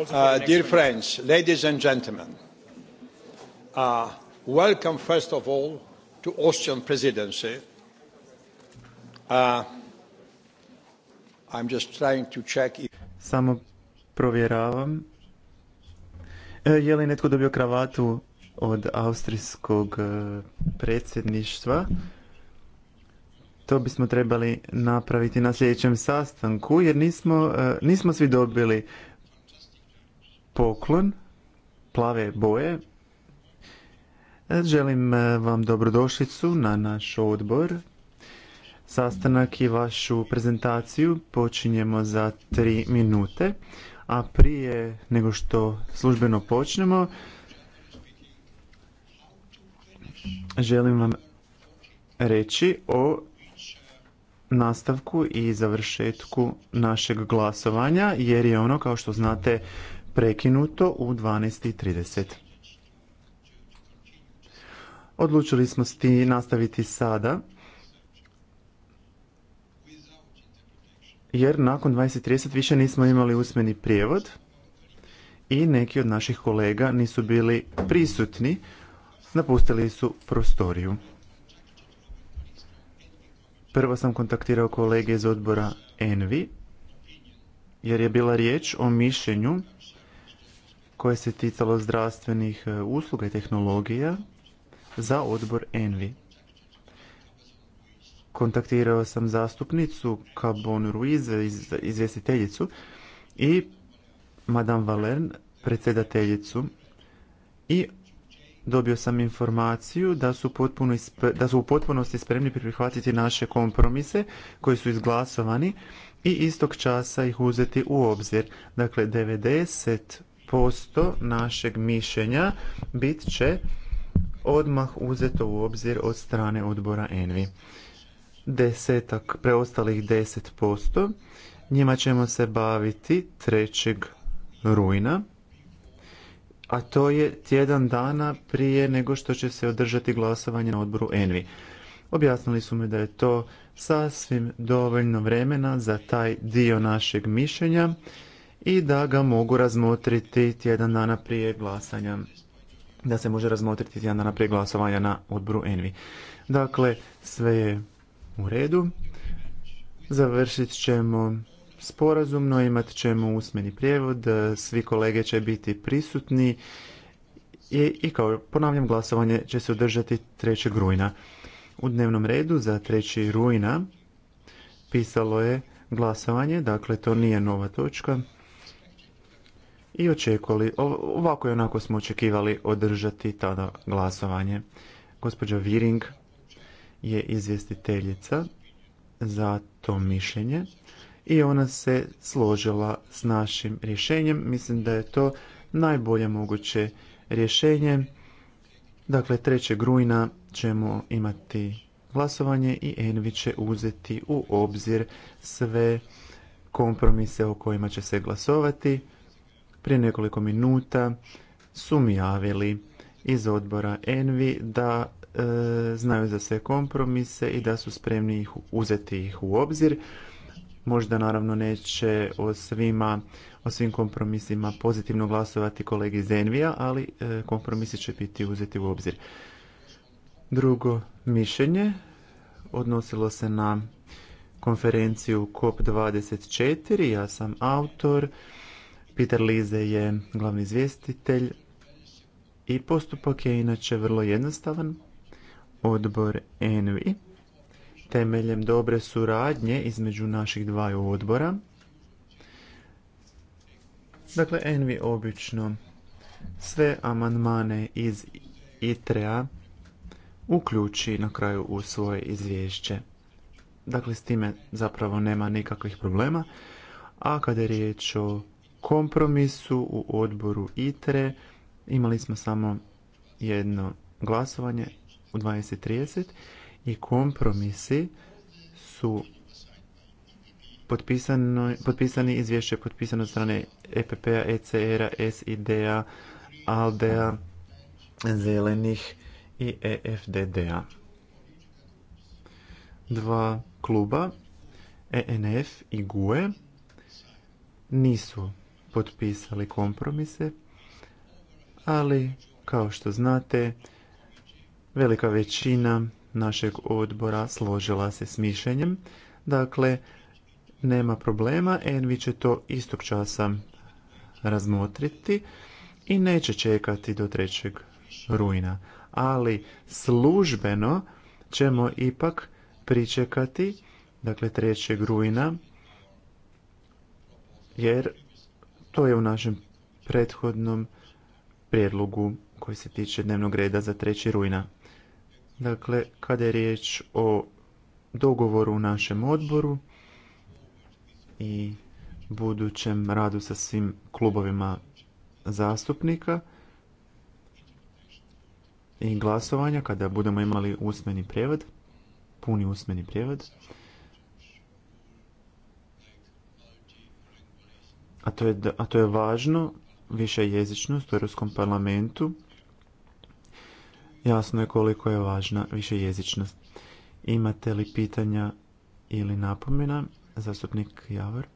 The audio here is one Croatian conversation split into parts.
Uh, dear friends, ladies and gentlemen, uh, welcome first of all to Austrian presidency. Uh, I'm just trying to check if... Samo provjeravam. E, je li netko dobio kravatu od austrijskog e, predsjedništva? to bismo trebali napraviti na sljedećem sastanku jer nismo, e, nismo svi dobili poklon plave boje. E, želim e, vam dobrodošlicu na naš odbor. Sastanak i vašu prezentaciju počinjemo za tri minute, a prije nego što službeno počnemo, želim vam reći o nastavku i završetku našeg glasovanja jer je ono kao što znate prekinuto u 12:30. Odlučili smo s ti nastaviti sada. Jer nakon 20.30 više nismo imali usmeni prijevod i neki od naših kolega nisu bili prisutni, napustili su prostoriju. Prvo sam kontaktirao kolege iz odbora Envi, jer je bila riječ o mišljenju koje se ticalo zdravstvenih e, usluga i tehnologija za odbor Envi. Kontaktirao sam zastupnicu Cabon Ruiz, izvjestiteljicu, i Madame Valern, predsjedateljicu i dobio sam informaciju da su, potpuno da su u potpunosti spremni prihvatiti naše kompromise koji su izglasovani i istog časa ih uzeti u obzir. Dakle, 90% našeg mišljenja bit će odmah uzeto u obzir od strane odbora Envi. Desetak, preostalih 10%, njima ćemo se baviti trećeg rujna a to je tjedan dana prije nego što će se održati glasovanje na odboru Envi. Objasnili su mi da je to sasvim dovoljno vremena za taj dio našeg mišljenja i da ga mogu razmotriti tjedan dana prije glasanja da se može razmotriti tjedan dana prije glasovanja na odboru Envi. Dakle, sve je u redu. Završit ćemo sporazumno, imat ćemo usmeni prijevod, e, svi kolege će biti prisutni i, kao ponavljam glasovanje će se održati 3. rujna. U dnevnom redu za 3. rujna pisalo je glasovanje, dakle to nije nova točka. I očekovali, ovako i onako smo očekivali održati tada glasovanje. Gospođa Viring je izvjestiteljica za to mišljenje i ona se složila s našim rješenjem. Mislim da je to najbolje moguće rješenje. Dakle, 3. rujna ćemo imati glasovanje i Envi će uzeti u obzir sve kompromise o kojima će se glasovati. Prije nekoliko minuta su mi javili iz odbora Envi da e, znaju za sve kompromise i da su spremni uzeti ih u obzir. Možda naravno neće o svima, o svim kompromisima pozitivno glasovati kolegi Zenvija, ali e, kompromisi će biti uzeti u obzir. Drugo mišljenje odnosilo se na konferenciju COP24. Ja sam autor, Peter Lize je glavni izvjestitelj i postupak je inače vrlo jednostavan. Odbor ENVI temeljem dobre suradnje između naših dvaju odbora. Dakle, Envi obično sve amandmane iz ITREA uključi na kraju u svoje izvješće. Dakle, s time zapravo nema nikakvih problema. A kada je riječ o kompromisu u odboru ITRE, imali smo samo jedno glasovanje u 20.30 i kompromisi su potpisani izvješće potpisano od strane EPP-a, ECR-a, SID-a, ALDE-a, Zelenih i EFDD-a. Dva kluba, ENF i GUE, nisu potpisali kompromise, ali kao što znate, velika većina našeg odbora složila se s mišljenjem. Dakle, nema problema, Envi će to istog časa razmotriti i neće čekati do trećeg rujna. Ali službeno ćemo ipak pričekati, dakle trećeg rujna, jer to je u našem prethodnom prijedlogu koji se tiče dnevnog reda za treći rujna. Dakle, kada je riječ o dogovoru u našem odboru i budućem radu sa svim klubovima zastupnika i glasovanja kada budemo imali usmeni prijevod, puni usmeni prijevod. A to je, a to je važno, više jezičnost u Europskom parlamentu jasno je koliko je važna višejezičnost. Imate li pitanja ili napomena? Zastupnik Javor.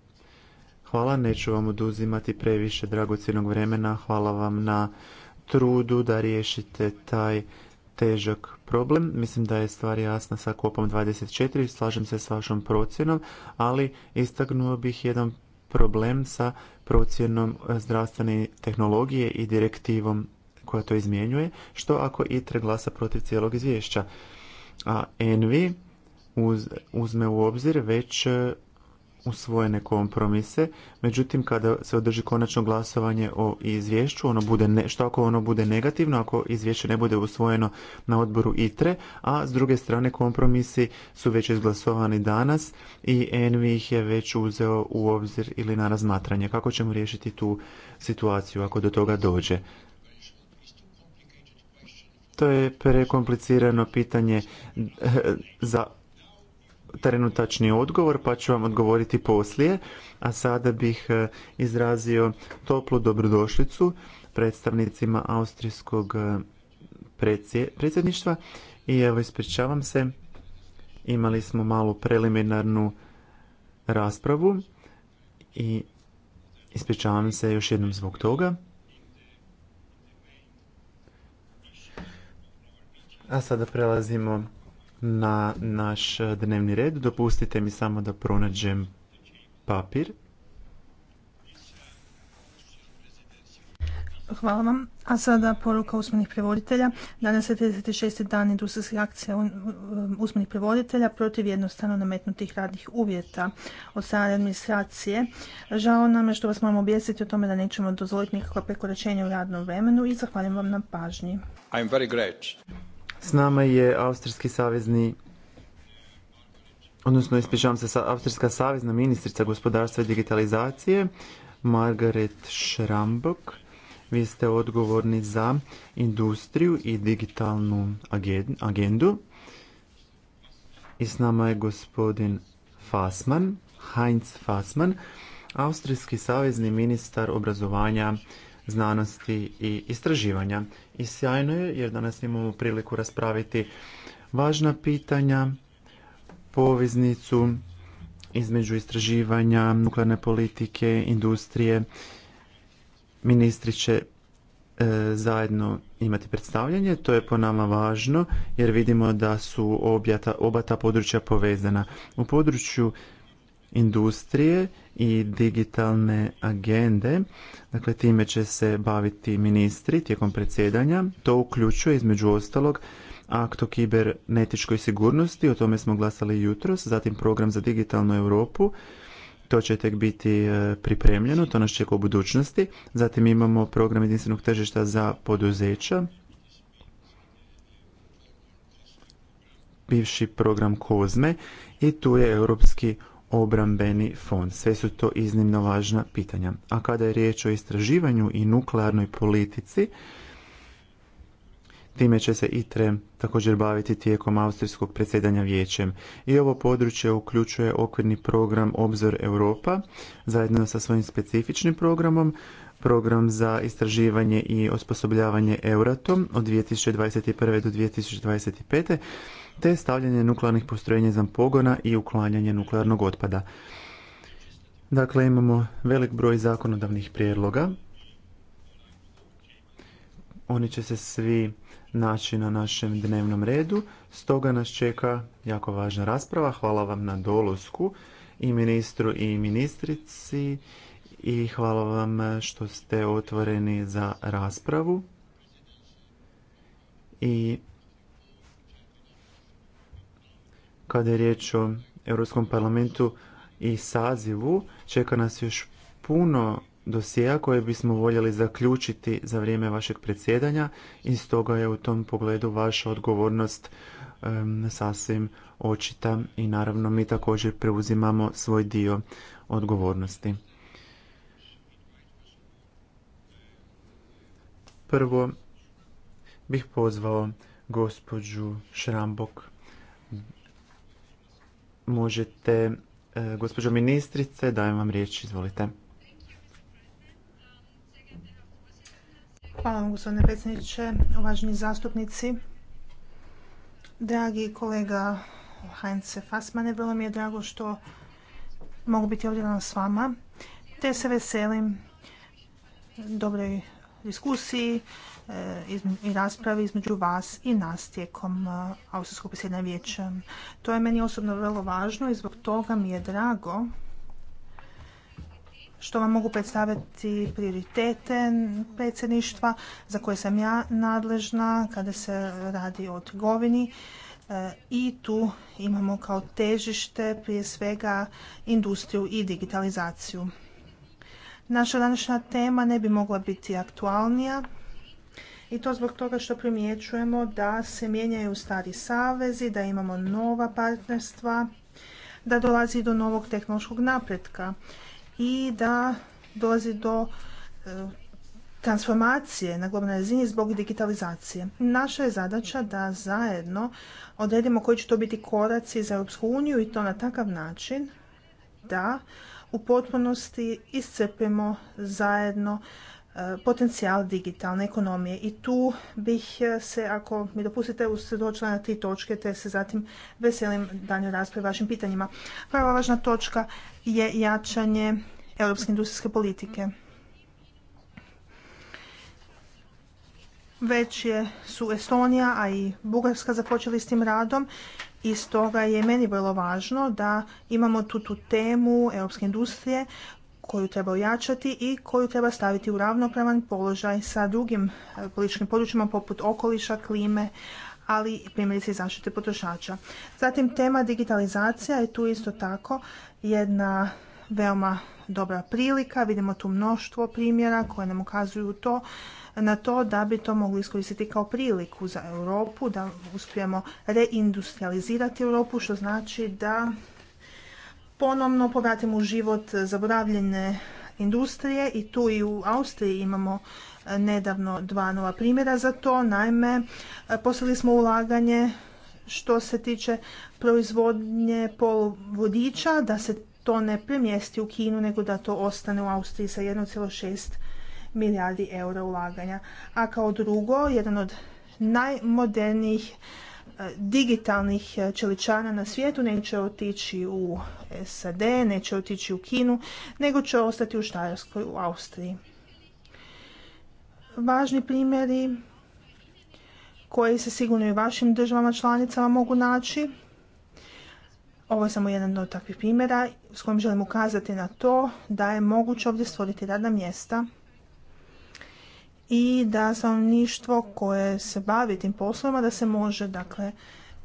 Hvala, neću vam oduzimati previše dragocjenog vremena. Hvala vam na trudu da riješite taj težak problem. Mislim da je stvar jasna sa kopom 24, slažem se s vašom procjenom, ali istaknuo bih jedan problem sa procjenom zdravstvene tehnologije i direktivom koja to izmjenjuje, što ako ITRE glasa protiv cijelog izvješća. A ENVI uzme u obzir već e, usvojene kompromise, međutim kada se održi konačno glasovanje o izvješću, ono bude što ako ono bude negativno, ako izvješće ne bude usvojeno na odboru ITRE, a s druge strane kompromisi su već izglasovani danas i ENVI ih je već uzeo u obzir ili na razmatranje. Kako ćemo riješiti tu situaciju ako do toga dođe? To je prekomplicirano pitanje eh, za trenutačni odgovor, pa ću vam odgovoriti poslije. A sada bih eh, izrazio toplu dobrodošlicu predstavnicima austrijskog eh, predsjedništva. I evo, ispričavam se, imali smo malu preliminarnu raspravu i ispričavam se još jednom zbog toga. A sada prelazimo na naš dnevni red. Dopustite mi samo da pronađem papir. Hvala vam. A sada poruka usmenih prevoditelja. Danas je 36. dan industrijske akcije usmenih prevoditelja protiv jednostavno nametnutih radnih uvjeta od strane administracije. Žao nam je što vas moramo objesiti o tome da nećemo dozvoliti nikakva prekoračenja u radnom vremenu i zahvaljujem vam na pažnji. S nama je Austrijski savezni odnosno ispričavam se, Austrijska savezna ministrica gospodarstva i digitalizacije, Margaret Schrambock. Vi ste odgovorni za industriju i digitalnu agendu. I s nama je gospodin Fasman, Heinz Fasman, austrijski savezni ministar obrazovanja znanosti i istraživanja. I sjajno je jer danas imamo priliku raspraviti važna pitanja, poveznicu između istraživanja, nuklearne politike, industrije. Ministri će e, zajedno imati predstavljanje. To je po nama važno jer vidimo da su objata, oba ta područja povezana. U području industrije i digitalne agende. Dakle, time će se baviti ministri tijekom predsjedanja. To uključuje između ostalog akt o kibernetičkoj sigurnosti, o tome smo glasali jutros, zatim program za digitalnu Europu, to će tek biti e, pripremljeno, to nas čeka u budućnosti. Zatim imamo program jedinstvenog tržišta za poduzeća, bivši program Kozme i tu je Europski obrambeni fond. Sve su to iznimno važna pitanja. A kada je riječ o istraživanju i nuklearnoj politici, Time će se ITRE također baviti tijekom austrijskog predsjedanja vijećem. I ovo područje uključuje okvirni program Obzor Europa, zajedno sa svojim specifičnim programom, program za istraživanje i osposobljavanje Euratom od 2021. do 2025 te stavljanje nuklearnih postrojenja za pogona i uklanjanje nuklearnog otpada. Dakle, imamo velik broj zakonodavnih prijedloga. Oni će se svi naći na našem dnevnom redu, stoga nas čeka jako važna rasprava. Hvala vam na dolosku i ministru i ministrici i hvala vam što ste otvoreni za raspravu. I kada je riječ o Europskom parlamentu i sazivu, čeka nas još puno dosjea koje bismo voljeli zaključiti za vrijeme vašeg predsjedanja i stoga je u tom pogledu vaša odgovornost um, sasvim očita i naravno mi također preuzimamo svoj dio odgovornosti. Prvo bih pozvao gospođu Šrambok možete, e, gospođo ministrice, dajem vam riječ, izvolite. Hvala vam, gospodine predsjedniče, uvaženi zastupnici. Dragi kolega Heinze Fassmane, vrlo mi je drago što mogu biti ovdje danas s vama, te se veselim dobroj diskusiji, Eh, i raspravi između vas i nas tijekom eh, Austrijskog predsjedanja vijeća. To je meni osobno vrlo važno i zbog toga mi je drago što vam mogu predstaviti prioritete predsjedništva za koje sam ja nadležna kada se radi o trgovini eh, i tu imamo kao težište prije svega industriju i digitalizaciju. Naša današnja tema ne bi mogla biti aktualnija i to zbog toga što primjećujemo da se mijenjaju stari savezi, da imamo nova partnerstva, da dolazi do novog tehnološkog napretka i da dolazi do e, transformacije na globalnoj razini zbog digitalizacije. Naša je zadaća da zajedno odredimo koji će to biti koraci za Europsku uniju i to na takav način da u potpunosti iscrpimo zajedno E, potencijal digitalne ekonomije. I tu bih e, se, ako mi dopustite, usredočila na tri točke, te se zatim veselim danju raspravi vašim pitanjima. Prva važna točka je jačanje europske industrijske politike. Već je, su Estonija, a i Bugarska započeli s tim radom i stoga je meni vrlo važno da imamo tu tu temu europske industrije koju treba ojačati i koju treba staviti u ravnopravan položaj sa drugim eh, političkim područjima poput okoliša, klime, ali primjerice i zaštite potrošača. Zatim tema digitalizacija je tu isto tako jedna veoma dobra prilika. Vidimo tu mnoštvo primjera koje nam ukazuju to na to da bi to mogli iskoristiti kao priliku za Europu, da uspijemo reindustrializirati Europu, što znači da ponovno povratimo u život zaboravljene industrije i tu i u Austriji imamo e, nedavno dva nova primjera za to. Naime, e, poslali smo ulaganje što se tiče proizvodnje poluvodiča, da se to ne premjesti u Kinu, nego da to ostane u Austriji sa 1,6 milijardi eura ulaganja. A kao drugo, jedan od najmodernijih digitalnih e, čeličana na svijetu neće otići u SAD, neće otići u Kinu, nego će ostati u Štajerskoj, u Austriji. Važni primjeri koji se sigurno i u vašim državama članicama mogu naći. Ovo je samo jedan od takvih primjera s kojim želim ukazati na to da je moguće ovdje stvoriti radna mjesta i da stanovništvo koje se bavi tim poslovima da se može dakle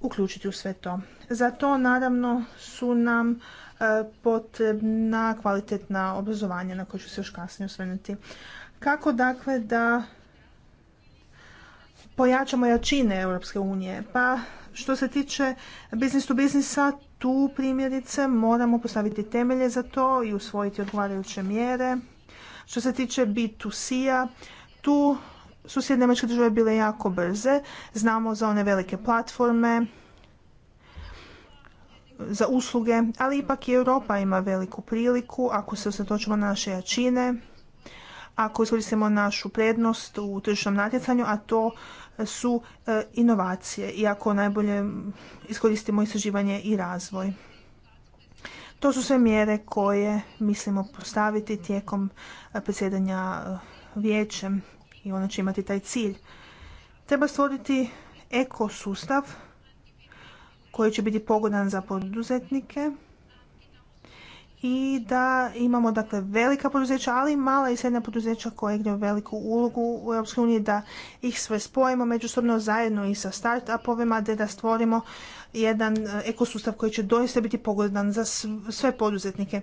uključiti u sve to. Za to naravno su nam e, potrebna kvalitetna obrazovanja na koje ću se još kasnije osvrnuti. Kako dakle da pojačamo jačine Europske unije? Pa što se tiče business to businessa, tu primjerice moramo postaviti temelje za to i usvojiti odgovarajuće mjere. Što se tiče B2C-a, tu su Sjedinjene države bile jako brze. Znamo za one velike platforme, za usluge, ali ipak i Europa ima veliku priliku ako se osjetočimo na naše jačine, ako iskoristimo našu prednost u tržišnom natjecanju, a to su e, inovacije i ako najbolje iskoristimo istraživanje i razvoj. To su sve mjere koje mislimo postaviti tijekom e, predsjedanja vijećem i ona će imati taj cilj. Treba stvoriti ekosustav koji će biti pogodan za poduzetnike i da imamo dakle velika poduzeća, ali i mala i srednja poduzeća koja igraju veliku ulogu u EU da ih sve spojimo međusobno zajedno i sa start-upovima, da, da stvorimo jedan ekosustav koji će doista biti pogodan za sve poduzetnike.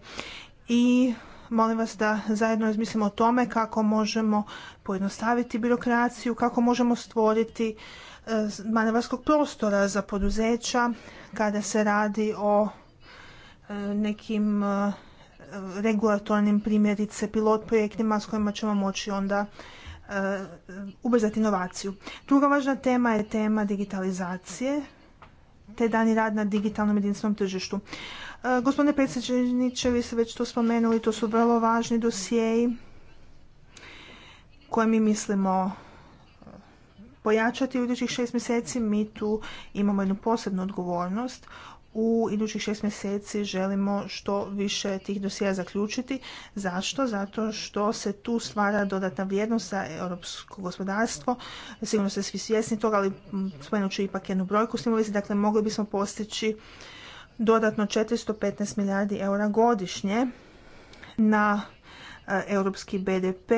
I molim vas da zajedno razmislimo o tome kako možemo pojednostaviti birokraciju, kako možemo stvoriti e, manevarskog prostora za poduzeća kada se radi o e, nekim e, regulatornim primjerice pilot projektima s kojima ćemo moći onda ubrzati inovaciju. Druga važna tema je tema digitalizacije te dani rad na digitalnom jedinstvenom tržištu. E, gospodine predsjedniče, vi ste već to spomenuli, to su vrlo važni dosijeji koje mi mislimo e, pojačati u idućih šest mjeseci. Mi tu imamo jednu posebnu odgovornost u idućih šest mjeseci želimo što više tih dosija zaključiti. Zašto? Zato što se tu stvara dodatna vrijednost za europsko gospodarstvo. Sigurno ste svi svjesni toga, ali spomenut ću ipak jednu brojku s Dakle, mogli bismo postići dodatno 415 milijardi eura godišnje na e, europski BDP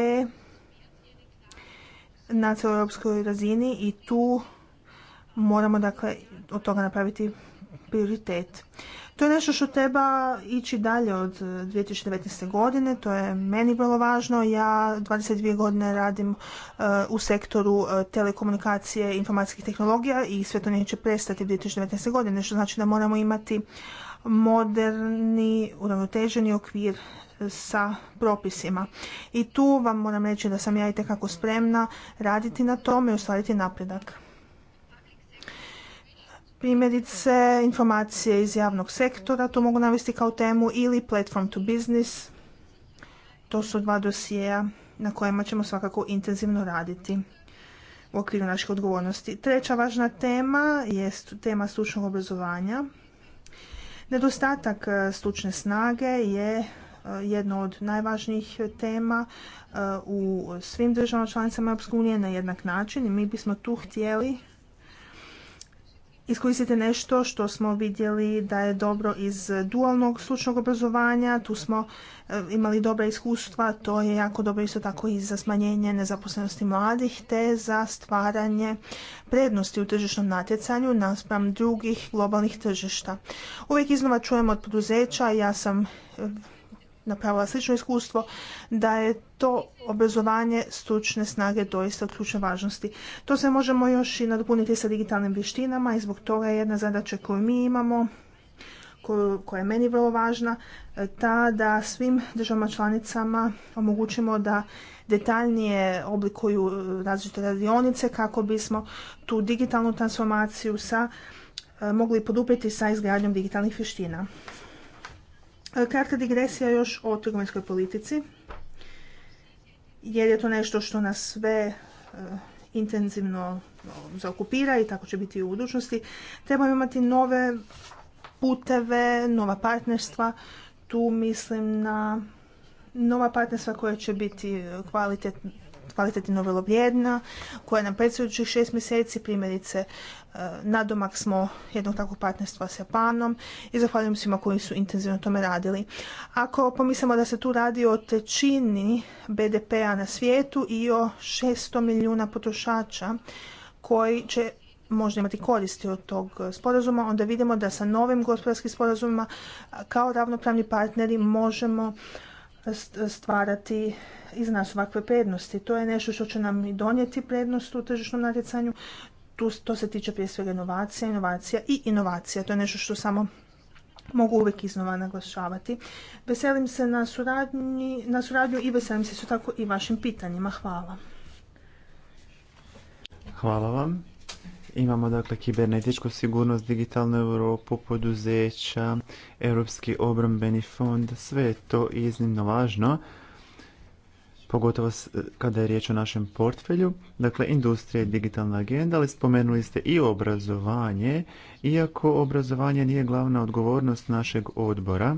na europskoj razini i tu moramo dakle od toga napraviti prioritet. To je nešto što treba ići dalje od 2019. Eh, godine, to je meni vrlo važno. Ja 22 godine radim eh, u sektoru eh, telekomunikacije i informacijskih tehnologija i sve to neće prestati 2019. godine, što znači da moramo imati moderni, uravnoteženi okvir sa propisima. I tu vam moram reći da sam ja i tekako spremna raditi na tome i ostvariti napredak. Primjerice, informacije iz javnog sektora, to mogu navesti kao temu, ili Platform to Business. To su dva dosijeja na kojima ćemo svakako intenzivno raditi u okviru naših odgovornosti. Treća važna tema je tema stručnog obrazovanja. Nedostatak e, stručne snage je e, jedno od najvažnijih tema e, u svim državama članicama EU na jednak način i mi bismo tu htjeli iskoristiti nešto što smo vidjeli da je dobro iz dualnog stručnog obrazovanja, tu smo e, imali dobra iskustva, to je jako dobro isto tako i za smanjenje nezaposlenosti mladih te za stvaranje prednosti u tržišnom natjecanju naspram drugih globalnih tržišta. Uvijek iznova čujemo od poduzeća, ja sam napravila slično iskustvo, da je to obrazovanje stručne snage doista od ključne važnosti. To se možemo još i nadopuniti sa digitalnim vještinama i zbog toga je jedna zadaća koju mi imamo, koja je meni vrlo važna, ta da svim državama članicama omogućimo da detaljnije oblikuju različite radionice kako bismo tu digitalnu transformaciju sa e, mogli poduprijeti sa izgradnjom digitalnih vještina. Kratka e, digresija još o trgovinskoj politici, jer je to nešto što nas sve e, intenzivno zaokupira i tako će biti i u budućnosti. Trebamo imati nove puteve, nova partnerstva. Tu mislim na nova partnerstva koja će biti kvalitetno velobrijedna, koja nam predsjedućih šest mjeseci primjerice E, nadomak smo jednog takvog partnerstva s Japanom i zahvaljujem svima koji su intenzivno tome radili. Ako pomislimo da se tu radi o trećini BDP-a na svijetu i o 600 milijuna potrošača koji će možda imati koristi od tog sporazuma, onda vidimo da sa novim gospodarskim sporazumima kao ravnopravni partneri možemo stvarati iz nas ovakve prednosti. To je nešto što će nam i donijeti prednost u tržišnom natjecanju, tu, to se tiče prije svega inovacija, inovacija i inovacija. To je nešto što samo mogu uvijek iznova naglašavati. Veselim se na, suradnji, na suradnju i veselim se su tako i vašim pitanjima. Hvala. Hvala vam. Imamo dakle kibernetičku sigurnost, digitalnu Europu, poduzeća, Europski obrambeni fond, sve je to iznimno važno pogotovo kada je riječ o našem portfelju. Dakle, industrija i digitalna agenda, ali spomenuli ste i obrazovanje. Iako obrazovanje nije glavna odgovornost našeg odbora,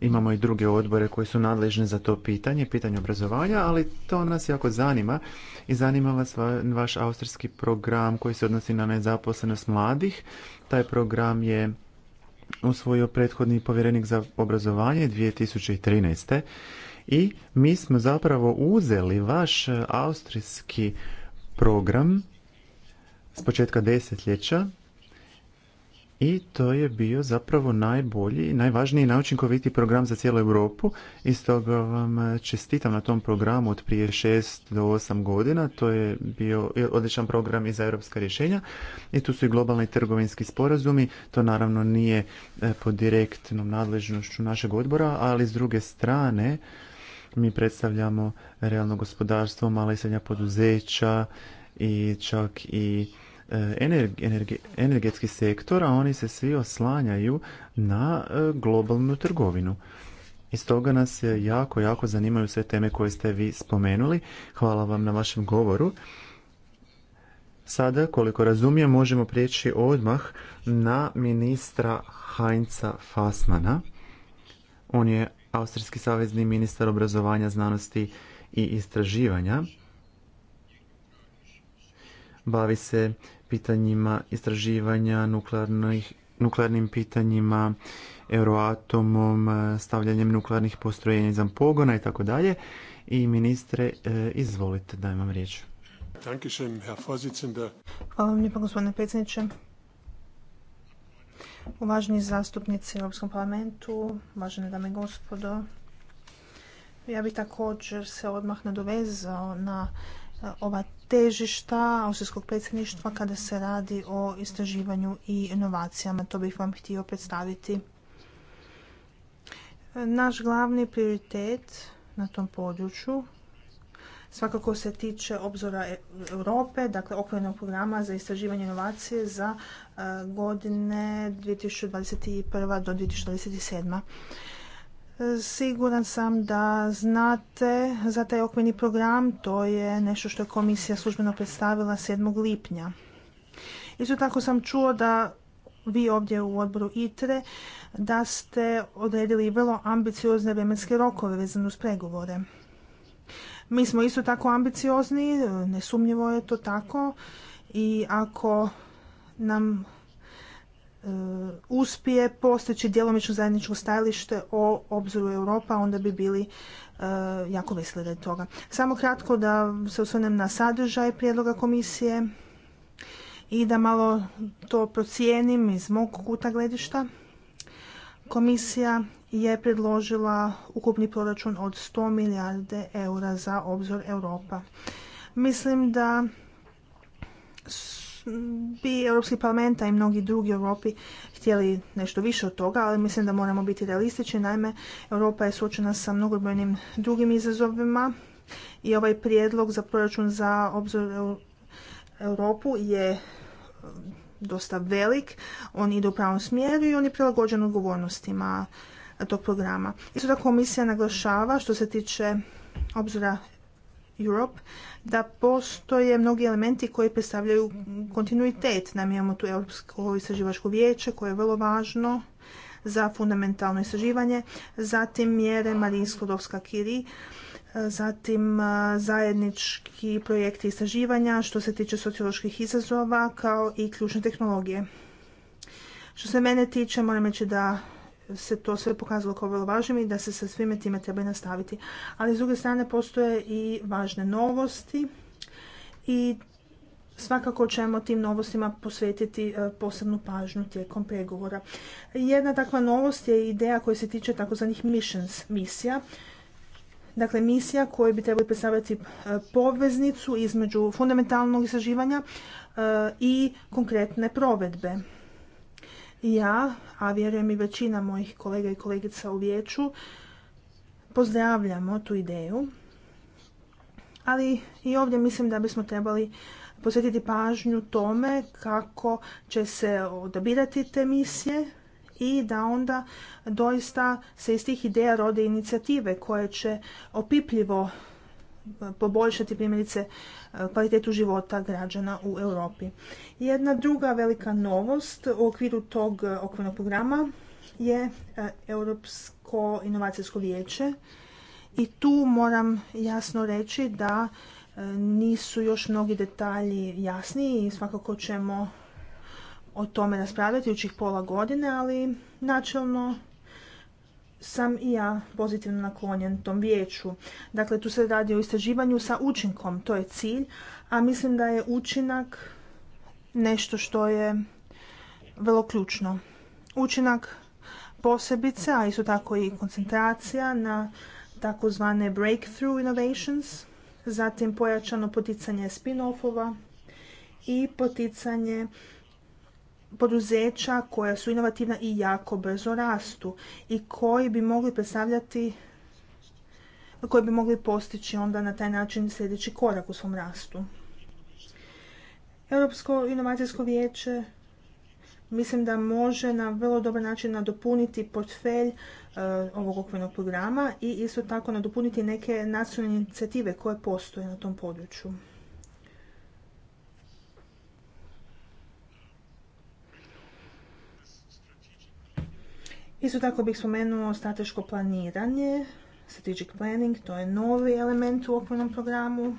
imamo i druge odbore koji su nadležni za to pitanje, pitanje obrazovanja, ali to nas jako zanima i zanima vas vaš austrijski program koji se odnosi na nezaposlenost mladih. Taj program je usvojio prethodni povjerenik za obrazovanje 2013 i mi smo zapravo uzeli vaš e, austrijski program s početka desetljeća i to je bio zapravo najbolji, najvažniji i najučinkovitiji program za cijelu Europu i stoga vam e, čestitam na tom programu od prije 6 do 8 godina. To je bio e, odličan program i za europska rješenja i tu su i globalni trgovinski sporazumi. To naravno nije pod direktnom nadležnošću našeg odbora, ali s druge strane mi predstavljamo realno gospodarstvo, mala i srednja poduzeća i čak i e, energetski sektor, a oni se svi oslanjaju na e, globalnu trgovinu. I stoga nas jako, jako zanimaju sve teme koje ste vi spomenuli. Hvala vam na vašem govoru. Sada, koliko razumijem, možemo prijeći odmah na ministra Heinza Fasmana. On je Austrijski savezni ministar obrazovanja, znanosti i istraživanja bavi se pitanjima istraživanja nuklearnim pitanjima, euroatomom, stavljanjem nuklearnih postrojenja za pogona i tako dalje. I ministre, e, izvolite, da imam riječ. Hvala vam lijepo gospodine predsjedniče. Uvaženi zastupnici u Europskom parlamentu, uvažene dame i gospodo, ja bih također se odmah nadovezao na e, ova težišta austrijskog predsjedništva kada se radi o istraživanju i inovacijama. To bih vam htio predstaviti. E, naš glavni prioritet na tom području svakako se tiče obzora e- Europe, dakle okvirnog programa za istraživanje inovacije za e, godine 2021. do 2027. Siguran sam da znate za taj okvirni program, to je nešto što je komisija službeno predstavila 7. lipnja. Isto tako sam čuo da vi ovdje u odboru ITRE da ste odredili vrlo ambiciozne vremenske rokove vezano uz pregovore. Mi smo isto tako ambiciozni, nesumnjivo je to tako i ako nam e, uspije postići djelomično zajedničko stajalište o obzoru Europa, onda bi bili e, jako veseli da toga. Samo kratko da se osvrnem na sadržaj prijedloga komisije i da malo to procijenim iz mog kuta gledišta. Komisija je predložila ukupni proračun od 100 milijarde eura za obzor Europa. Mislim da bi Europski parlament, i mnogi drugi Europi htjeli nešto više od toga, ali mislim da moramo biti realistični. Naime, Europa je suočena sa mnogobrojnim drugim izazovima i ovaj prijedlog za proračun za obzor Europu je e, dosta velik, on ide u pravom smjeru i on je prilagođen odgovornostima tog programa. Isto komisija naglašava što se tiče obzora Europe da postoje mnogi elementi koji predstavljaju kontinuitet. Nam imamo tu Europsko istraživačko vijeće koje je vrlo važno za fundamentalno istraživanje, zatim mjere Marije Sklodovska Kiri, zatim zajednički projekti istraživanja što se tiče socioloških izazova kao i ključne tehnologije. Što se mene tiče, moram reći da se to sve pokazalo kao vrlo važnim i da se sa svime time treba nastaviti. Ali s druge strane postoje i važne novosti i svakako ćemo tim novostima posvetiti e, posebnu pažnju tijekom pregovora. Jedna takva novost je ideja koja se tiče takozvanih missions misija. Dakle, misija koje bi trebali predstavljati e, poveznicu između fundamentalnog istraživanja e, i konkretne provedbe ja, a vjerujem i većina mojih kolega i kolegica u vijeću, pozdravljamo tu ideju. Ali i ovdje mislim da bismo trebali posvetiti pažnju tome kako će se odabirati te misije i da onda doista se iz tih ideja rode inicijative koje će opipljivo poboljšati primjerice e, kvalitetu života građana u Europi. Jedna druga velika novost u okviru tog okvirnog programa je e, Europsko inovacijsko vijeće i tu moram jasno reći da e, nisu još mnogi detalji jasni i svakako ćemo o tome raspravljati učih pola godine, ali načelno sam i ja pozitivno naklonjen tom vijeću. Dakle, tu se radi o istraživanju sa učinkom, to je cilj, a mislim da je učinak nešto što je vrlo ključno. Učinak posebice, a isto tako i koncentracija na takozvane breakthrough innovations, zatim pojačano poticanje spin-offova i poticanje poduzeća koja su inovativna i jako brzo rastu i koji bi mogli predstavljati koji bi mogli postići onda na taj način sljedeći korak u svom rastu. Europsko inovacijsko vijeće mislim da može na vrlo dobar način nadopuniti portfelj e, ovog okvirnog programa i isto tako nadopuniti neke nacionalne inicijative koje postoje na tom području. Isto tako bih spomenuo strateško planiranje, strategic planning, to je novi element u okvirnom programu.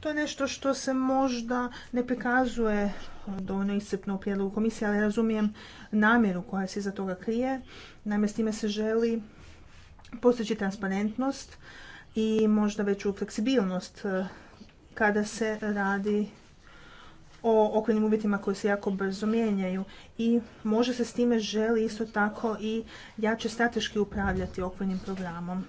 To je nešto što se možda ne prikazuje dovoljno iscrpno u prijedlogu komisije, ali razumijem namjeru koja se iza toga krije. Naime, s time se želi postići transparentnost i možda veću fleksibilnost eh, kada se radi o okvirnim uvjetima koji se jako brzo mijenjaju i može se s time želi isto tako i jače strateški upravljati okvirnim programom.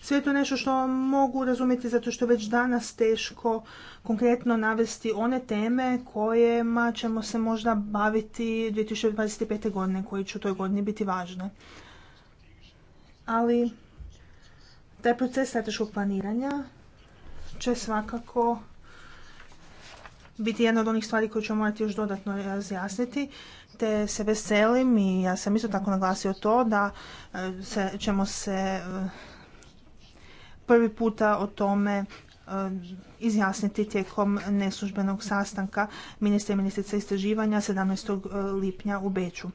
Sve je to nešto što mogu razumjeti zato što već danas teško konkretno navesti one teme kojima ćemo se možda baviti 2025. godine koji će u toj godini biti važne. Ali taj proces strateškog planiranja će svakako biti jedna od onih stvari koje ćemo morati još dodatno razjasniti, te se veselim i ja sam isto tako naglasio to da e, ćemo se e, prvi puta o tome e, izjasniti tijekom neslužbenog sastanka ministra i ministrica istraživanja 17. lipnja u Beču.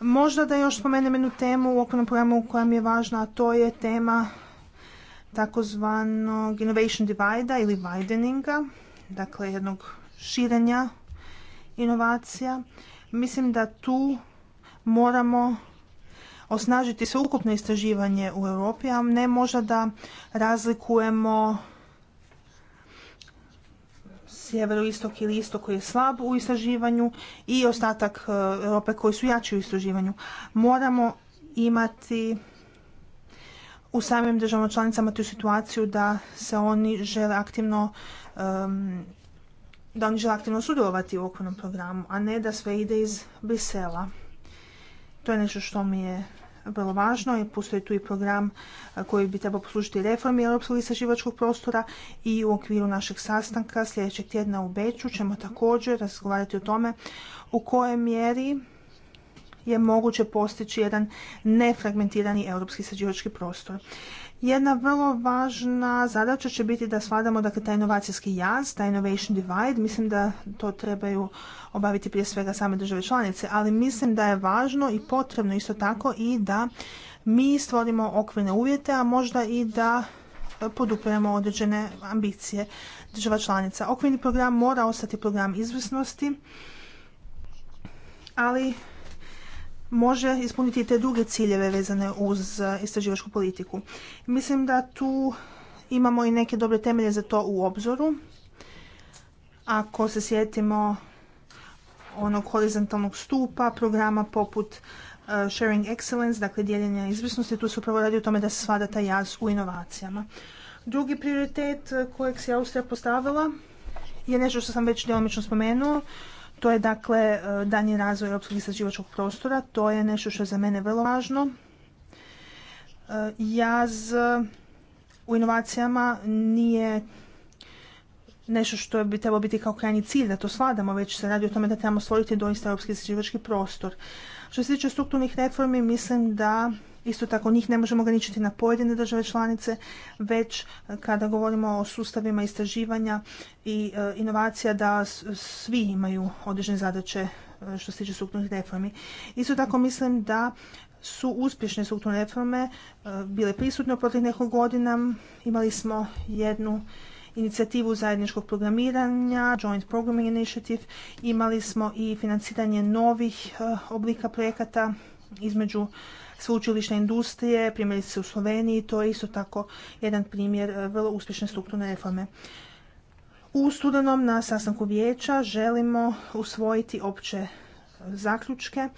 Možda da još spomenem jednu temu u okvirnom programu koja mi je važna, a to je tema takozvanog innovation divida ili wideninga, dakle jednog širenja inovacija. Mislim da tu moramo osnažiti sveukupno istraživanje u Europi, a ne možda da razlikujemo sjeveroistok ili istok koji je slab u istraživanju i ostatak e, Europe koji su jači u istraživanju. Moramo imati u samim državama članicama tu situaciju da se oni žele aktivno da oni žele aktivno sudjelovati u okvirnom programu, a ne da sve ide iz Brisela. To je nešto što mi je vrlo važno i postoji tu i program koji bi trebao poslužiti reformi europskog istraživačkog prostora i u okviru našeg sastanka sljedećeg tjedna u Beću ćemo također razgovarati o tome u kojoj mjeri je moguće postići jedan nefragmentirani europski istraživački prostor. Jedna vrlo važna zadaća će biti da svladamo dakle, taj inovacijski jaz, taj innovation divide. Mislim da to trebaju obaviti prije svega same države članice, ali mislim da je važno i potrebno isto tako i da mi stvorimo okvirne uvjete, a možda i da podupiramo određene ambicije država članica. Okvirni program mora ostati program izvrsnosti, ali može ispuniti te druge ciljeve vezane uz e, istraživačku politiku. Mislim da tu imamo i neke dobre temelje za to u obzoru. Ako se sjetimo onog horizontalnog stupa, programa poput e, Sharing Excellence, dakle dijeljenja izvrsnosti, tu se upravo radi o tome da se svada taj jaz u inovacijama. Drugi prioritet e, kojeg se Austrija postavila je nešto što sam već djelomično spomenuo, to je dakle e, danji razvoj europskog istraživačkog prostora. To je nešto što je za mene vrlo važno. E, jaz e, u inovacijama nije nešto što bi trebalo biti kao krajnji cilj da to svladamo, već se radi o tome da trebamo stvoriti doista europski istraživački prostor. Što se tiče strukturnih reformi, mislim da Isto tako njih ne možemo ograničiti na pojedine države članice, već e, kada govorimo o sustavima istraživanja i e, inovacija da svi imaju određene zadaće e, što se tiče strukturnih reformi. Isto tako mislim da su uspješne strukturne reforme bile prisutne u proteklih nekog godina. Imali smo jednu inicijativu zajedničkog programiranja, Joint Programming Initiative, imali smo i financiranje novih oblika projekata između sveučilišne industrije, primjerice u Sloveniji, to je isto tako jedan primjer e, vrlo uspješne strukturne reforme. U studenom na sastanku vijeća želimo usvojiti opće zaključke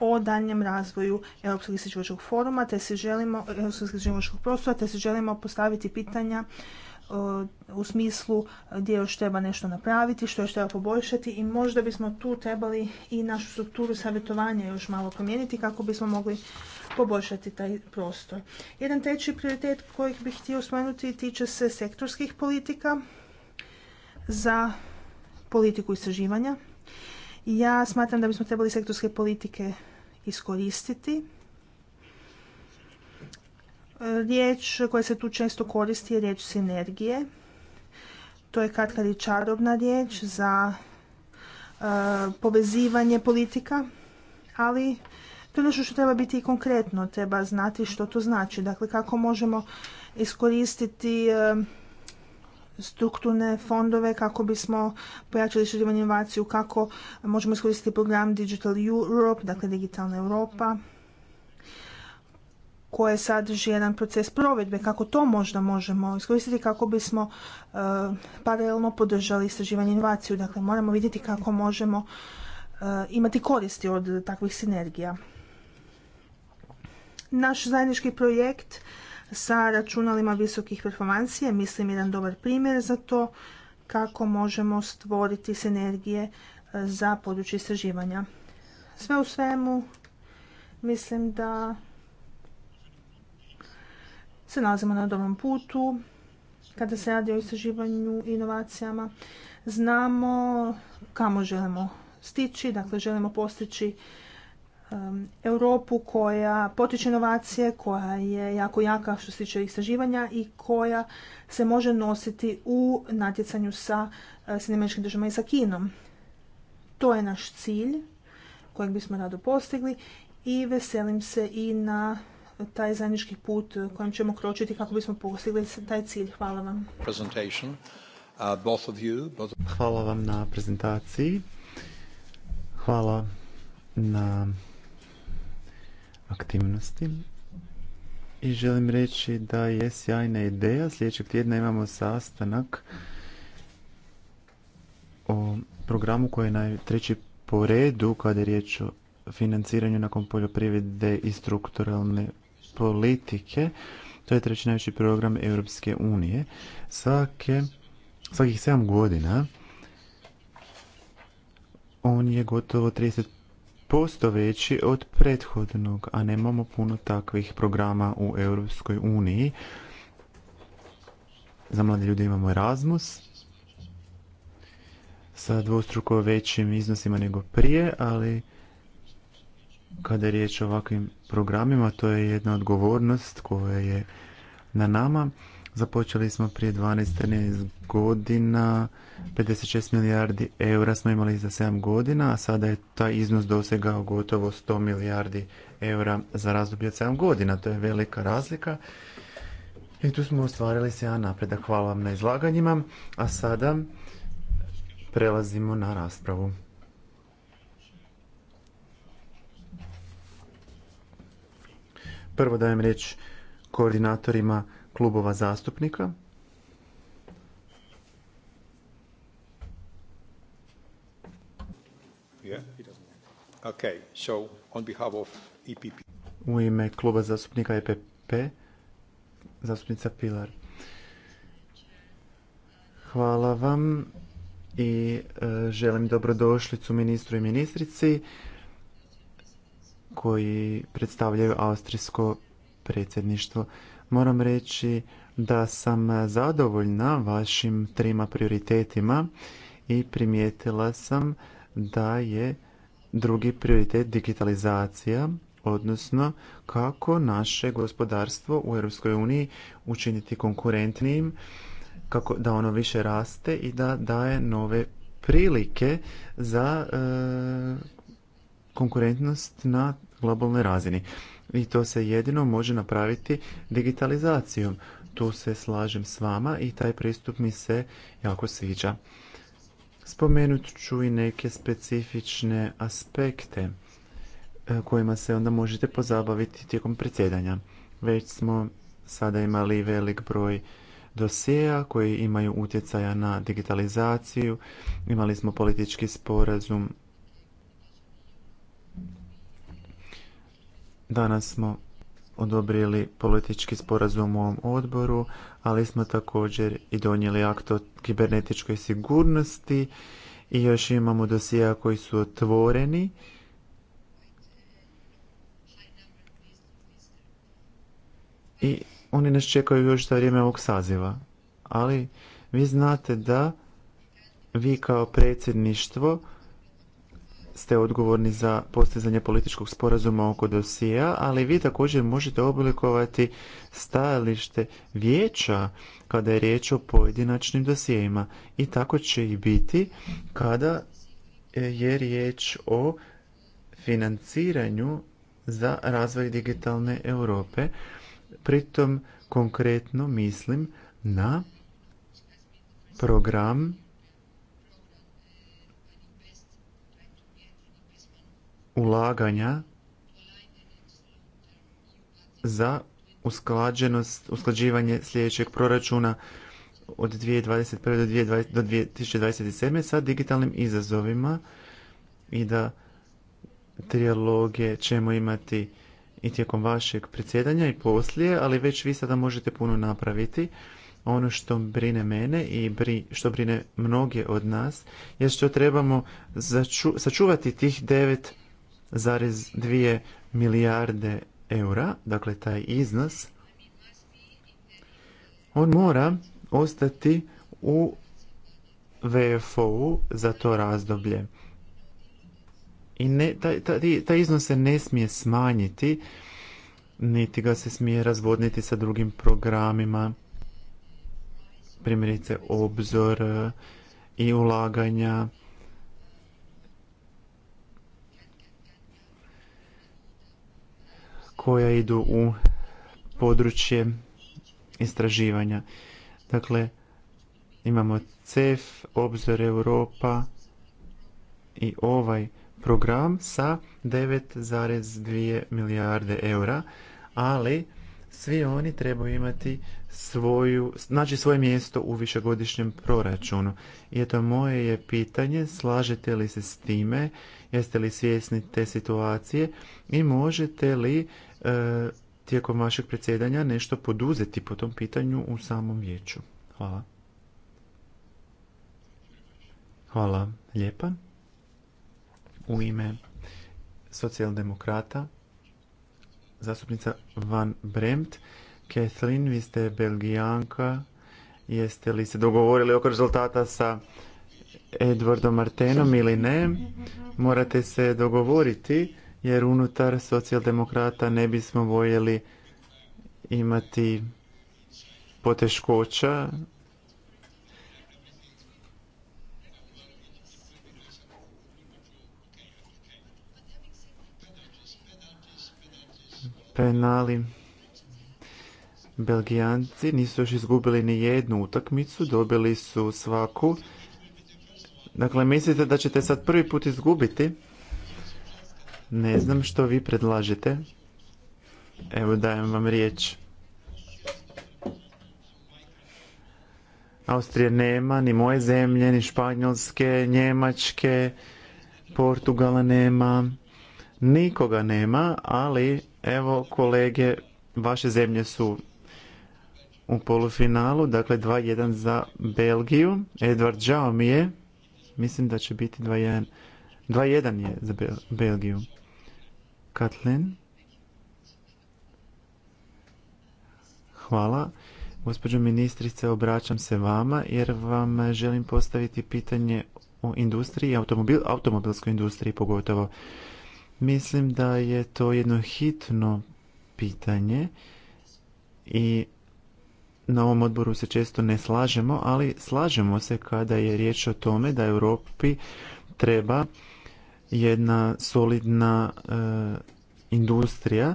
o daljnjem razvoju Europskog istraživačkog foruma, te se želimo, Europskog istraživačkog prostora, te se želimo postaviti pitanja e, u smislu gdje još treba nešto napraviti, što još treba poboljšati i možda bismo tu trebali i našu strukturu savjetovanja još malo promijeniti kako bismo mogli poboljšati taj prostor. Jedan treći prioritet kojih bih htio spomenuti tiče se sektorskih politika za politiku istraživanja. Ja smatram da bismo trebali sektorske politike iskoristiti. Riječ koja se tu često koristi je riječ sinergije. To je katkad i čarobna riječ za e, povezivanje politika, ali to nešto što treba biti i konkretno, treba znati što to znači. Dakle, kako možemo iskoristiti strukturne fondove kako bismo pojačali istraživanje inovaciju, kako možemo iskoristiti program Digital Europe, dakle digitalna Europa, koje sadrži jedan proces provedbe, kako to možda možemo iskoristiti kako bismo paralelno podržali istraživanje inovaciju. Dakle, moramo vidjeti kako možemo imati koristi od takvih sinergija naš zajednički projekt sa računalima visokih performancije, mislim jedan dobar primjer za to kako možemo stvoriti sinergije e, za područje istraživanja. Sve u svemu, mislim da se nalazimo na dobrom putu kada se radi o istraživanju i inovacijama. Znamo kamo želimo stići, dakle želimo postići Um, Europu koja potiče inovacije, koja je jako jaka što se tiče istraživanja i koja se može nositi u natjecanju sa uh, Sjedinjeničkim državama i sa Kinom. To je naš cilj kojeg bismo rado postigli i veselim se i na taj zajednički put kojim ćemo kročiti kako bismo postigli taj cilj. Hvala vam. Uh, Hvala vam na prezentaciji. Hvala na aktivnosti. I želim reći da je sjajna ideja. Sljedećeg tjedna imamo sastanak o programu koji je najtreći po redu kada je riječ o financiranju nakon poljoprivrede i strukturalne politike. To je treći najveći program Europske unije. Svake, svakih 7 godina on je gotovo 30 posto veći od prethodnog, a nemamo puno takvih programa u Europskoj uniji. Za mlade ljude imamo Erasmus sa dvostruko većim iznosima nego prije, ali kada je riječ o ovakvim programima, to je jedna odgovornost koja je na nama Započeli smo prije 12-13 godina, 56 milijardi eura smo imali za 7 godina, a sada je taj iznos dosegao gotovo 100 milijardi eura za razdoblje od 7 godina. To je velika razlika. I tu smo ostvarili se jedan napredak. Hvala vam na izlaganjima. A sada prelazimo na raspravu. Prvo dajem riječ koordinatorima klubova zastupnika. E U ime kluba zastupnika EPP, zastupnica Pilar. Hvala vam i e, želim dobrodošlicu ministru i ministrici koji predstavljaju austrijsko predsjedništvo. Moram reći da sam zadovoljna vašim trima prioritetima i primijetila sam da je drugi prioritet digitalizacija, odnosno kako naše gospodarstvo u Europskoj uniji učiniti konkurentnijim, kako da ono više raste i da daje nove prilike za e, konkurentnost na globalnoj razini i to se jedino može napraviti digitalizacijom. Tu se slažem s vama i taj pristup mi se jako sviđa. Spomenut ću i neke specifične aspekte e, kojima se onda možete pozabaviti tijekom predsjedanja. Već smo sada imali velik broj dosjeja koji imaju utjecaja na digitalizaciju. Imali smo politički sporazum Danas smo odobrili politički sporazum u ovom odboru, ali smo također i donijeli akt o kibernetičkoj sigurnosti i još imamo dosija koji su otvoreni. I oni nas čekaju još za vrijeme ovog saziva. Ali vi znate da vi kao predsjedništvo ste odgovorni za postizanje političkog sporazuma oko dosija, ali vi također možete oblikovati stajalište vijeća kada je riječ o pojedinačnim dosijima. I tako će i biti kada je riječ o financiranju za razvoj digitalne Europe. Pritom konkretno mislim na program ulaganja za usklađenost, usklađivanje sljedećeg proračuna od 2021. do, 2020, do 2027. sa digitalnim izazovima i da trijaloge ćemo imati i tijekom vašeg predsjedanja i poslije, ali već vi sada možete puno napraviti. Ono što brine mene i što brine mnoge od nas je što trebamo sačuvati tih devet dvije milijarde eura, dakle taj iznos, on mora ostati u VFO-u za to razdoblje. I ne, taj, taj, taj iznos se ne smije smanjiti, niti ga se smije razvodniti sa drugim programima, primjerice obzor i ulaganja koja idu u područje istraživanja. Dakle, imamo CEF, Obzor Europa i ovaj program sa 9,2 milijarde eura, ali svi oni trebaju imati svoju, znači svoje mjesto u višegodišnjem proračunu. I eto moje je pitanje, slažete li se s time Jeste li svjesni te situacije i možete li e, tijekom vašeg predsjedanja nešto poduzeti po tom pitanju u samom vijeću? Hvala. Hvala lijepa. U ime socijaldemokrata, zastupnica Van Bremt. Kathleen, vi ste belgijanka. Jeste li se dogovorili oko rezultata sa Edwardom Martenom ili ne, morate se dogovoriti jer unutar socijaldemokrata ne bismo voljeli imati poteškoća penali. Belgijanci nisu još izgubili ni jednu utakmicu, dobili su svaku Dakle, mislite da ćete sad prvi put izgubiti? Ne znam što vi predlažete. Evo dajem vam riječ. Austrije nema, ni moje zemlje, ni Španjolske, Njemačke, Portugala nema. Nikoga nema, ali evo kolege, vaše zemlje su u polufinalu, dakle 2-1 za Belgiju. Edward, žao mi je Mislim da će biti 2-1. 2-1 je za Belgiju. Katlin. Hvala. Gospođo ministrice, obraćam se vama jer vam želim postaviti pitanje o industriji, automobil, automobilskoj industriji pogotovo. Mislim da je to jedno hitno pitanje i na ovom odboru se često ne slažemo, ali slažemo se kada je riječ o tome da Europi treba jedna solidna eh, industrija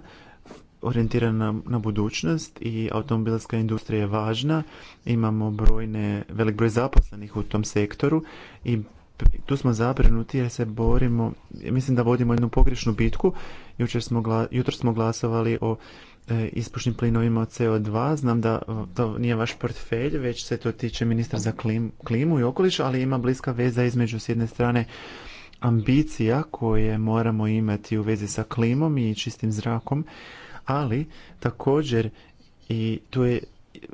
orijentirana na budućnost i automobilska industrija je važna. Imamo brojne, velik broj zaposlenih u tom sektoru i tu smo zabrinuti jer se borimo, mislim da vodimo jednu pogrešnu bitku. Jučer smo, jutro smo glasovali o E, ispušnim plinovima od CO2. Znam da e, to nije vaš portfelj, već se to tiče ministra za klimu i okoliš, ali ima bliska veza između s jedne strane ambicija koje moramo imati u vezi sa klimom i čistim zrakom, ali također i tu je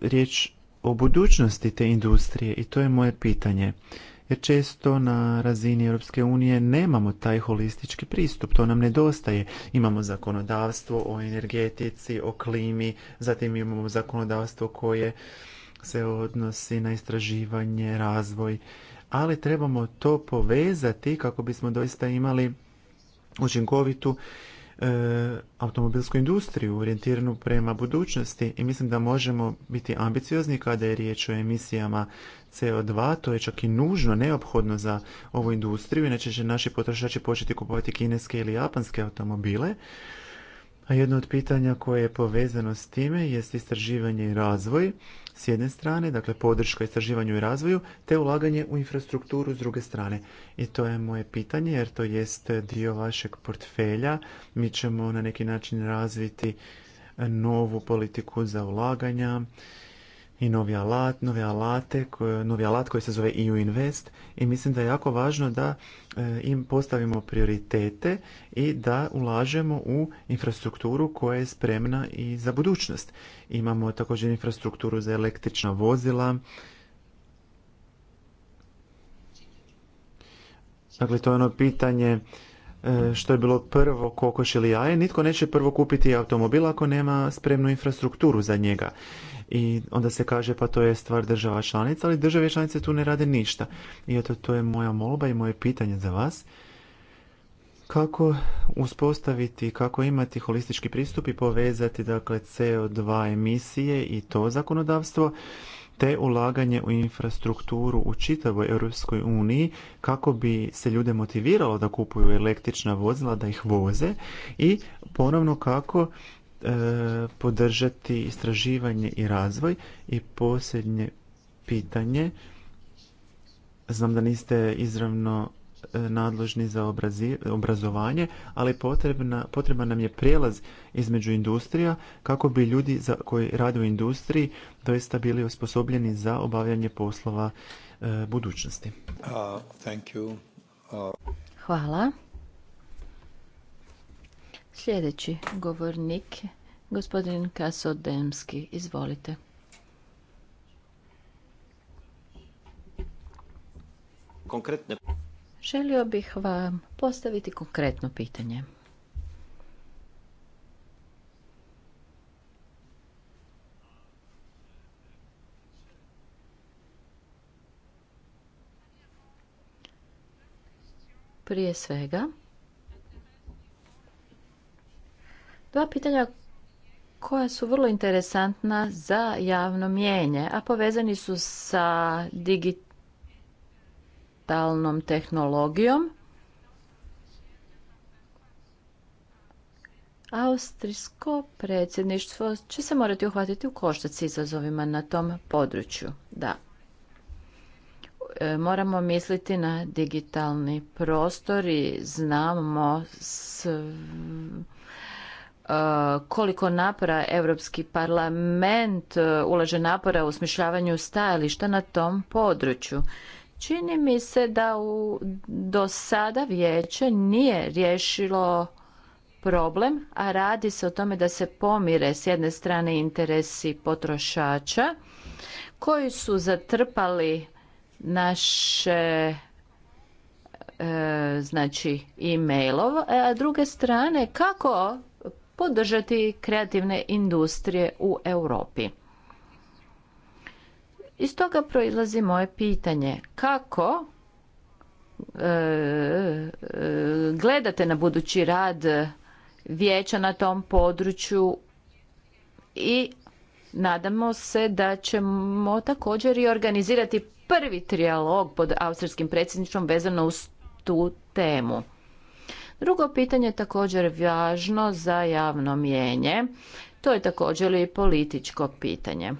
riječ o budućnosti te industrije i to je moje pitanje jer često na razini Europske unije nemamo taj holistički pristup, to nam nedostaje. Imamo zakonodavstvo o energetici, o klimi, zatim imamo zakonodavstvo koje se odnosi na istraživanje, razvoj, ali trebamo to povezati kako bismo doista imali učinkovitu E, automobilsku industriju orijentiranu prema budućnosti i mislim da možemo biti ambiciozni kada je riječ o emisijama CO2, to je čak i nužno, neophodno za ovu industriju, inače će naši potrošači početi kupovati kineske ili japanske automobile. A jedno od pitanja koje je povezano s time jest istraživanje i razvoj s jedne strane, dakle podrška istraživanju i razvoju, te ulaganje u infrastrukturu s druge strane. I to je moje pitanje jer to jest dio vašeg portfelja. Mi ćemo na neki način razviti novu politiku za ulaganja i novi alat, novi alate, novi alat koji se zove EU Invest i mislim da je jako važno da eh, im postavimo prioritete i da ulažemo u infrastrukturu koja je spremna i za budućnost. Imamo također infrastrukturu za električna vozila. Dakle, to je ono pitanje eh, što je bilo prvo kokoš ili jaje, nitko neće prvo kupiti automobil ako nema spremnu infrastrukturu za njega i onda se kaže pa to je stvar država članica, ali države članice tu ne rade ništa. I eto to je moja molba i moje pitanje za vas. Kako uspostaviti, kako imati holistički pristup i povezati dakle CO2 emisije i to zakonodavstvo te ulaganje u infrastrukturu u čitavoj Europskoj uniji kako bi se ljude motiviralo da kupuju električna vozila, da ih voze i ponovno kako E, podržati istraživanje i razvoj. I posljednje pitanje, znam da niste izravno e, nadložni za obrazovanje, ali potrebna, potreban nam je prijelaz između industrija kako bi ljudi za, koji rade u industriji doista bili osposobljeni za obavljanje poslova e, budućnosti. Uh, thank you. Uh, Hvala. Sljedeći govornik, gospodin Demski izvolite. Konkretne. Želio bih vam postaviti konkretno pitanje. Prije svega, Dva pitanja koja su vrlo interesantna za javno mijenje, a povezani su sa digitalnom tehnologijom. Austrijsko predsjedništvo će se morati uhvatiti u koštac izazovima na tom području. Da. E, moramo misliti na digitalni prostor i znamo s koliko napora Europski parlament e, ulaže napora u osmišljavanju stajališta na tom području. Čini mi se da u, do sada vijeće nije riješilo problem, a radi se o tome da se pomire s jedne strane interesi potrošača koji su zatrpali naše e, znači e mailove a s druge strane kako podržati kreativne industrije u Europi. Iz toga proizlazi moje pitanje kako e, gledate na budući rad vijeća na tom području i nadamo se da ćemo također i organizirati prvi trijalog pod austrijskim predsjedničom vezano uz tu temu. Drugo pitanje je također važno za javno mijenje. To je također i političko pitanje.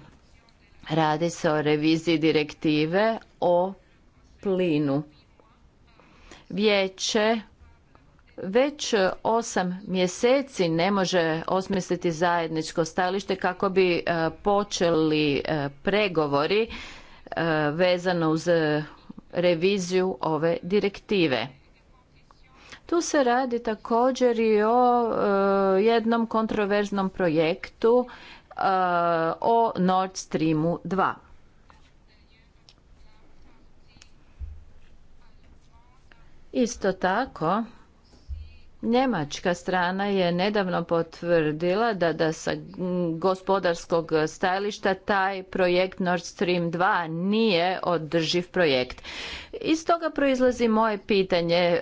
Radi se o reviziji direktive o plinu. Vijeće već osam mjeseci ne može osmisliti zajedničko stajalište kako bi e, počeli e, pregovori e, vezano uz reviziju ove direktive. Tu se radi također i o e, jednom kontroverznom projektu e, o Nord Streamu 2. Isto tako, Njemačka strana je nedavno potvrdila da, da sa gospodarskog stajališta taj projekt Nord Stream 2 nije održiv projekt. Iz toga proizlazi moje pitanje. E,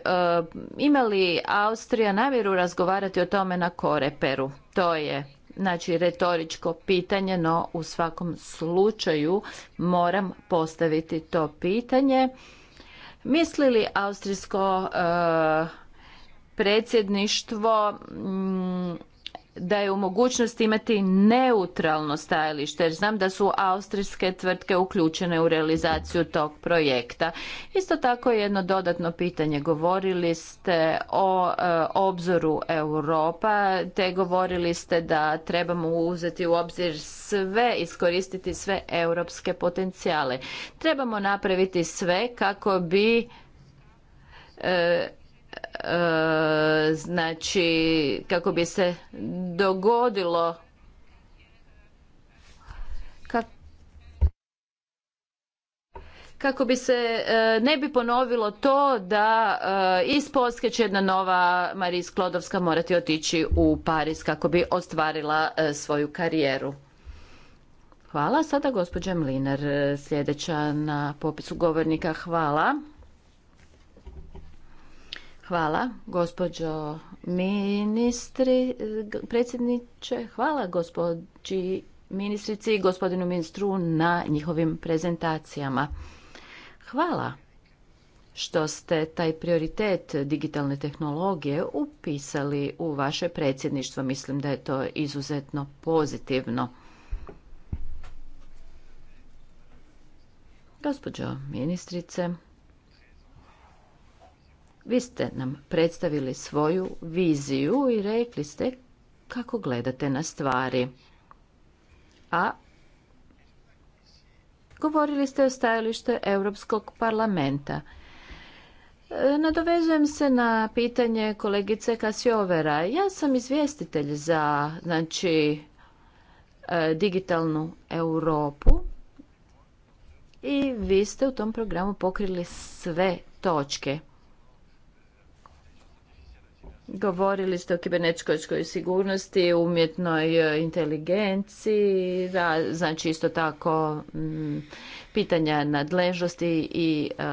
ima li Austrija namjeru razgovarati o tome na Koreperu? To je znači retoričko pitanje, no u svakom slučaju moram postaviti to pitanje. Misli li austrijsko e, predsjedništvo mm, da je u mogućnosti imati neutralno stajalište jer znam da su austrijske tvrtke uključene u realizaciju tog projekta. Isto tako je jedno dodatno pitanje. Govorili ste o e, obzoru Europa te govorili ste da trebamo uzeti u obzir sve, iskoristiti sve europske potencijale. Trebamo napraviti sve kako bi e, E, znači kako bi se dogodilo kako bi se e, ne bi ponovilo to da e, iz Polske će jedna nova Marija Sklodovska morati otići u Pariz kako bi ostvarila svoju karijeru. Hvala. Sada gospođa Mlinar sljedeća na popisu govornika. Hvala. Hvala, gospođo ministri, predsjedniče. Hvala gospođi ministrici i gospodinu ministru na njihovim prezentacijama. Hvala što ste taj prioritet digitalne tehnologije upisali u vaše predsjedništvo. Mislim da je to izuzetno pozitivno. Gospođo ministrice, vi ste nam predstavili svoju viziju i rekli ste kako gledate na stvari. A govorili ste o stajalište Europskog parlamenta. E, nadovezujem se na pitanje kolegice Kasiovera. Ja sam izvjestitelj za znači, e, digitalnu Europu i vi ste u tom programu pokrili sve točke. Govorili ste o kibernetičkoj sigurnosti, umjetnoj e, inteligenciji, da, znači isto tako mm, pitanja nadležnosti i e,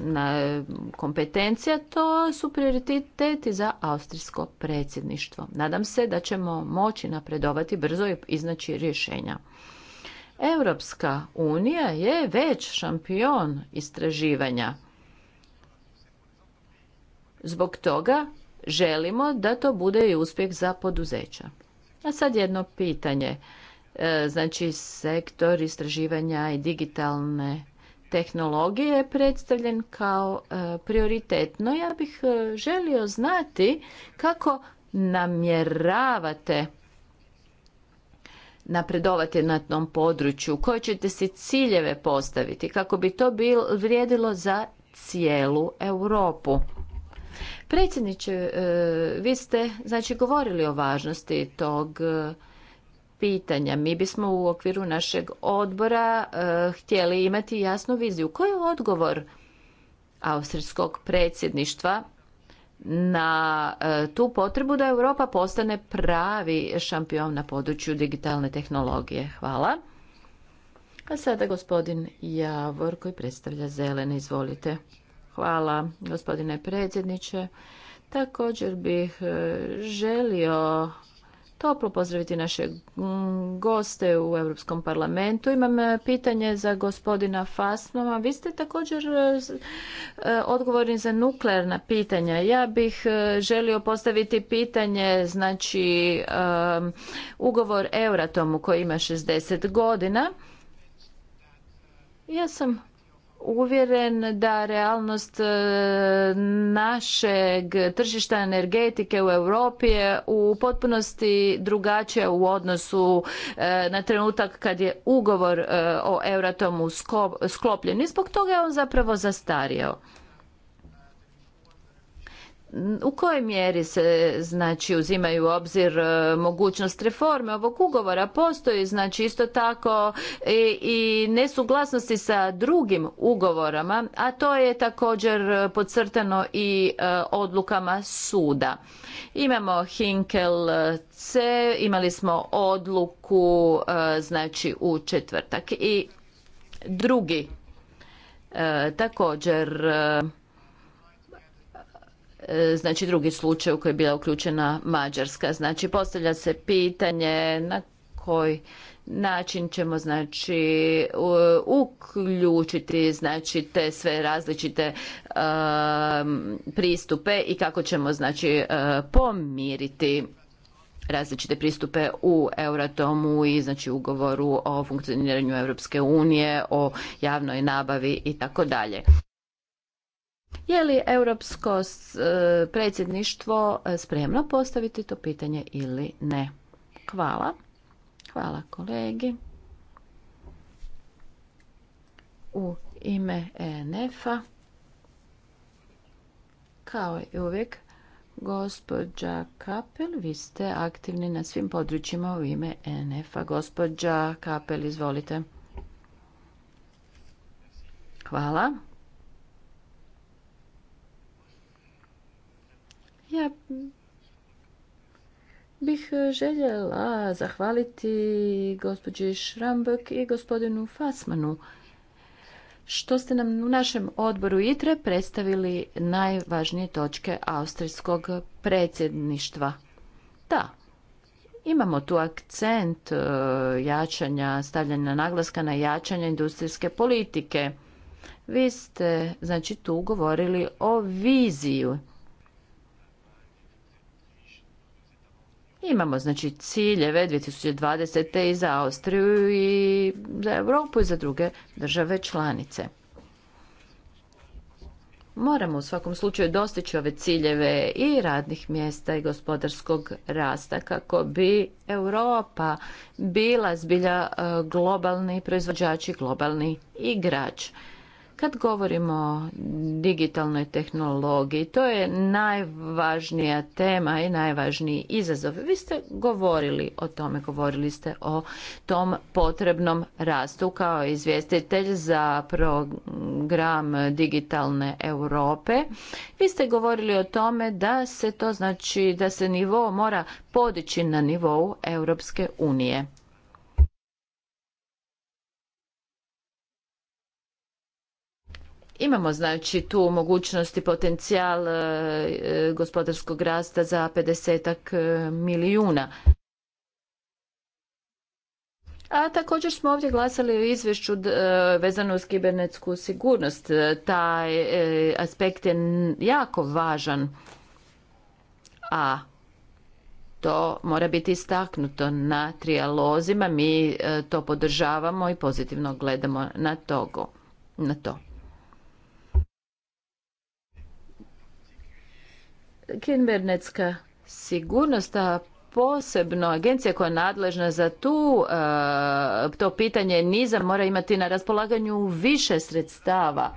na, kompetencija, to su prioriteti za austrijsko predsjedništvo. Nadam se da ćemo moći napredovati brzo i iznaći rješenja. Europska unija je već šampion istraživanja. Zbog toga želimo da to bude i uspjeh za poduzeća. A sad jedno pitanje. E, znači, sektor istraživanja i digitalne tehnologije je predstavljen kao e, prioritetno. Ja bih e, želio znati kako namjeravate napredovati na tom području, koje ćete si ciljeve postaviti kako bi to bil, vrijedilo za cijelu Europu. Predsjedniče, e, vi ste znači govorili o važnosti tog e, pitanja. Mi bismo u okviru našeg odbora e, htjeli imati jasnu viziju. Koji je odgovor austrijskog predsjedništva na tu potrebu da Europa postane pravi šampion na području digitalne tehnologije? Hvala. A sada gospodin Javor koji predstavlja zelene, izvolite. Hvala gospodine predsjedniče. Također bih e, želio toplo pozdraviti naše goste u Europskom parlamentu. Imam e, pitanje za gospodina Fasnova. Vi ste također e, odgovorni za nuklearna pitanja. Ja bih želio postaviti pitanje, znači ugovor Euratomu koji ima 60 godina. Ja sam uvjeren da realnost e, našeg tržišta energetike u Europi je u potpunosti drugačija u odnosu e, na trenutak kad je ugovor e, o Euratomu sklopljen i zbog toga je on zapravo zastario u kojoj mjeri se znači uzimaju u obzir e, mogućnost reforme ovog ugovora postoji znači isto tako i, e, i nesuglasnosti sa drugim ugovorama a to je također podcrtano i e, odlukama suda imamo Hinkel C imali smo odluku znači u četvrtak i drugi također E, znači drugi slučaj u koji je bila uključena Mađarska. Znači postavlja se pitanje na koji način ćemo znači uključiti znači te sve različite pristupe i kako ćemo znači e, pomiriti različite pristupe u Euratomu i znači ugovoru o funkcioniranju Europske unije, o javnoj nabavi i tako dalje. Je li europsko e, predsjedništvo e, spremno postaviti to pitanje ili ne? Hvala. Hvala kolegi. U ime ENF-a kao i uvijek Gospođa Kapel, vi ste aktivni na svim područjima u ime enf a Gospođa Kapel, izvolite. Hvala. Ja bih željela zahvaliti gospođi Šrambek i gospodinu Fasmanu što ste nam u našem odboru ITRE predstavili najvažnije točke austrijskog predsjedništva. Da, imamo tu akcent e, jačanja, stavljanja naglaska na jačanje industrijske politike. Vi ste, znači, tu govorili o viziju Imamo znači ciljeve 2020. i za Austriju i za Europu i za druge države članice. Moramo u svakom slučaju dostići ove ciljeve i radnih mjesta i gospodarskog rasta kako bi Europa bila zbilja e, globalni proizvođač i globalni igrač. Kad govorimo o digitalnoj tehnologiji, to je najvažnija tema i najvažniji izazov. Vi ste govorili o tome, govorili ste o tom potrebnom rastu kao izvjestitelj za program digitalne Europe. Vi ste govorili o tome da se to znači da se nivo mora podići na nivou Europske unije. Imamo znači tu mogućnosti potencijal e, e, gospodarskog rasta za 50 e, milijuna. A također smo ovdje glasali o izvješću vezano uz kibernetsku sigurnost. Taj aspekt je jako važan. A to mora biti istaknuto na trijalozima. Mi to podržavamo i pozitivno gledamo na, togo, na to. Kibernetska sigurnost, a posebno agencija koja je nadležna za tu, eh, to pitanje niza mora imati na raspolaganju više sredstava.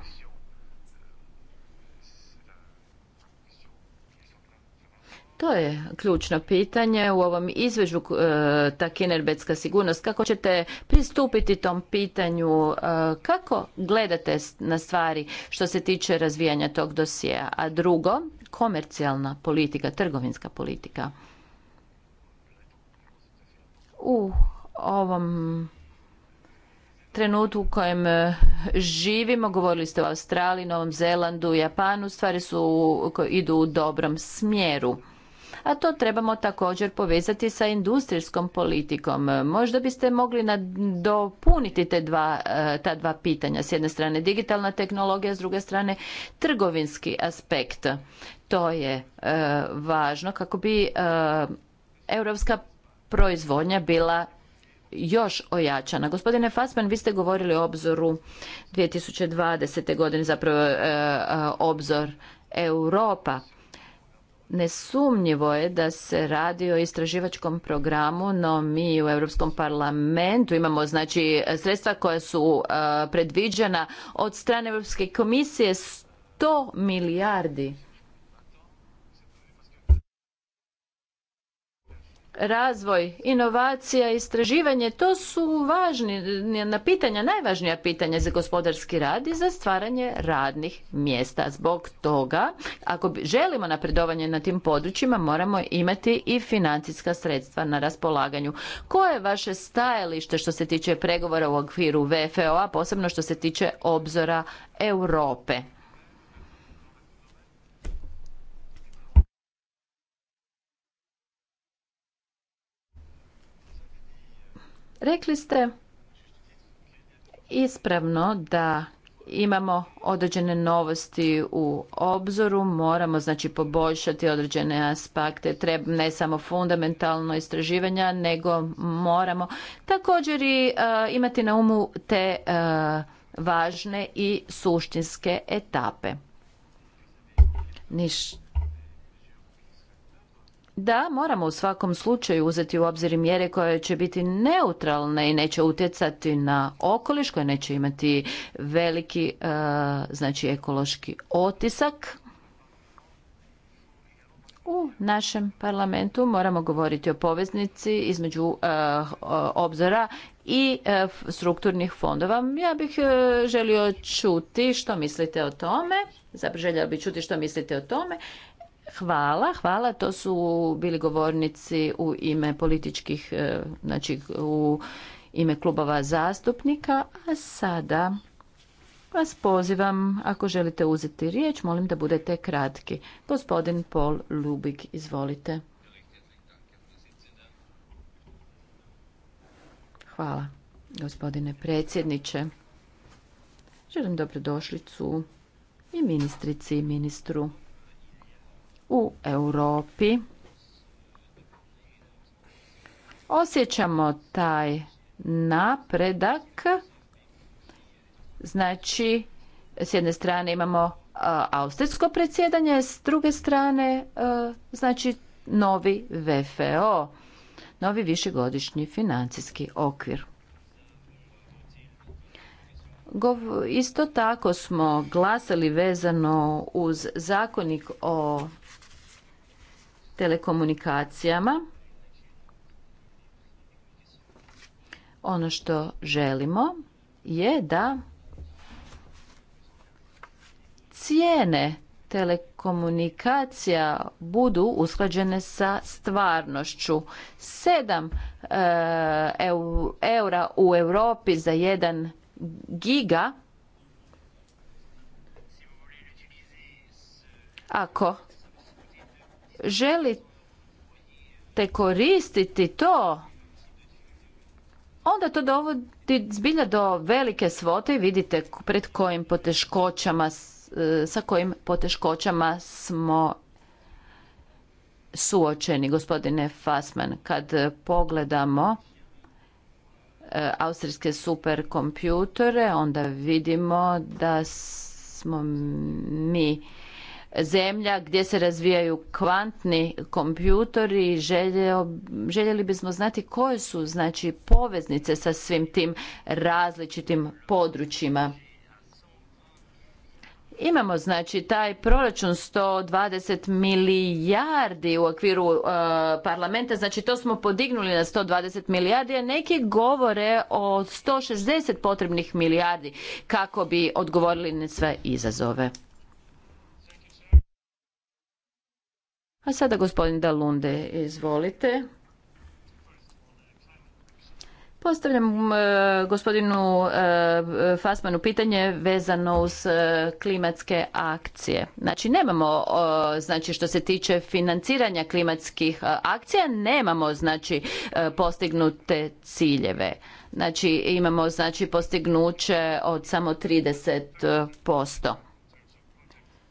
To je ključno pitanje u ovom izvežu eh, ta kinerbetska sigurnost. Kako ćete pristupiti tom pitanju? Eh, kako gledate na stvari što se tiče razvijanja tog dosjea? A drugo, komercijalna politika, trgovinska politika. U ovom trenutku u kojem e, živimo, govorili ste o Australiji, Novom Zelandu, Japanu, stvari su, idu u dobrom smjeru a to trebamo također povezati sa industrijskom politikom. Možda biste mogli dopuniti te dva, eh, ta dva pitanja. S jedne strane digitalna tehnologija, s druge strane trgovinski aspekt. To je eh, važno kako bi eh, europska proizvodnja bila još ojačana. Gospodine Fasman, vi ste govorili o obzoru 2020. godine, zapravo obzor Europa. Nesumnjivo je da se radi o istraživačkom programu, no mi u Europskom parlamentu imamo znači sredstva koja su uh, predviđena od strane Europske komisije 100 milijardi razvoj, inovacija, istraživanje, to su važni na pitanja, najvažnija pitanja za gospodarski rad i za stvaranje radnih mjesta. Zbog toga, ako želimo napredovanje na tim područjima, moramo imati i financijska sredstva na raspolaganju. Koje je vaše stajalište što se tiče pregovora u okviru VFO-a, posebno što se tiče obzora Europe? Rekli ste ispravno da imamo određene novosti u obzoru, moramo znači poboljšati određene aspekte, treba ne samo fundamentalno istraživanja, nego moramo također i e, imati na umu te e, važne i suštinske etape. Ništa da moramo u svakom slučaju uzeti u obzir mjere koje će biti neutralne i neće utjecati na okoliš, koje neće imati veliki e, znači ekološki otisak. U našem parlamentu moramo govoriti o poveznici između e, obzora i e, strukturnih fondova. Ja bih želio čuti što mislite o tome. Zapravo željela bih čuti što mislite o tome Hvala, hvala. To su bili govornici u ime političkih, e, znači u ime klubova zastupnika. A sada vas pozivam, ako želite uzeti riječ, molim da budete kratki. Gospodin Paul Lubik, izvolite. Hvala, gospodine predsjedniče. Želim dobrodošlicu i ministrici i ministru u Europi osjećamo taj napredak. Znači, s jedne strane imamo e, austrijsko predsjedanje, s druge strane e, znači novi VFO, novi višegodišnji financijski okvir. Isto tako smo glasali vezano uz zakonik o telekomunikacijama. Ono što želimo je da cijene telekomunikacija budu usklađene sa stvarnošću. 7 e, eura u Europi za jedan giga ako želite koristiti to onda to dovodi zbilja do velike svote i vidite pred kojim poteškoćama e, sa kojim poteškoćama smo suočeni gospodine Fasman kad pogledamo Eh, austrijske superkompjutore, onda vidimo da smo mi zemlja gdje se razvijaju kvantni kompjutori i željeli bismo znati koje su znači poveznice sa svim tim različitim područjima Imamo znači taj proračun 120 milijardi u okviru e, parlamenta, znači to smo podignuli na 120 milijardi, a neki govore o 160 potrebnih milijardi kako bi odgovorili na sve izazove. A sada gospodin Dalunde, izvolite. Postavljam e, gospodinu e, Fasmanu pitanje vezano uz e, klimatske akcije. Znači nemamo znači što se tiče financiranja klimatskih akcija nemamo znači postignute ciljeve. Znači imamo znači postignuće od samo 30%.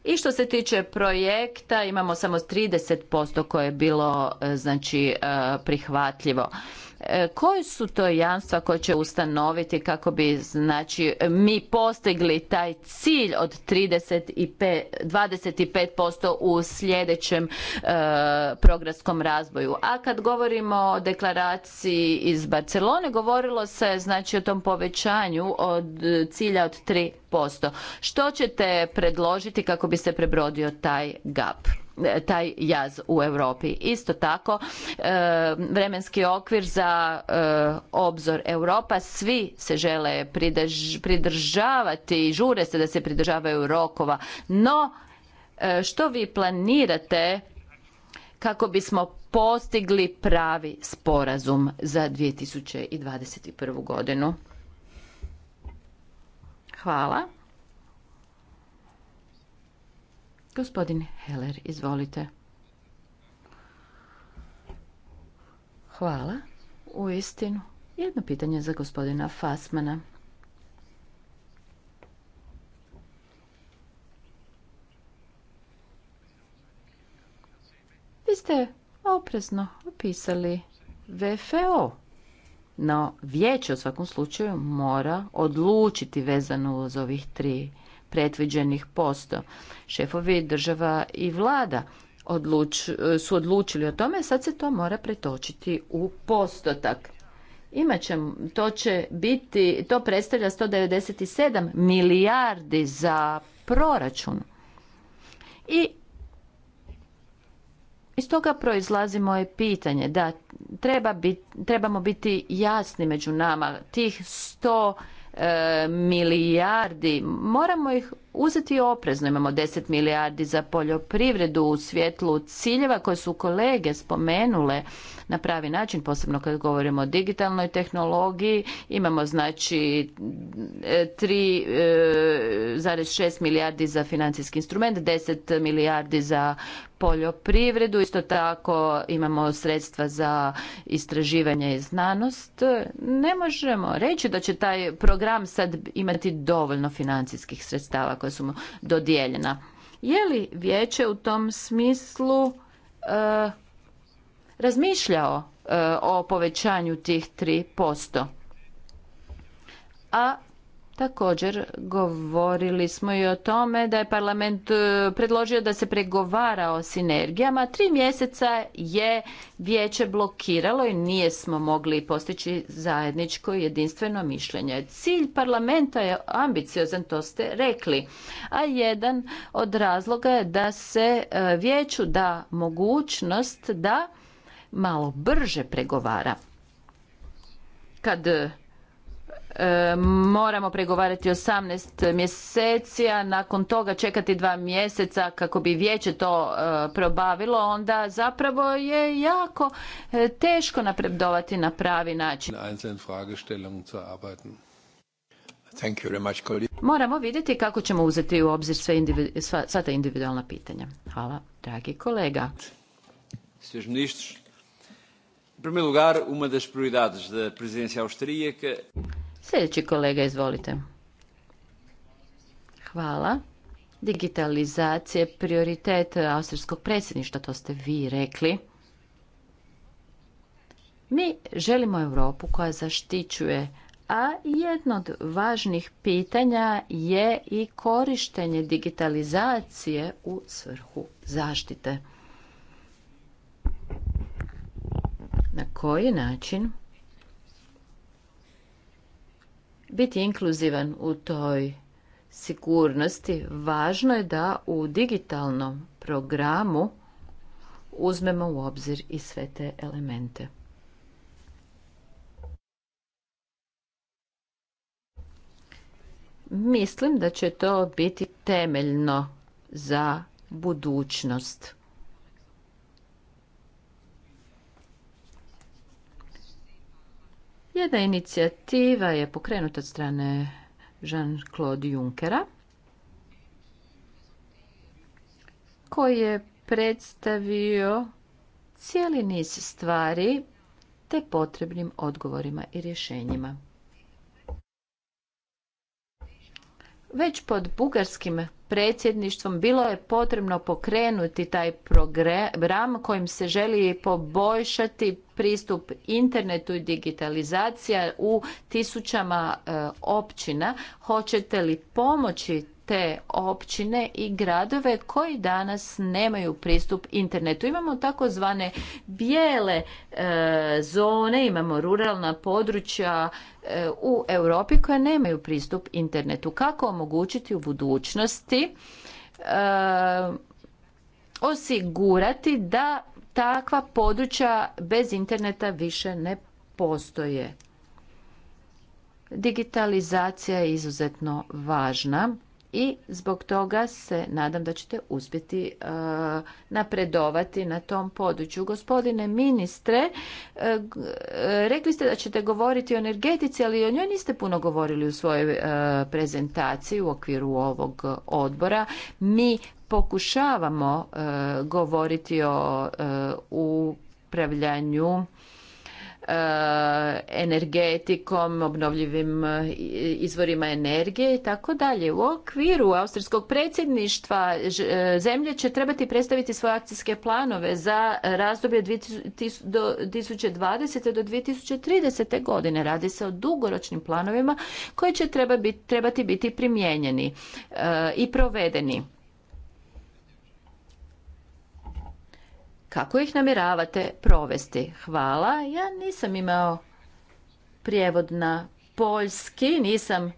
I što se tiče projekta imamo samo 30% koje je bilo znači prihvatljivo. E, koje su to jamstva koje će ustanoviti kako bi znači mi postigli taj cilj od 35, 25% u sljedećem e, razvoju? A kad govorimo o deklaraciji iz Barcelone, govorilo se znači o tom povećanju od cilja od 3%. Što ćete predložiti kako bi se prebrodio taj gap? taj jaz u Europi. Isto tako, e, vremenski okvir za e, obzor Europa, svi se žele pridržavati, žure se da se pridržavaju rokova, no e, što vi planirate kako bismo postigli pravi sporazum za 2021. godinu. Hvala. Gospodin Heller, izvolite. Hvala. U istinu, jedno pitanje za gospodina Fasmana. Vi ste oprezno opisali VFO, no vijeće u svakom slučaju mora odlučiti vezano uz ovih tri pretviđenih posto. Šefovi država i vlada su odlučili o tome, sad se to mora pretočiti u postotak. Imaće, to će biti, to predstavlja 197 milijardi za proračun. I iz toga proizlazi moje pitanje da treba trebamo biti jasni među nama tih 100 E, milijardi, moramo ih uzeti oprezno. Imamo 10 milijardi za poljoprivredu u svjetlu ciljeva koje su kolege spomenule na pravi način, posebno kad govorimo o digitalnoj tehnologiji. Imamo znači 3,6 e, e, milijardi za financijski instrument, 10 milijardi za poljoprivredu, isto tako imamo sredstva za istraživanje i znanost. Ne možemo reći da će taj program sad imati dovoljno financijskih sredstava koja su mu dodijeljena. Je li vijeće u tom smislu e, razmišljao e, o povećanju tih 3%. A Također govorili smo i o tome da je parlament e, predložio da se pregovara o sinergijama. Tri mjeseca je vijeće blokiralo i nije smo mogli postići zajedničko i jedinstveno mišljenje. Cilj parlamenta je ambiciozan, to ste rekli. A jedan od razloga je da se e, vijeću da mogućnost da malo brže pregovara. Kad e, moramo pregovarati 18 mjeseci, a nakon toga čekati dva mjeseca kako bi vijeće to e, probavilo, onda zapravo je jako e, teško napredovati na pravi način. Moramo vidjeti kako ćemo uzeti u obzir sve sva, ta individualna pitanja. Hvala, dragi kolega. Em primeiro lugar, uma das prioridades da presidência austríaca. Sljedeći kolega, izvolite. Hvala. Digitalizacija je prioritet austrijskog predsjedništva, to ste vi rekli. Mi želimo Europu koja zaštićuje, a jedno od važnih pitanja je i korištenje digitalizacije u svrhu zaštite. na koji način biti inkluzivan u toj sigurnosti, važno je da u digitalnom programu uzmemo u obzir i sve te elemente. Mislim da će to biti temeljno za budućnost. Jedna inicijativa je pokrenuta od strane Jean-Claude Junckera, koji je predstavio cijeli niz stvari te potrebnim odgovorima i rješenjima. Već pod bugarskim predsjedništvom bilo je potrebno pokrenuti taj program kojim se želi poboljšati pristup internetu i digitalizacija u tisućama e, općina. Hoćete li pomoći te općine i gradove koji danas nemaju pristup internetu. Imamo takozvane bijele e, zone, imamo ruralna područja e, u Europi koja nemaju pristup internetu. Kako omogućiti u budućnosti e, osigurati da takva područja bez interneta više ne postoje. Digitalizacija je izuzetno važna i zbog toga se nadam da ćete uspjeti e, napredovati na tom području. Gospodine ministre, e, rekli ste da ćete govoriti o energetici, ali o njoj niste puno govorili u svojoj e, prezentaciji u okviru ovog odbora. Mi pokušavamo govoriti o upravljanju Eh, energetikom, obnovljivim eh, izvorima energije i tako dalje. U okviru austrijskog predsjedništva eh, zemlje će trebati predstaviti svoje akcijske planove za razdoblje 2020. do 2030. godine. Radi se o dugoročnim planovima koji će trebati biti primijenjeni i provedeni. Kako ih namjeravate provesti? Hvala. Ja nisam imao prijevod na poljski, nisam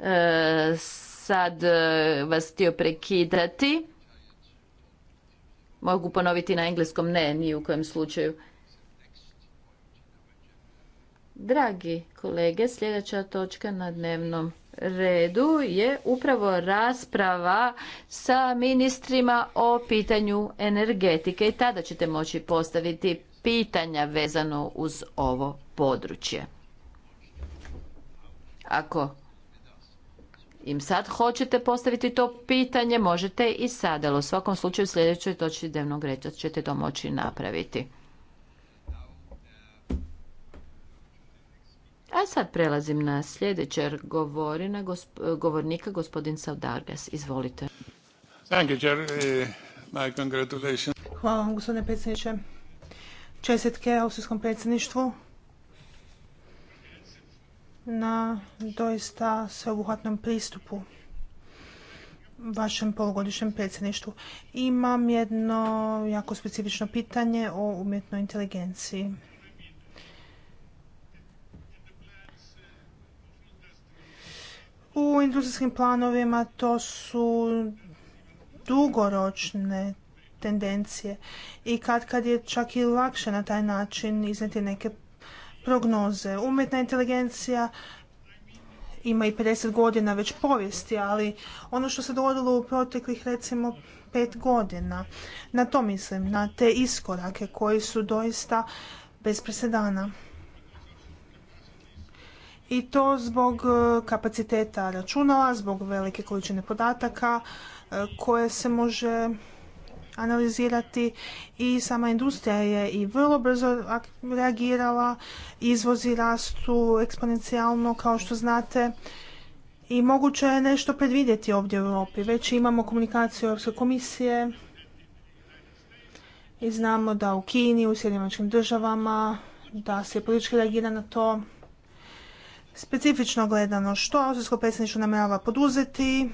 e, sad e, vas htio prekidati. Mogu ponoviti na engleskom, ne, ni u kojem slučaju. Dragi kolege, sljedeća točka na dnevnom redu je upravo rasprava sa ministrima o pitanju energetike i tada ćete moći postaviti pitanja vezano uz ovo područje. Ako im sad hoćete postaviti to pitanje, možete i sad, ali u svakom slučaju u sljedećoj točki dnevnog reda ćete to moći napraviti. A sad prelazim na sljedeće govorina, govornika, gospodin Saudargas. Izvolite. Eh, Hvala vam, gospodine predsjedniče. Čestitke Austrijskom predsjedništvu na doista sveobuhvatnom pristupu vašem polugodišnjem predsjedništvu. Imam jedno jako specifično pitanje o umjetnoj inteligenciji. U industrijskim planovima to su dugoročne tendencije i kad kad je čak i lakše na taj način izneti neke prognoze. Umjetna inteligencija ima i 50 godina već povijesti, ali ono što se dogodilo u proteklih recimo pet godina, na to mislim, na te iskorake koji su doista bez presedana i to zbog e, kapaciteta računala, zbog velike količine podataka e, koje se može analizirati i sama industrija je i vrlo brzo reagirala, izvozi rastu eksponencijalno kao što znate i moguće je nešto predvidjeti ovdje u Europi. Već imamo komunikaciju Europske komisije i znamo da u Kini, u Sjedinjavačkim državama, da se politički reagira na to Specifično gledano, što Austrijsko predsjedništvo namjerava poduzeti,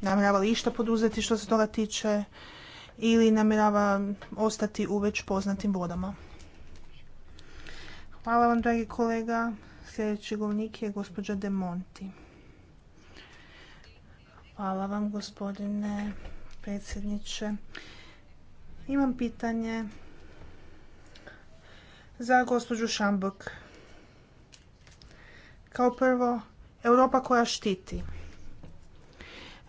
namjerava li išta poduzeti što se toga tiče ili namjerava ostati u već poznatim vodama? Hvala vam, dragi kolega. Sljedeći govornik je gospođa De Monti. Hvala vam, gospodine predsjedniče. Imam pitanje za gospođu Šambok. Kao prvo, Europa koja štiti.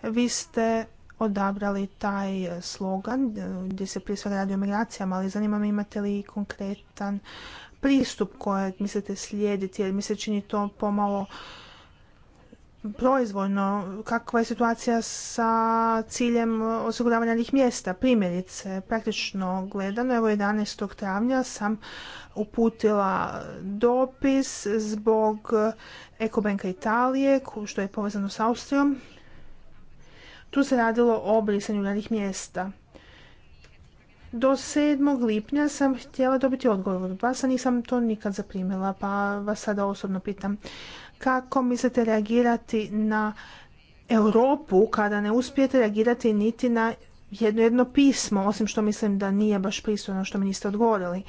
Vi ste odabrali taj slogan eh, gdje se prije svega radi o migracijama, ali zanima me imate li konkretan pristup kojeg mislite slijediti jer mi se čini to pomalo proizvoljno, kakva je situacija sa ciljem osiguravanja njih mjesta. Primjerice, praktično gledano, evo 11. travnja sam uputila dopis zbog Ekobanka Italije, što je povezano s Austrijom. Tu se radilo o brisanju radnih mjesta. Do 7. lipnja sam htjela dobiti odgovor od vas, a nisam to nikad zaprimila, pa vas sada osobno pitam. Kako mislite reagirati na Europu kada ne uspijete reagirati niti na jedno jedno pismo, osim što mislim da nije baš prisutno što mi niste odgovorili.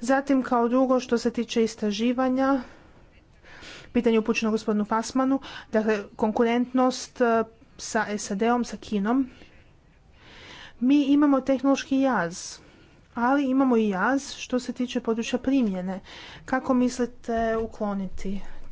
Zatim kao drugo što se tiče istraživanja, pitanje upućeno gospodinu Fasmanu, dakle konkurentnost eh, sa SAD-om, sa Kinom. Mi imamo tehnološki jaz, ali imamo i jaz što se tiče područja primjene. Kako mislite ukloniti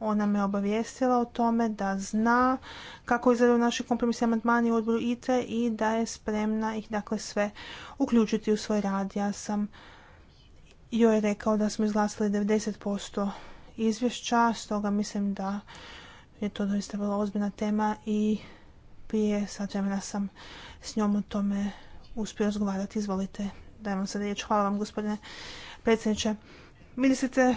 Ona me obavijestila o tome da zna kako izgledaju naši kompromisni amandmani u odboru ITRE i da je spremna ih dakle sve uključiti u svoj rad. Ja sam joj rekao da smo izglasali 90% izvješća, stoga mislim da je to doista vrlo ozbiljna tema i prije sad vremena sam s njom o tome uspio razgovarati. Izvolite, dajem vam sad riječ. Hvala vam gospodine predsjedniče. Ministrice,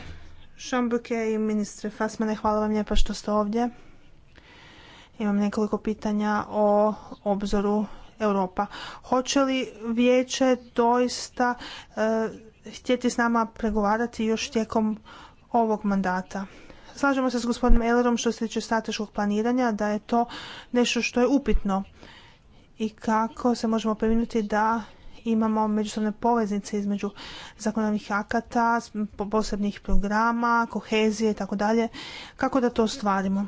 Šambuke i ministre Fasmane, hvala vam lijepa što ste ovdje. Imam nekoliko pitanja o obzoru Europa. Hoće li vijeće doista eh, htjeti s nama pregovarati još tijekom ovog mandata? Slažemo se s gospodinom Ellerom što se tiče strateškog planiranja, da je to nešto što je upitno i kako se možemo previnuti da imamo međusobne poveznice između zakonodavnih akata, posebnih programa, kohezije i tako dalje, kako da to ostvarimo.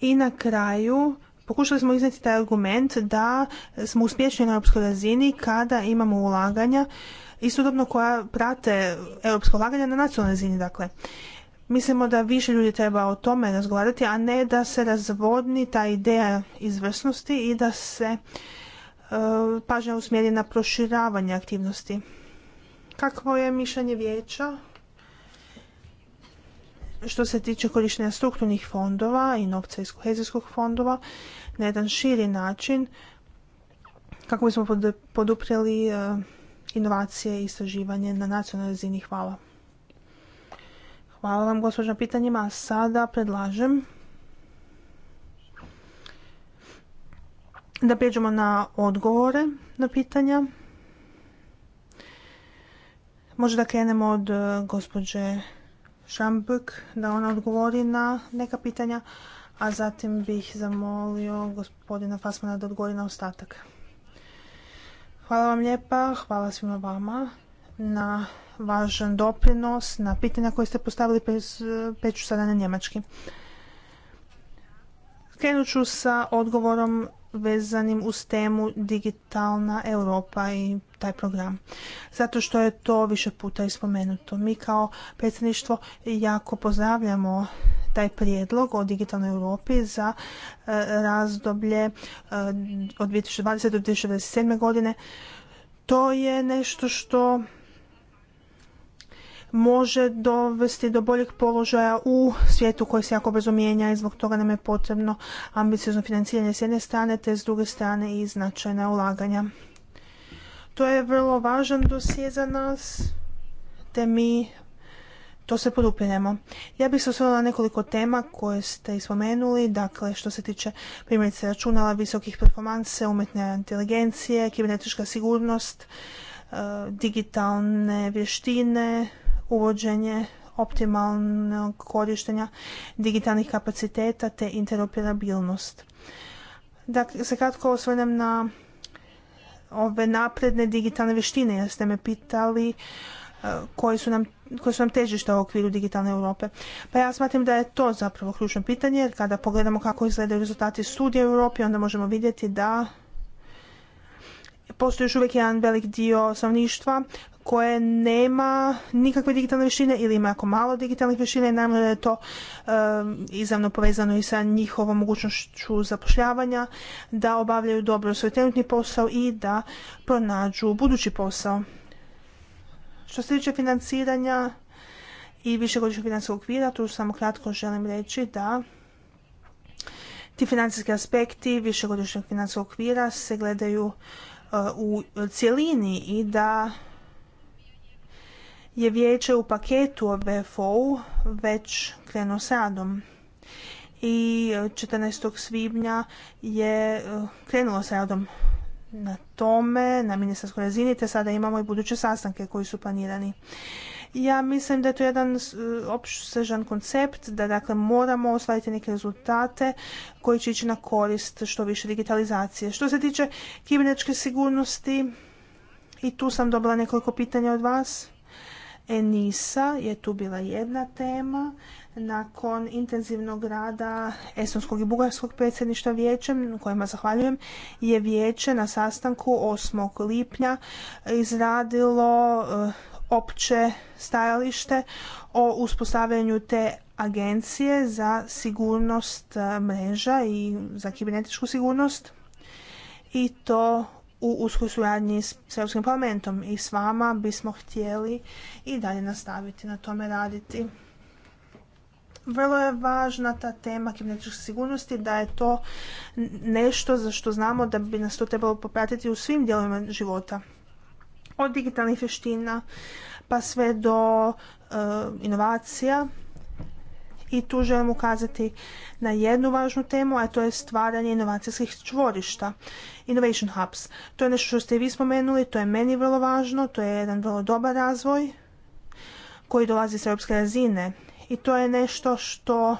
I na kraju pokušali smo izneti taj argument da smo uspješni na europskoj razini kada imamo ulaganja istodobno koja prate europska ulaganja na nacionalnoj razini. Dakle, mislimo da više ljudi treba o tome razgovarati, a ne da se razvodni ta ideja izvrsnosti i da se E, pažnja usmjeri na proširavanje aktivnosti. Kakvo je mišljenje vijeća što se tiče korištenja strukturnih fondova i novca iz kohezijskog fondova na jedan širi način kako bismo podupreli e, inovacije i istraživanje na nacionalnoj razini. Hvala. Hvala vam gospođa na pitanjima. Sada predlažem da prijeđemo na odgovore na pitanja. Možda krenemo od e, gospođe Šambuk da ona odgovori na neka pitanja, a zatim bih zamolio gospodina Fasmana da odgovori na ostatak. Hvala vam lijepa, hvala svima vama na važan doprinos, na pitanja koje ste postavili, peću sada na njemački. Krenut ću sa odgovorom vezanim uz temu Digitalna Europa i taj program. Zato što je to više puta ispomenuto. Mi kao predsjedništvo jako pozdravljamo taj prijedlog o digitalnoj Europi za e, razdoblje e, od 2020. do 2027. godine. To je nešto što može dovesti do boljeg položaja u svijetu koji se jako brzo mijenja i zbog toga nam je potrebno ambiciozno financiranje s jedne strane te s druge strane i značajna ulaganja. To je vrlo važan dosije za nas te mi to se podupiremo. Ja bih se osvrnula nekoliko tema koje ste spomenuli, dakle što se tiče primjerice računala, visokih performanse, umjetne inteligencije, kibernetička sigurnost, e, digitalne vještine, uvođenje optimalnog korištenja digitalnih kapaciteta te interoperabilnost. Da dakle, se kratko osvrnem na ove napredne digitalne vještine, jer ste me pitali e, koji su nam, su nam težišta u okviru digitalne Europe. Pa ja smatram da je to zapravo ključno pitanje, jer kada pogledamo kako izgledaju rezultati studija u Europi, onda možemo vidjeti da postoji još uvijek jedan velik dio stanovništva koje nema nikakve digitalne vještine ili ima jako malo digitalnih vještina i naravno da je to izravno povezano i sa njihovom mogućnošću zapošljavanja, da obavljaju dobro svoj trenutni posao i da pronađu budući posao. Što se tiče financiranja i višegodišnjeg financijskog okvira, tu samo kratko želim reći da ti financijski aspekti višegodišnjeg financijskog okvira se gledaju e, u cjelini i da je vijeće u paketu o u već krenuo s radom i 14. E, svibnja je e, krenulo s radom na tome, na ministarskoj razini, te sada imamo i buduće sastanke koji su planirani. Ja mislim da je to jedan e, opštežan koncept, da dakle moramo ostvariti neke rezultate koji će ići na korist što više digitalizacije. Što se tiče kibernetičke sigurnosti, i tu sam dobila nekoliko pitanja od vas. Enisa je tu bila jedna tema. Nakon intenzivnog rada Estonskog i Bugarskog predsjedništva vijećem, kojima zahvaljujem, je vijeće na sastanku 8. lipnja izradilo eh, opće stajalište o uspostavljanju te agencije za sigurnost eh, mreža i za kibernetičku sigurnost i to u uskoj suradnji s Europskim parlamentom i s vama bismo htjeli i dalje nastaviti na tome raditi. Vrlo je važna ta tema kibernetičke sigurnosti, da je to nešto za što znamo da bi nas to trebalo popratiti u svim dijelovima života. Od digitalnih vještina pa sve do e, inovacija i tu želim ukazati na jednu važnu temu, a to je stvaranje inovacijskih čvorišta, innovation hubs. To je nešto što ste i vi spomenuli, to je meni vrlo važno, to je jedan vrlo dobar razvoj koji dolazi s europske razine i to je nešto što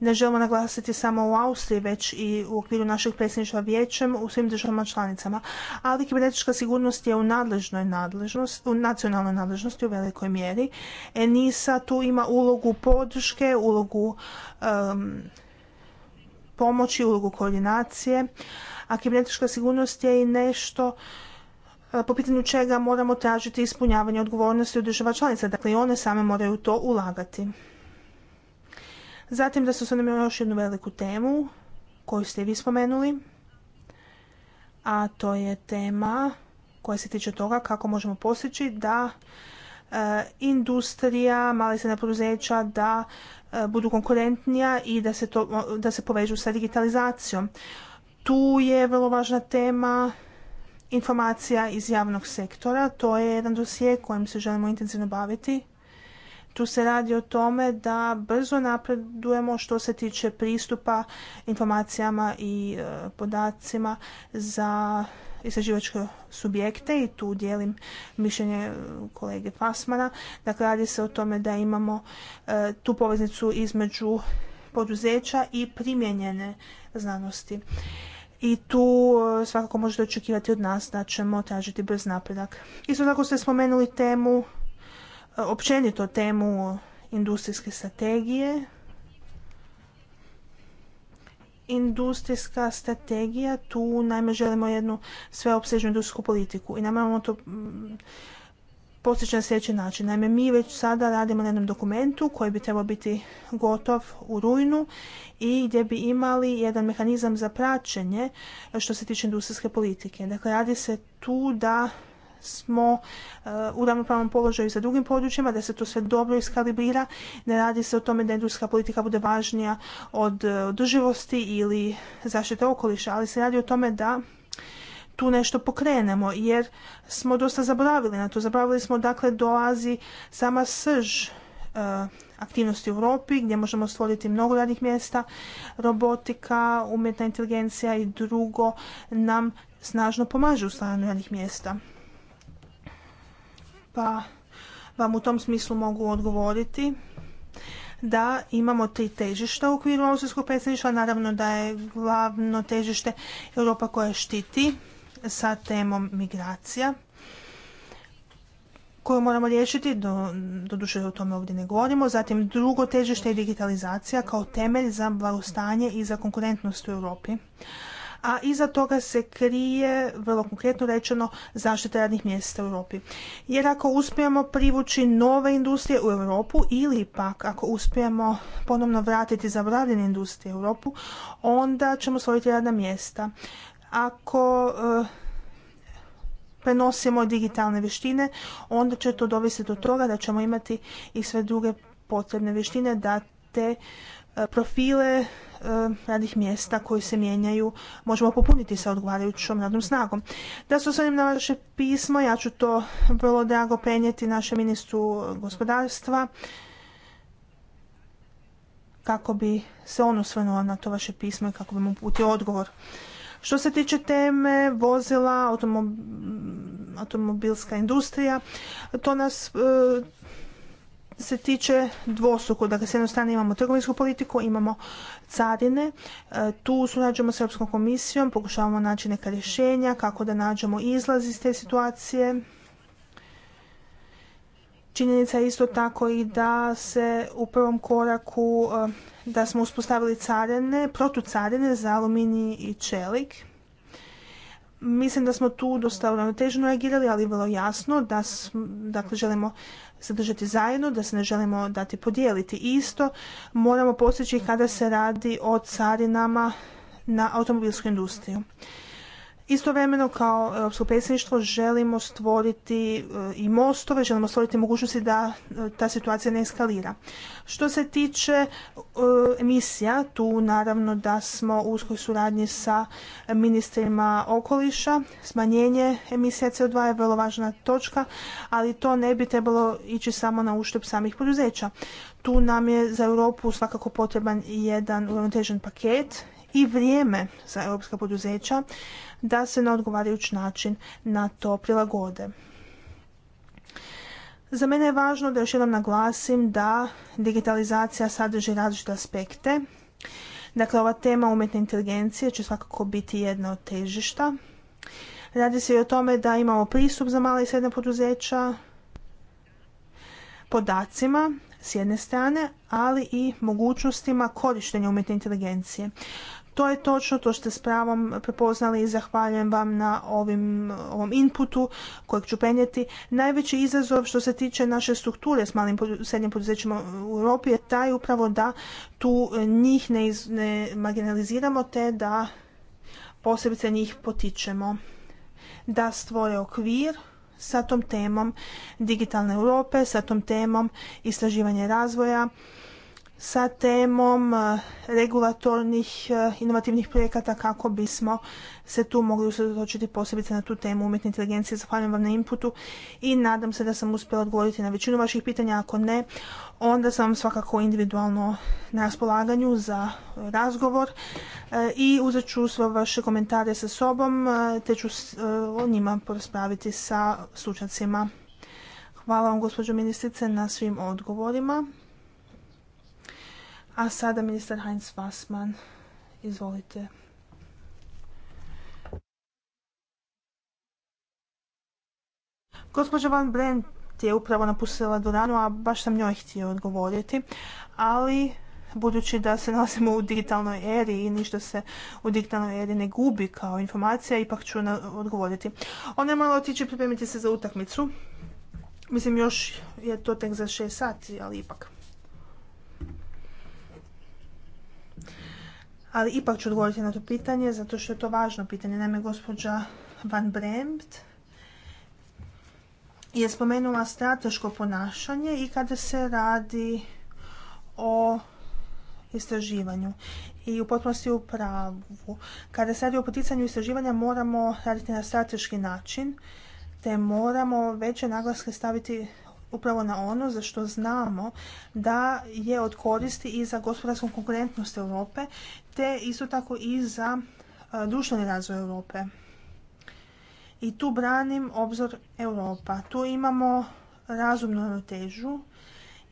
ne želimo naglasiti samo u Austriji, već i u okviru našeg predsjedništva vijećem u svim državama članicama. Ali kibernetička sigurnost je u, nadležnoj nadležnosti, u nacionalnoj nadležnosti u velikoj mjeri. ENISA tu ima ulogu podrške, ulogu pomoći, ulogu koordinacije, a kibernetička sigurnost je i nešto e, po pitanju čega moramo tražiti ispunjavanje odgovornosti u država članica. Dakle, i one same moraju to ulagati. Zatim da se osvrnemo još jednu veliku temu koju ste vi spomenuli, a to je tema koja se tiče toga kako možemo postići da e, industrija, mala se srednja poduzeća da e, budu konkurentnija i da se, to, da se povežu sa digitalizacijom. Tu je vrlo važna tema informacija iz javnog sektora. To je jedan dosije kojim se želimo intenzivno baviti tu se radi o tome da brzo napredujemo što se tiče pristupa informacijama i e, podacima za istraživačke subjekte i tu dijelim mišljenje e, kolege Fasmana. Dakle, radi se o tome da imamo e, tu poveznicu između poduzeća i primijenjene znanosti. I tu svakako možete očekivati od nas da ćemo tražiti brz napredak. Isto tako ste spomenuli temu općenito temu industrijske strategije. Industrijska strategija, tu najme želimo jednu sveopsežnu industrijsku politiku i nam to mm, postići na sljedeći način. Naime, mi već sada radimo na jednom dokumentu koji bi trebao biti gotov u rujnu i gdje bi imali jedan mehanizam za praćenje što se tiče industrijske politike. Dakle, radi se tu da smo e, u ravnopravnom položaju sa drugim područjima, da se to sve dobro iskalibrira. Ne radi se o tome da industrijska politika bude važnija od e, održivosti ili zaštite okoliša, ali se radi o tome da tu nešto pokrenemo, jer smo dosta zaboravili na to. Zaboravili smo dakle dolazi sama srž e, aktivnosti u Europi gdje možemo stvoriti mnogo radnih mjesta, robotika, umjetna inteligencija i drugo nam snažno pomaže u stvaranju radnih mjesta pa vam u tom smislu mogu odgovoriti da imamo tri težišta u okviru austrijskog predsjedništva. Naravno da je glavno težište Europa koja štiti sa temom migracija koju moramo riješiti, do, doduše o tome ovdje ne govorimo. Zatim drugo težište je digitalizacija kao temelj za blagostanje i za konkurentnost u Europi a iza toga se krije, vrlo konkretno rečeno, zaštita radnih mjesta u Europi. Jer ako uspijemo privući nove industrije u Europu ili pak ako uspijemo ponovno vratiti zaboravljene industrije u Europu, onda ćemo stvoriti radna mjesta. Ako eh, prenosimo digitalne vještine, onda će to dovesti do toga da ćemo imati i sve druge potrebne vještine da te E, profile e, radnih mjesta koji se mijenjaju možemo popuniti sa odgovarajućom radnom snagom. Da se osvrnem na vaše pismo, ja ću to vrlo drago prenijeti našem ministru gospodarstva kako bi se on osvrnuo na to vaše pismo i kako bi mu putio odgovor. Što se tiče teme vozila, automobilska industrija, to nas e, se tiče dvostruko, dakle s jedne strane imamo trgovinsku politiku, imamo carine, e, tu surađujemo s Europskom komisijom, pokušavamo naći neka rješenja, kako da nađemo izlaz iz te situacije. Činjenica je isto tako i da se u prvom koraku e, da smo uspostavili carine, protucarine za aluminij i čelik. Mislim da smo tu dosta uravnoteženo reagirali, ali vrlo jasno da dakle, se želimo zadržati zajedno, da se ne želimo dati podijeliti. Isto moramo postići kada se radi o carinama na automobilsku industriju. Istovremeno kao Europsko predsjedništvo želimo stvoriti e, i mostove, želimo stvoriti mogućnosti da e, ta situacija ne eskalira. Što se tiče e, emisija, tu naravno da smo u uskoj suradnji sa ministrima okoliša. Smanjenje emisija CO2 je vrlo važna točka, ali to ne bi trebalo ići samo na uštep samih poduzeća. Tu nam je za Europu svakako potreban jedan uravnotežen paket i vrijeme za europska poduzeća da se na odgovarajući način na to prilagode. Za mene je važno da još jednom naglasim da digitalizacija sadrži različite aspekte. Dakle, ova tema umjetne inteligencije će svakako biti jedna od težišta. Radi se i o tome da imamo pristup za mala i srednja poduzeća podacima s jedne strane, ali i mogućnostima korištenja umjetne inteligencije. To je točno, to ste s pravom prepoznali i zahvaljujem vam na ovim, ovom inputu kojeg ću penjeti. Najveći izazov što se tiče naše strukture s malim srednjim poduzećima u Europi je taj upravo da tu e, njih ne, ne marginaliziramo te da posebice njih potičemo da stvore okvir sa tom temom digitalne Europe, sa tom temom istraživanja razvoja, sa temom eh, regulatornih eh, inovativnih projekata kako bismo se tu mogli usredotočiti posebice na tu temu umjetne inteligencije. Zahvaljujem vam na inputu i nadam se da sam uspjela odgovoriti na većinu vaših pitanja. Ako ne, onda sam vam svakako individualno na raspolaganju za eh, razgovor i uzet ću sve vaše komentare sa sobom te ću o njima poraspraviti sa stručnjacima. Hvala vam gospođo ministrice na svim odgovorima. A sada ministar Heinz Wassmann. izvolite. Gospođa Van Brent je upravo napustila danu, a baš sam njoj htio odgovoriti, ali budući da se nalazimo u digitalnoj eri i ništa se u digitalnoj eri ne gubi kao informacija, ipak ću odgovoriti. Ona je malo otići pripremiti se za utakmicu. Mislim, još je to tek za 6 sati, ali ipak. ali ipak ću odgovoriti na to pitanje zato što je to važno pitanje. Naime, gospođa Van Bremt je spomenula strateško ponašanje i kada se radi o istraživanju. I u potpunosti u pravu. Kada se radi o poticanju istraživanja moramo raditi na strateški način, te moramo veće naglaske staviti upravo na ono za što znamo da je od koristi i za gospodarsku konkurentnost Europe, te isto tako i za e, društveni razvoj Europe. I tu branim obzor Europa. Tu imamo razumnu ravnotežu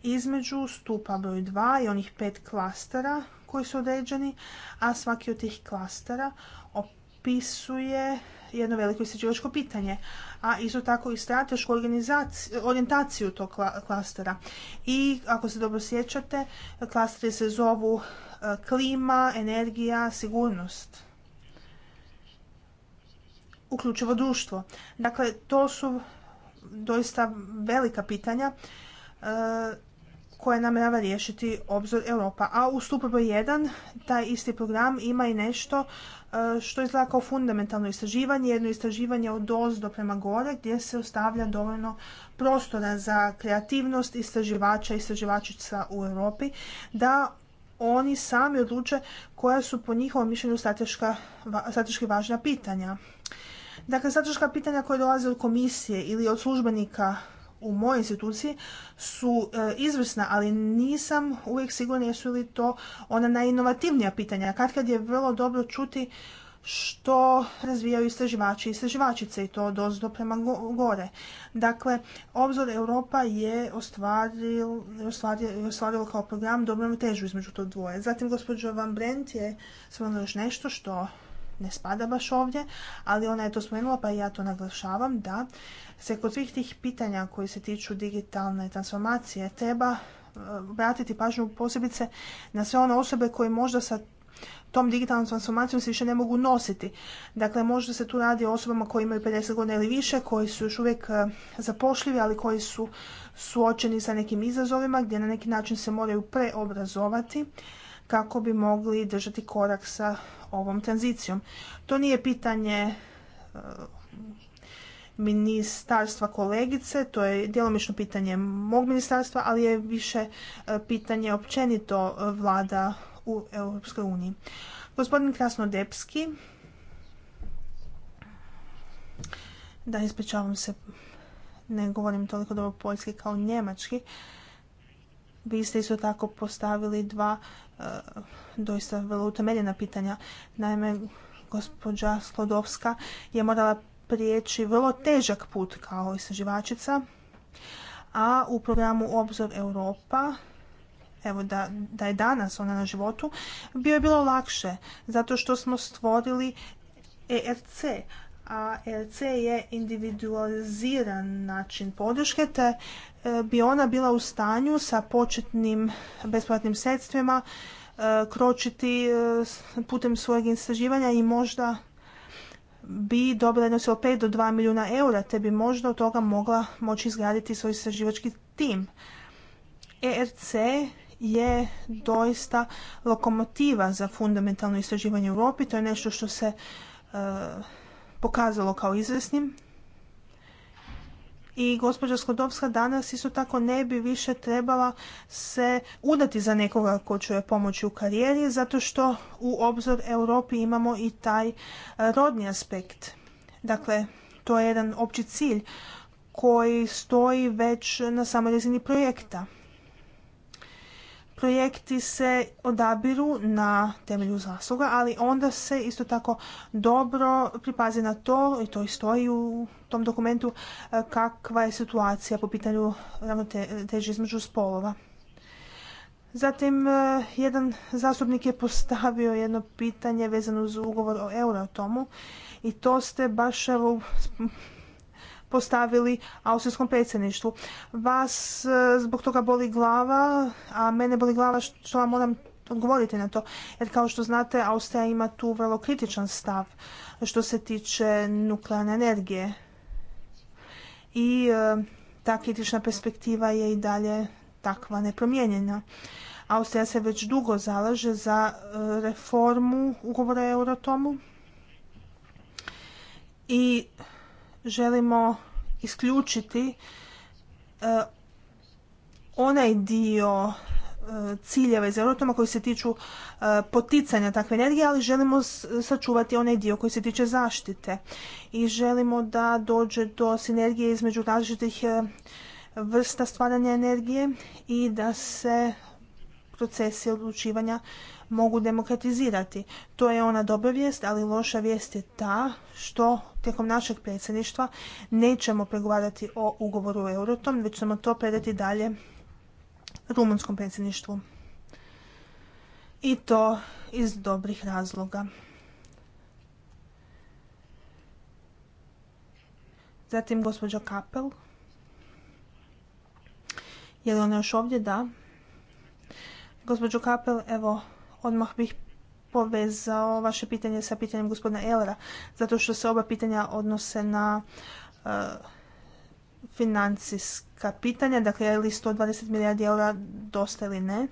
između stupa broj 2 i onih pet klastera koji su određeni, a svaki od tih klastera opisuje jedno veliko istraživačko pitanje, a isto tako i stratešku orijentaciju tog klastera. I ako se dobro sjećate, klasteri se zovu e, klima, energija, sigurnost uključivo društvo. Dakle, to su doista velika pitanja e, koje namjerava riješiti obzor Europa. A u stupu broj 1 taj isti program ima i nešto e, što izgleda kao fundamentalno istraživanje, jedno istraživanje od do prema gore gdje se ostavlja dovoljno prostora za kreativnost istraživača i istraživačica u Europi da oni sami odluče koja su po njihovom mišljenju strateški važna pitanja. Dakle, strateška pitanja koja dolaze od komisije ili od službenika u mojoj instituciji su e, izvrsna, ali nisam uvijek sigurna jesu li to ona najinovativnija pitanja. Kad kad je vrlo dobro čuti što razvijaju istraživači i istraživačice i to dozdo prema gore. Dakle, Obzor Europa je ostvarilo kao program dobrom težu između to dvoje. Zatim, gospođo Van Brent je spomenula još nešto što ne spada baš ovdje, ali ona je to spomenula pa ja to naglašavam da se kod svih tih pitanja koji se tiču digitalne transformacije treba vratiti e, pažnju posebice na sve one osobe koje možda sa tom digitalnom transformacijom se više ne mogu nositi. Dakle, možda se tu radi o osobama koje imaju 50 godina ili više, koji su još uvijek e, zapošljivi, ali koji su suočeni sa nekim izazovima gdje na neki način se moraju preobrazovati kako bi mogli držati korak sa ovom tranzicijom. To nije pitanje e, ministarstva kolegice, to je djelomično pitanje mog ministarstva, ali je više e, pitanje općenito e, vlada u Europskoj uniji. Gospodin Krasnodepski, da ispričavam se, ne govorim toliko dobro poljski kao njemački, vi ste isto tako postavili dva E, doista vrlo utemeljena pitanja. Naime, gospođa Slodovska je morala prijeći vrlo težak put kao istraživačica, a u programu Obzor Europa evo da, da je danas ona na životu, bio je bilo lakše, zato što smo stvorili ERC, RC je individualiziran način podrške, te e, bi ona bila u stanju sa početnim besplatnim sredstvima e, kročiti e, putem svojeg istraživanja i možda bi dobila jednostavno 5 do 2 milijuna eura, te bi možda od toga mogla moći izgraditi svoj istraživački tim. ERC je doista lokomotiva za fundamentalno istraživanje u Europi. To je nešto što se pokazalo kao izvesnim. I gospođa Skodovska danas isto tako ne bi više trebala se udati za nekoga ko će joj pomoći u karijeri, zato što u obzor Europi imamo i taj e, rodni aspekt. Dakle, to je jedan opći cilj koji stoji već na samoj razini projekta projekti se odabiru na temelju zasluga, ali onda se isto tako dobro pripazi na to, i to i stoji u tom dokumentu, e, kakva je situacija po pitanju ravnoteže između spolova. Zatim, e, jedan zastupnik je postavio jedno pitanje vezano uz ugovor o Euratomu i to ste baš evo, postavili austrijskom predsjedništvu. Vas e, zbog toga boli glava, a mene boli glava što vam moram odgovoriti na to. Jer kao što znate, Austrija ima tu vrlo kritičan stav što se tiče nuklearne energije. I e, ta kritična perspektiva je i dalje takva nepromijenjena. Austrija se već dugo zalaže za e, reformu ugovora o Eurotomu i želimo isključiti e, onaj dio e, ciljeva iz Eurotoma koji se tiču e, poticanja takve energije, ali želimo sačuvati onaj dio koji se tiče zaštite. I želimo da dođe do sinergije između različitih vrsta stvaranja energije i da se procesi odlučivanja mogu demokratizirati. To je ona dobra vijest, ali loša vijest je ta što tijekom našeg predsjedništva nećemo pregovarati o ugovoru o Eurotom, već ćemo to predati dalje rumunskom predsjedništvu. I to iz dobrih razloga. Zatim gospođa Kapel. Je li ona još ovdje? Da. Gospođo Kapel, evo, Odmah bih povezao vaše pitanje sa pitanjem gospodina Elera, zato što se oba pitanja odnose na e, financijska pitanja, dakle je li 120 milijardi eura dosta ili ne.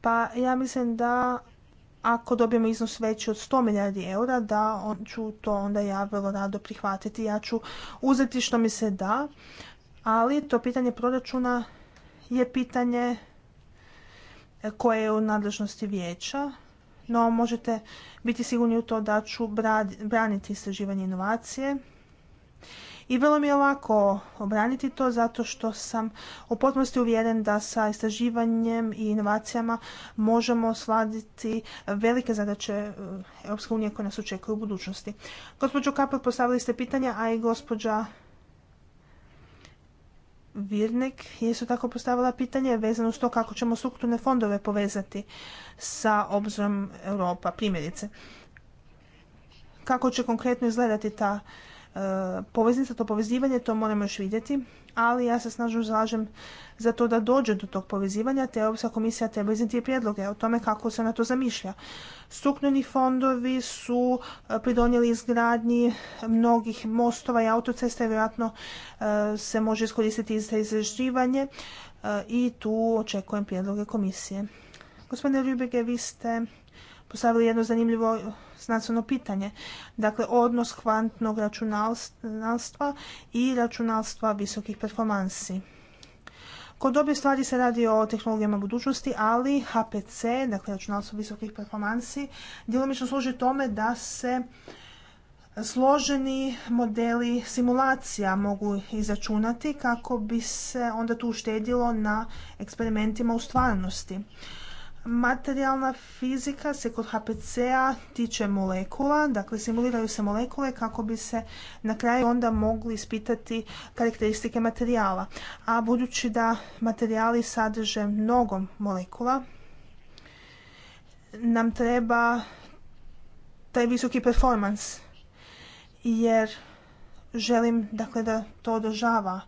Pa ja mislim da ako dobijemo iznos veći od 100 milijardi eura, da ću to onda ja vrlo rado prihvatiti. Ja ću uzeti što mi se da, ali to pitanje proračuna je pitanje koje je u nadležnosti vijeća, no možete biti sigurni u to da ću braniti istraživanje inovacije. I vrlo mi je lako obraniti to zato što sam u potpunosti uvjeren da sa istraživanjem i inovacijama možemo sladiti velike zadaće e, EU koje nas očekuju u budućnosti. Gospođo Kapel, postavili ste pitanja, a i gospođa Virnik je isto tako postavila pitanje vezano s to kako ćemo strukturne fondove povezati sa obzorom Europa, primjerice. Kako će konkretno izgledati ta e, poveznica, to povezivanje, to moramo još vidjeti ali ja se snažno zalažem za to da dođe do tog povezivanja, te Europska komisija treba izniti prijedloge o tome kako se na to zamišlja. Strukturni fondovi su e, pridonijeli izgradnji mnogih mostova i autocesta i vjerojatno e, se može iskoristiti i za izraživanje e, i tu očekujem prijedloge komisije. Gospodine Rubige, vi ste postavili jedno zanimljivo znanstveno pitanje. Dakle, odnos kvantnog računalstva i računalstva visokih performansi. Kod obje stvari se radi o tehnologijama budućnosti, ali HPC, dakle računalstvo visokih performansi, djelomično služi tome da se složeni modeli simulacija mogu izračunati kako bi se onda tu uštedilo na eksperimentima u stvarnosti. Materijalna fizika se kod HPC-a tiče molekula, dakle simuliraju se molekule kako bi se na kraju onda mogli ispitati karakteristike materijala. A budući da materijali sadrže mnogo molekula, nam treba taj visoki performans jer želim dakle, da to održava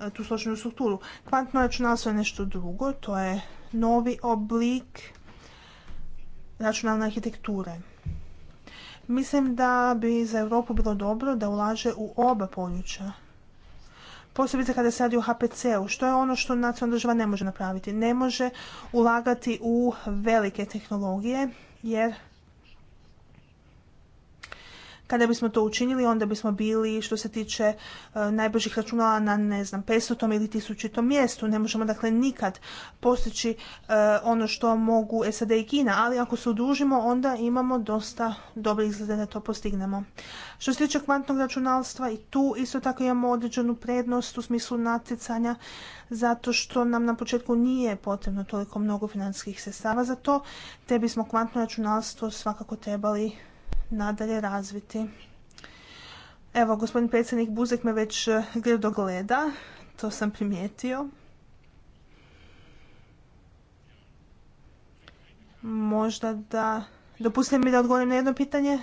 e, tu složenu strukturu. Kvantno računalstvo je nešto drugo, to je novi oblik računalne arhitekture. Mislim da bi za Europu bilo dobro da ulaže u oba područja. Posebice kada se radi o HPC-u, što je ono što nacionalna država ne može napraviti? Ne može ulagati u velike tehnologije jer kada bismo to učinili, onda bismo bili, što se tiče e, najbržih računala na, ne znam, 500. ili 1000. mjestu. Ne možemo, dakle, nikad postići e, ono što mogu SAD i Kina, ali ako se udužimo, onda imamo dosta dobre izglede da to postignemo. Što se tiče kvantnog računalstva, i tu isto tako imamo određenu prednost u smislu natjecanja, zato što nam na početku nije potrebno toliko mnogo financijskih sredstava za to, te bismo kvantno računalstvo svakako trebali nadalje razviti. Evo, gospodin predsjednik Buzek me već e, grdo gleda, to sam primijetio. Možda da... Dopustite mi da odgovorim na jedno pitanje.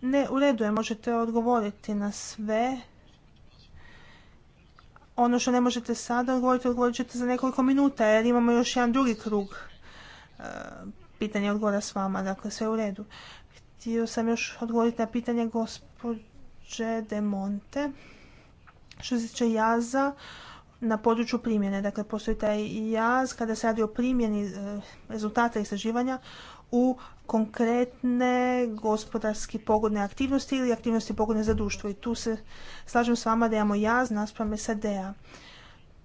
Ne, u redu je, možete odgovoriti na sve. Ono što ne možete sada odgovoriti, odgovorit ćete za nekoliko minuta, jer imamo još jedan drugi krug e, pitanja odgovora s vama, dakle sve u redu htio sam još odgovoriti na pitanje gospođe De Monte. Što se tiče jaza na području primjene, dakle postoji taj jaz kada se radi o primjeni e, rezultata istraživanja u konkretne gospodarski pogodne aktivnosti ili aktivnosti pogodne za društvo. I tu se slažem s vama da imamo jaz naspram SAD-a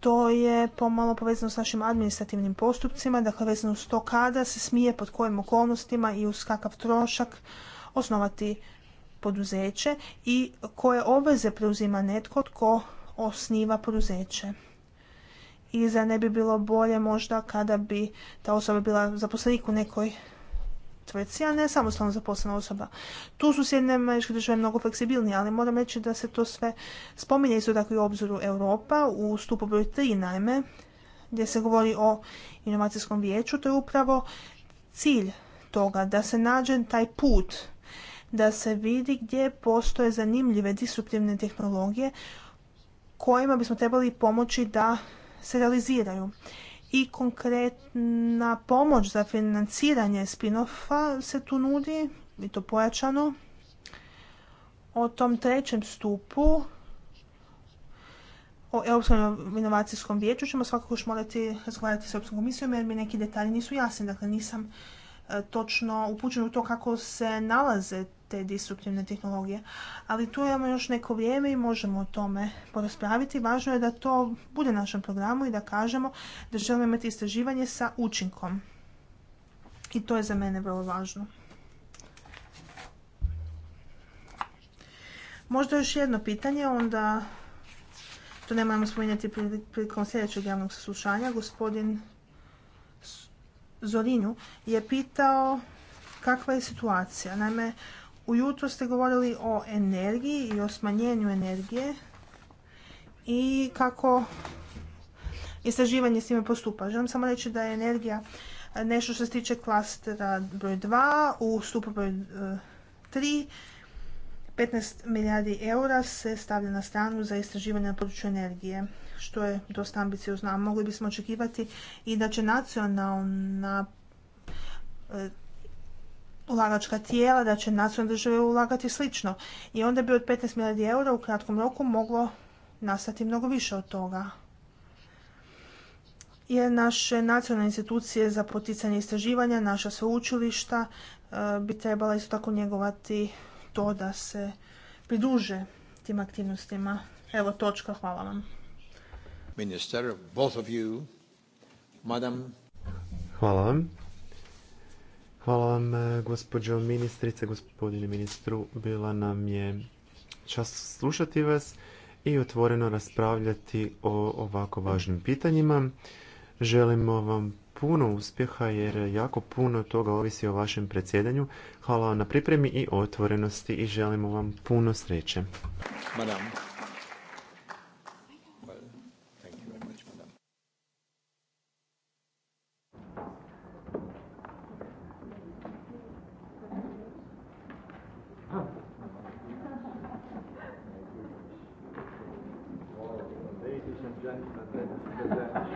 to je pomalo povezano s našim administrativnim postupcima, dakle vezano s to kada se smije, pod kojim okolnostima i uz kakav trošak osnovati poduzeće i koje obveze preuzima netko tko osniva poduzeće. I za ne bi bilo bolje možda kada bi ta osoba bila zaposlenik u nekoj tvrci, a ne samostalno zaposlena osoba. Tu su sjedne američke države mnogo fleksibilnije, ali moram reći da se to sve spominje isto tako i u obzoru Europa u stupu broj 3 naime, gdje se govori o inovacijskom vijeću, to je upravo cilj toga da se nađe taj put, da se vidi gdje postoje zanimljive disruptivne tehnologije kojima bismo trebali pomoći da se realiziraju i konkretna pomoć za financiranje spin-offa se tu nudi, i to pojačano. O tom trećem stupu, o Europskom inovacijskom vijeću ćemo svakako još morati razgovarati s Europskom komisijom jer mi neki detalji nisu jasni. Dakle, nisam E, točno upućeno u to kako se nalaze te disruptivne tehnologije. Ali tu imamo još neko vrijeme i možemo o tome poraspraviti. Važno je da to bude na našem programu i da kažemo da želimo imati istraživanje sa učinkom. I to je za mene vrlo važno. Možda još jedno pitanje, onda to nemojmo spominjati prilikom sljedećeg javnog saslušanja. Gospodin Zorinu je pitao kakva je situacija. Naime, ujutro ste govorili o energiji i o smanjenju energije i kako istraživanje s time postupa. Želim samo reći da je energija nešto što se tiče klastera broj 2 u stupu broj 3 e, 15 milijardi eura se stavlja na stranu za istraživanje na području energije što je dosta ambiciozno, a mogli bismo očekivati i da će nacionalna e, ulagačka tijela, da će nacionalne države ulagati slično. I onda bi od 15 milijardi eura u kratkom roku moglo nastati mnogo više od toga. Jer naše nacionalne institucije za poticanje istraživanja, naša sveučilišta e, bi trebala isto tako njegovati to da se priduže tim aktivnostima. Evo točka, hvala vam. Minister, both Hvala vam. Hvala vam, eh, gospođo ministrice, gospodine ministru. Bila nam je čast slušati vas i otvoreno raspravljati o ovako važnim pitanjima. Želimo vam puno uspjeha jer jako puno toga ovisi o vašem predsjedanju. Hvala vam na pripremi i otvorenosti i želimo vam puno sreće.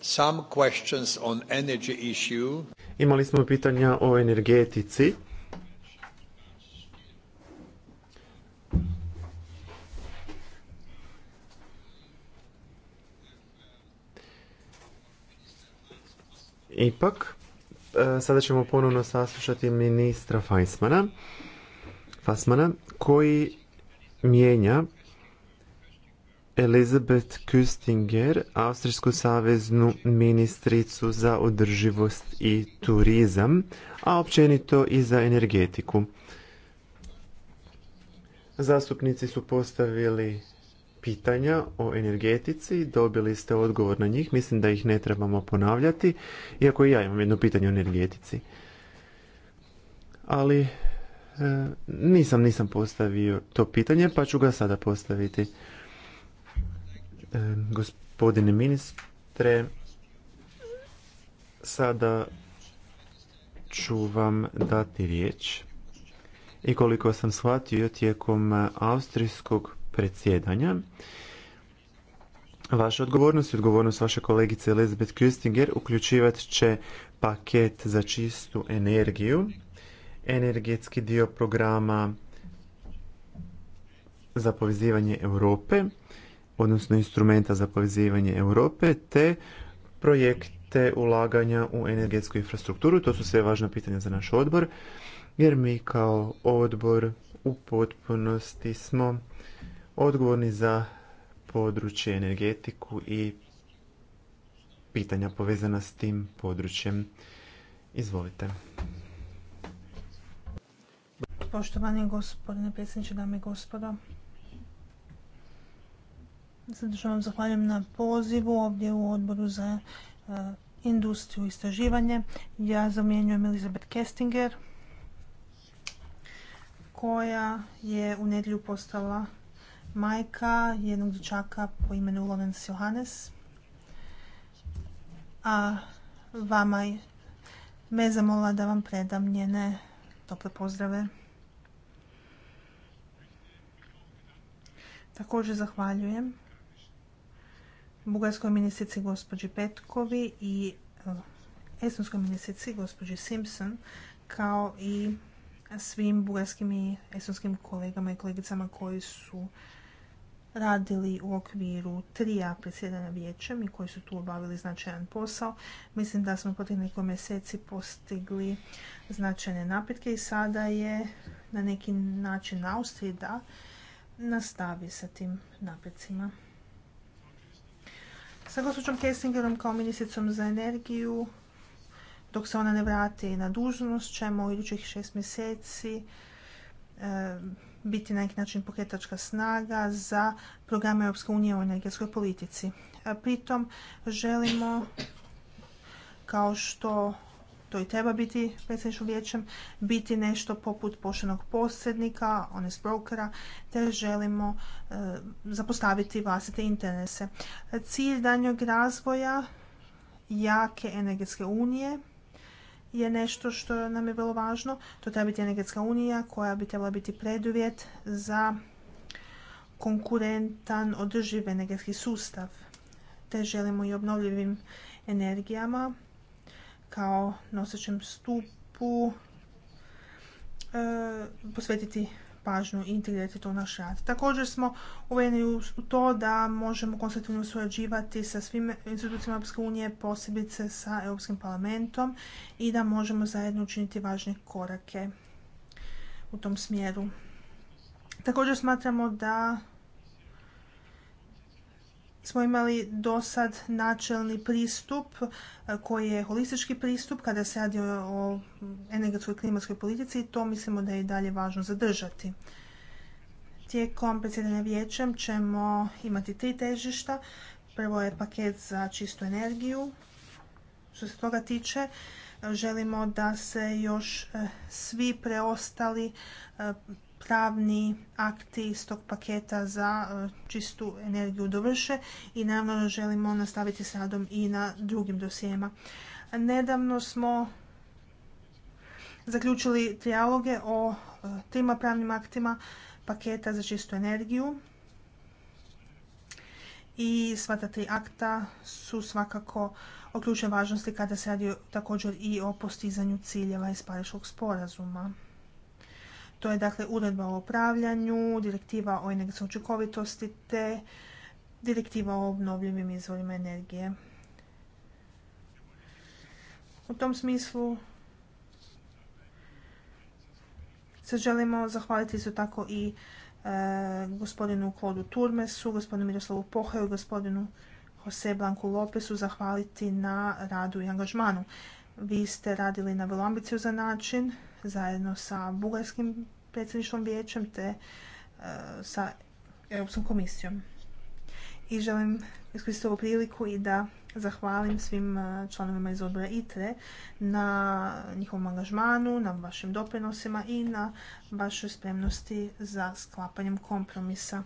some questions on Imali smo pitanja o energetici. Ipak, e, sada ćemo ponovno saslušati ministra Fasmana, Fasmana koji mijenja Elizabeth Küstinger, Austrijsku saveznu ministricu za održivost i turizam, a općenito i za energetiku. Zastupnici su postavili pitanja o energetici, dobili ste odgovor na njih, mislim da ih ne trebamo ponavljati, iako i ja imam jedno pitanje o energetici. Ali e, nisam, nisam postavio to pitanje, pa ću ga sada postaviti. Gospodine ministre, sada ću vam dati riječ. I koliko sam shvatio tijekom austrijskog predsjedanja, Vaša odgovornost i odgovornost vaše kolegice Elizabeth Kustinger uključivat će paket za čistu energiju, energetski dio programa za povezivanje Europe odnosno instrumenta za povezivanje Europe, te projekte ulaganja u energetsku infrastrukturu. To su sve važna pitanja za naš odbor, jer mi kao odbor u potpunosti smo odgovorni za područje energetiku i pitanja povezana s tim područjem. Izvolite. Poštovani gospodine predsjedniče, dame i gospodo, vam zahvaljujem na pozivu ovdje u odboru za e, industriju i istraživanje. Ja zamjenjujem Elizabeth Kestinger koja je u nedjelju postala majka jednog dječaka po imenu Lorenz Johannes. A vama me zamola da vam predam njene tople pozdrave. Također zahvaljujem bugarskoj ministrici gospođi Petkovi i eh, estonskoj ministrici gospođi Simpson kao i svim bugarskim i estonskim kolegama i kolegicama koji su radili u okviru trija predsjedanja vijećem i koji su tu obavili značajan posao. Mislim da smo protiv nekoliko mjeseci postigli značajne napitke i sada je na neki način na Austriji da nastavi sa tim napretcima sa gospođom Kessingerom kao ministricom za energiju dok se ona ne vrati na dužnost ćemo u idućih šest mjeseci eh, biti na neki način pokretačka snaga za program Europske unije u energetskoj politici. Pritom želimo, kao što to i treba biti predsjedničkom vijećem, biti nešto poput poštenog posrednika, onest brokera, te želimo e, zapostaviti vlastite interese. Cilj danjog razvoja jake energetske unije je nešto što nam je vrlo važno. To treba biti energetska unija koja bi trebala biti preduvjet za konkurentan, održiv energetski sustav. Te želimo i obnovljivim energijama kao nosećem stupu e, posvetiti pažnju i integrirati to u naš rad. Također smo uvjereni u to da možemo konstruktivno surađivati sa svim institucijama Europske unije, posebice sa Europskim parlamentom i da možemo zajedno učiniti važne korake u tom smjeru. Također smatramo da smo imali do sad načelni pristup e, koji je holistički pristup kada se radi o energetskoj klimatskoj politici i to mislimo da je i dalje važno zadržati. Tijekom predsjedanja vijećem ćemo imati tri težišta. Prvo je paket za čistu energiju. Što se toga tiče, e, želimo da se još e, svi preostali pravni akti iz tog paketa za e, čistu energiju dovrše i naravno želimo nastaviti s radom i na drugim dosijema. Nedavno smo zaključili trijaloge o e, trima pravnim aktima paketa za čistu energiju i sva ta tri akta su svakako o važnosti kada se radi također i o postizanju ciljeva iz Pariškog sporazuma. To je dakle uredba o upravljanju, direktiva o energetskoj učinkovitosti te direktiva o obnovljivim izvorima energije. U tom smislu se želimo zahvaliti isto tako i e, gospodinu Kodu Turmesu, gospodinu Miroslavu Pohaju, gospodinu Jose Blanku Lopesu zahvaliti na radu i angažmanu. Vi ste radili na vrlo za način zajedno sa bugarskim predsjedništvom vijećem te e, sa Europskom komisijom. I želim iskoristiti ovu priliku i da zahvalim svim e, članovima iz odbora ITRE na njihovom angažmanu, na vašim doprinosima i na vašoj spremnosti za sklapanjem kompromisa.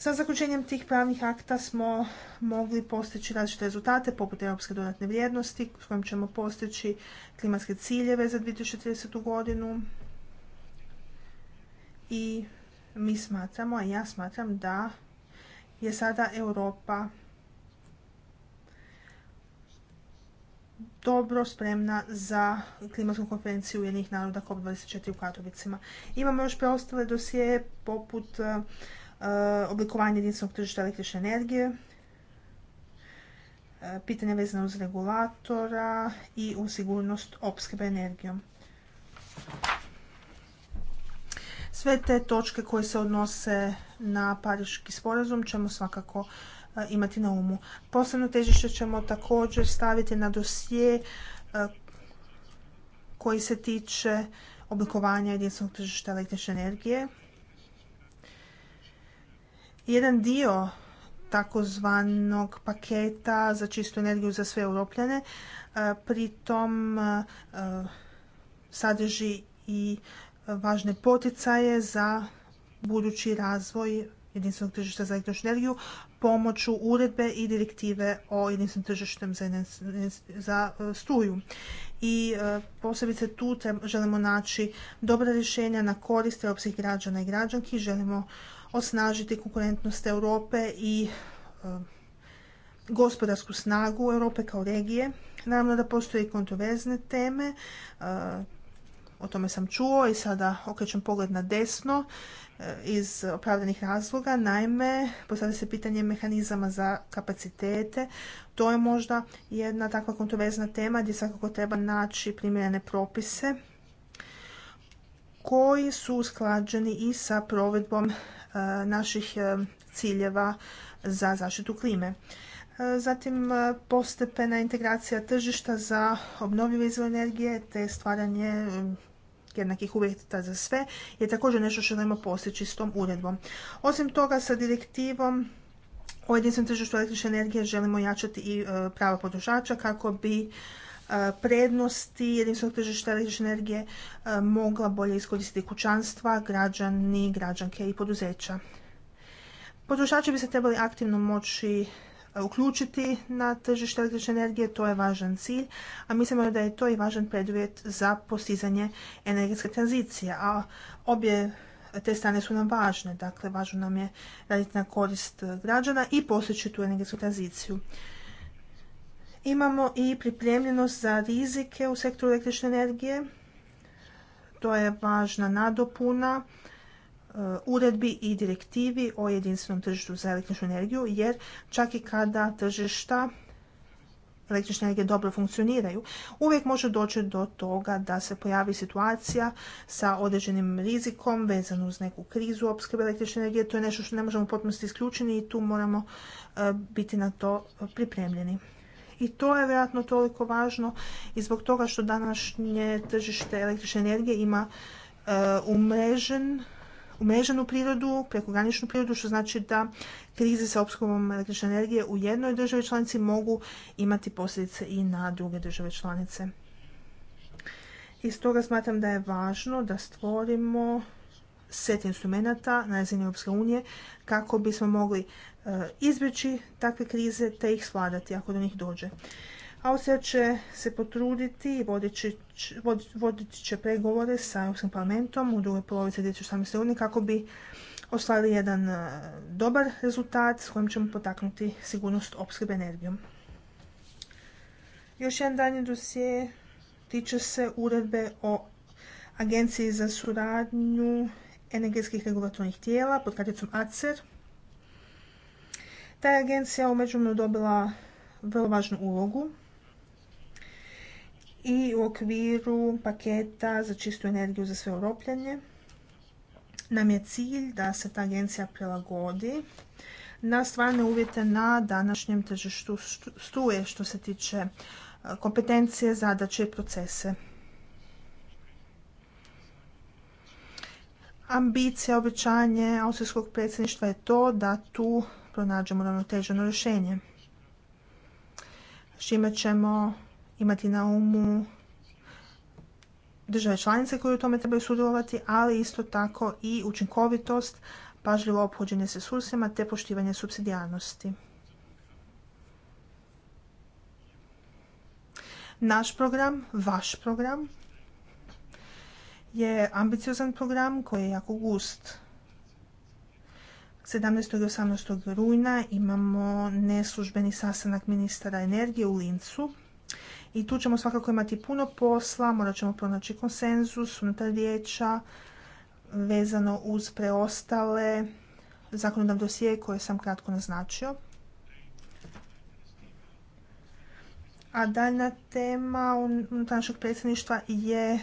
Sa zaključenjem tih pravnih akta smo mogli postići različite rezultate poput europske dodatne vrijednosti s kojim ćemo postići klimatske ciljeve za 2030. godinu i mi smatramo, a ja smatram da je sada Europa dobro spremna za klimatsku konferenciju jednih naroda COP24 u Katovicima. Imamo još preostale dosije poput eh, Eh, oblikovanje jedinstvenog tržišta električne energije, eh, pitanje vezano uz regulatora i u sigurnost opskrbe energijom. Sve te točke koje se odnose na pariški sporazum ćemo svakako eh, imati na umu. Posebno težište ćemo također staviti na dosije koji se tiče oblikovanja jedinstvenog tržišta električne energije jedan dio takozvanog paketa za čistu energiju za sve europljane, e, pritom e, e, sadrži i važne poticaje za budući razvoj jedinstvenog tržišta za električnu energiju pomoću uredbe i direktive o jedinstvenom tržištem za struju. I posebice tu želimo naći dobra rješenja na koriste europskih građana i građanki, želimo osnažiti konkurentnost Europe i eh, gospodarsku snagu Europe kao regije. Naravno da postoje i kontroverzne teme, eh, o tome sam čuo i sada okrećem pogled na desno eh, iz opravdanih razloga. Naime, postavlja se pitanje mehanizama za kapacitete. To je možda jedna takva kontroverzna tema gdje svakako treba naći primjerene propise koji su usklađeni i sa provedbom Eh, naših eh, ciljeva za zaštitu klime. Eh, zatim postepena integracija tržišta za obnovljive izvore energije te stvaranje jednakih uvjeta za sve je također nešto što želimo postići s tom uredbom. Osim toga sa direktivom o jedinstvenom tržištu električne energije želimo jačati i prava potrošača kako bi prednosti jedinstvenog tržišta električne energije mogla bolje iskoristiti kućanstva, građani, građanke i poduzeća. Potrošači bi se trebali aktivno moći uključiti na tržište električne energije, to je važan cilj, a mislimo da je to i važan preduvjet za postizanje energetske tranzicije, a obje te strane su nam važne, dakle važno nam je raditi na korist građana i postići tu energetsku tranziciju. Imamo i pripremljenost za rizike u sektoru električne energije. To je važna nadopuna uh, uredbi i direktivi o jedinstvenom tržištu za električnu energiju, jer čak i kada tržišta električne energije dobro funkcioniraju, uvijek može doći do toga da se pojavi situacija sa određenim rizikom vezano uz neku krizu opskrbe električne energije. To je nešto što ne možemo potpuno isključiti i tu moramo uh, biti na to pripremljeni. I to je vjerojatno toliko važno i zbog toga što današnje tržište električne energije ima e, umreženu prirodu, prekograničnu prirodu, što znači da krize sa opskrbom električne energije u jednoj državi članici mogu imati posljedice i na druge države članice. Iz toga smatram da je važno da stvorimo set instrumenata na razini Europske unije kako bismo mogli eh, izbjeći takve krize te ih svladati ako do njih dođe. Austrija će se potruditi i vodit će pregovore sa Europskim parlamentom u drugoj polovici 2018. godine kako bi ostvarili jedan eh, dobar rezultat s kojim ćemo potaknuti sigurnost opskrbe energijom. Još jedan danji dosije tiče se uredbe o Agenciji za suradnju energetskih regulatornih tijela pod kraticom ACER. Ta je agencija u međuvremenu dobila vrlo važnu ulogu i u okviru paketa za čistu energiju za sve europljanje nam je cilj da se ta agencija prilagodi na stvarne uvjete na današnjem tržištu struje što se tiče kompetencije, zadaće i procese. Ambicija, obećanje austrijskog predsjedništva je to da tu pronađemo ravnoteženo rješenje. S čime ćemo imati na umu države članice koje u tome trebaju sudjelovati, ali isto tako i učinkovitost, pažljivo obhođenje s resursima te poštivanje subsidijarnosti. Naš program, vaš program, je ambiciozan program koji je jako gust. 17. i 18. rujna imamo neslužbeni sastanak ministara energije u Lincu. I tu ćemo svakako imati puno posla, morat ćemo pronaći konsenzus unutar vijeća vezano uz preostale zakonodavne dosije koje sam kratko naznačio. A daljna tema unutar našeg predsjedništva je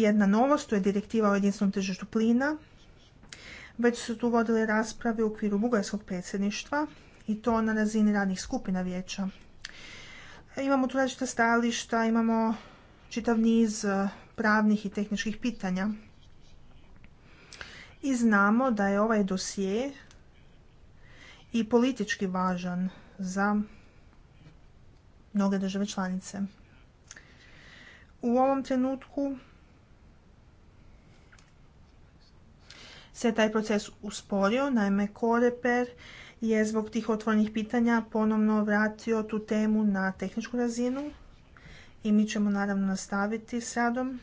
jedna novost, to je direktiva o jedinstvenom tržištu plina. Već su tu vodile rasprave u okviru bugarskog predsjedništva i to na razini radnih skupina vijeća. E, imamo tu različita stajališta, imamo čitav niz e, pravnih i tehničkih pitanja. I znamo da je ovaj dosije i politički važan za mnoge države članice. U ovom trenutku se taj proces usporio, naime Koreper je zbog tih otvorenih pitanja ponovno vratio tu temu na tehničku razinu i mi ćemo naravno nastaviti s radom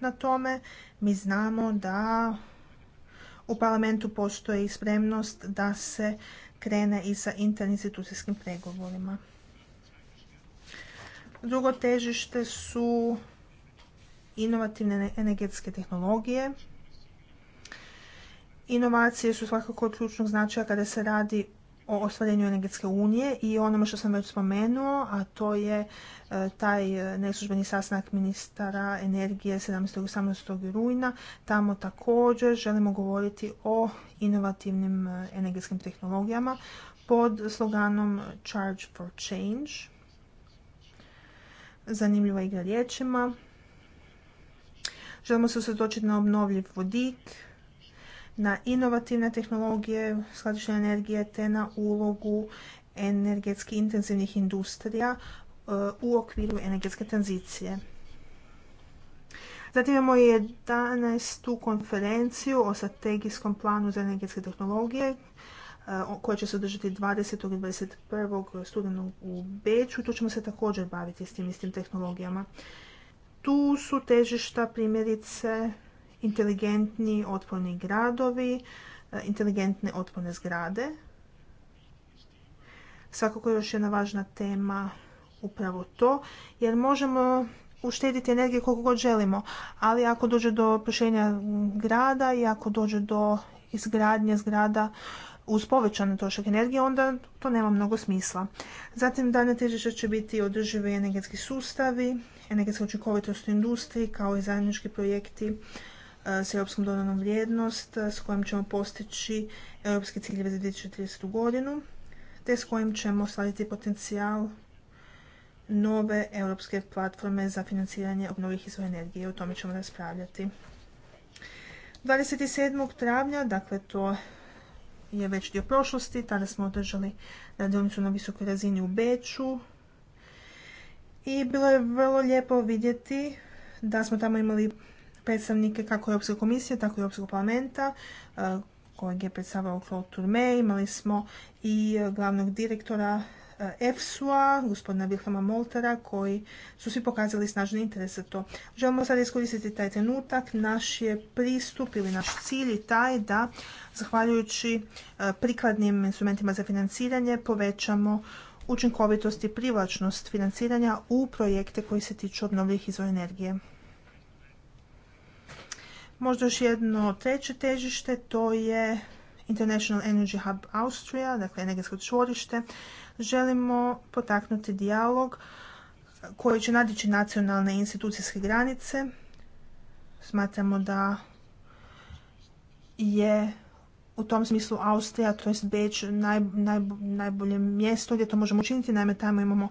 na tome. Mi znamo da u parlamentu postoji spremnost da se krene i sa interinstitucijskim pregovorima. Drugo težište su inovativne energetske tehnologije Inovacije su svakako od ključnog značaja kada se radi o ostvarenju energetske unije i onome što sam već spomenuo, a to je e, taj e, neslužbeni sastanak ministara energije 17. i 18. rujna. Tamo također želimo govoriti o inovativnim e, energetskim tehnologijama pod sloganom Charge for Change. Zanimljiva igra riječima. Želimo se usredočiti na obnovljiv vodik, na inovativne tehnologije skladišne energije te na ulogu energetski intenzivnih industrija uh, u okviru energetske tranzicije. Zatim imamo 11. konferenciju o strategijskom planu za energetske tehnologije uh, koja će se održati 20. i 21. studenog u Beću. Tu ćemo se također baviti s tim istim tehnologijama. Tu su težišta primjerice inteligentni otporni gradovi, e, inteligentne otporne zgrade. Svakako još jedna važna tema upravo to, jer možemo uštediti energije koliko god želimo, ali ako dođe do proširenja grada i ako dođe do izgradnje zgrada uz povećanu trošak energije, onda to nema mnogo smisla. Zatim dalje težište će biti održivi energetski sustavi, energetska učinkovitost u industriji, kao i zajednički projekti E, s europskom dodanom vrijednost e, s kojim ćemo postići europske ciljeve za 2030. godinu te s kojim ćemo ostvariti potencijal nove europske platforme za financiranje obnovljivih izvora energije. O tome ćemo raspravljati. 27. travnja, dakle to je već dio prošlosti, tada smo održali radionicu na visokoj razini u Beču i bilo je vrlo lijepo vidjeti da smo tamo imali predstavnike kako Europske komisije, tako i Europskog parlamenta, e, kojeg je predstavao Claude Turme. Imali smo i e, glavnog direktora EFSU-a, gospodina Wilhelma Moltera, koji su svi pokazali snažni interes za to. Želimo sad iskoristiti taj trenutak. Naš je pristup ili naš cilj je taj da, zahvaljujući e, prikladnim instrumentima za financiranje, povećamo učinkovitost i privlačnost financiranja u projekte koji se tiču obnovljivih izvora energije. Možda još jedno treće težište, to je International Energy Hub Austrija, dakle energetsko čvorište. Želimo potaknuti dijalog koji će nadići nacionalne institucijske granice. Smatramo da je u tom smislu Austrija, to jest Beč, najbolje mjesto gdje to možemo učiniti. Naime, tamo imamo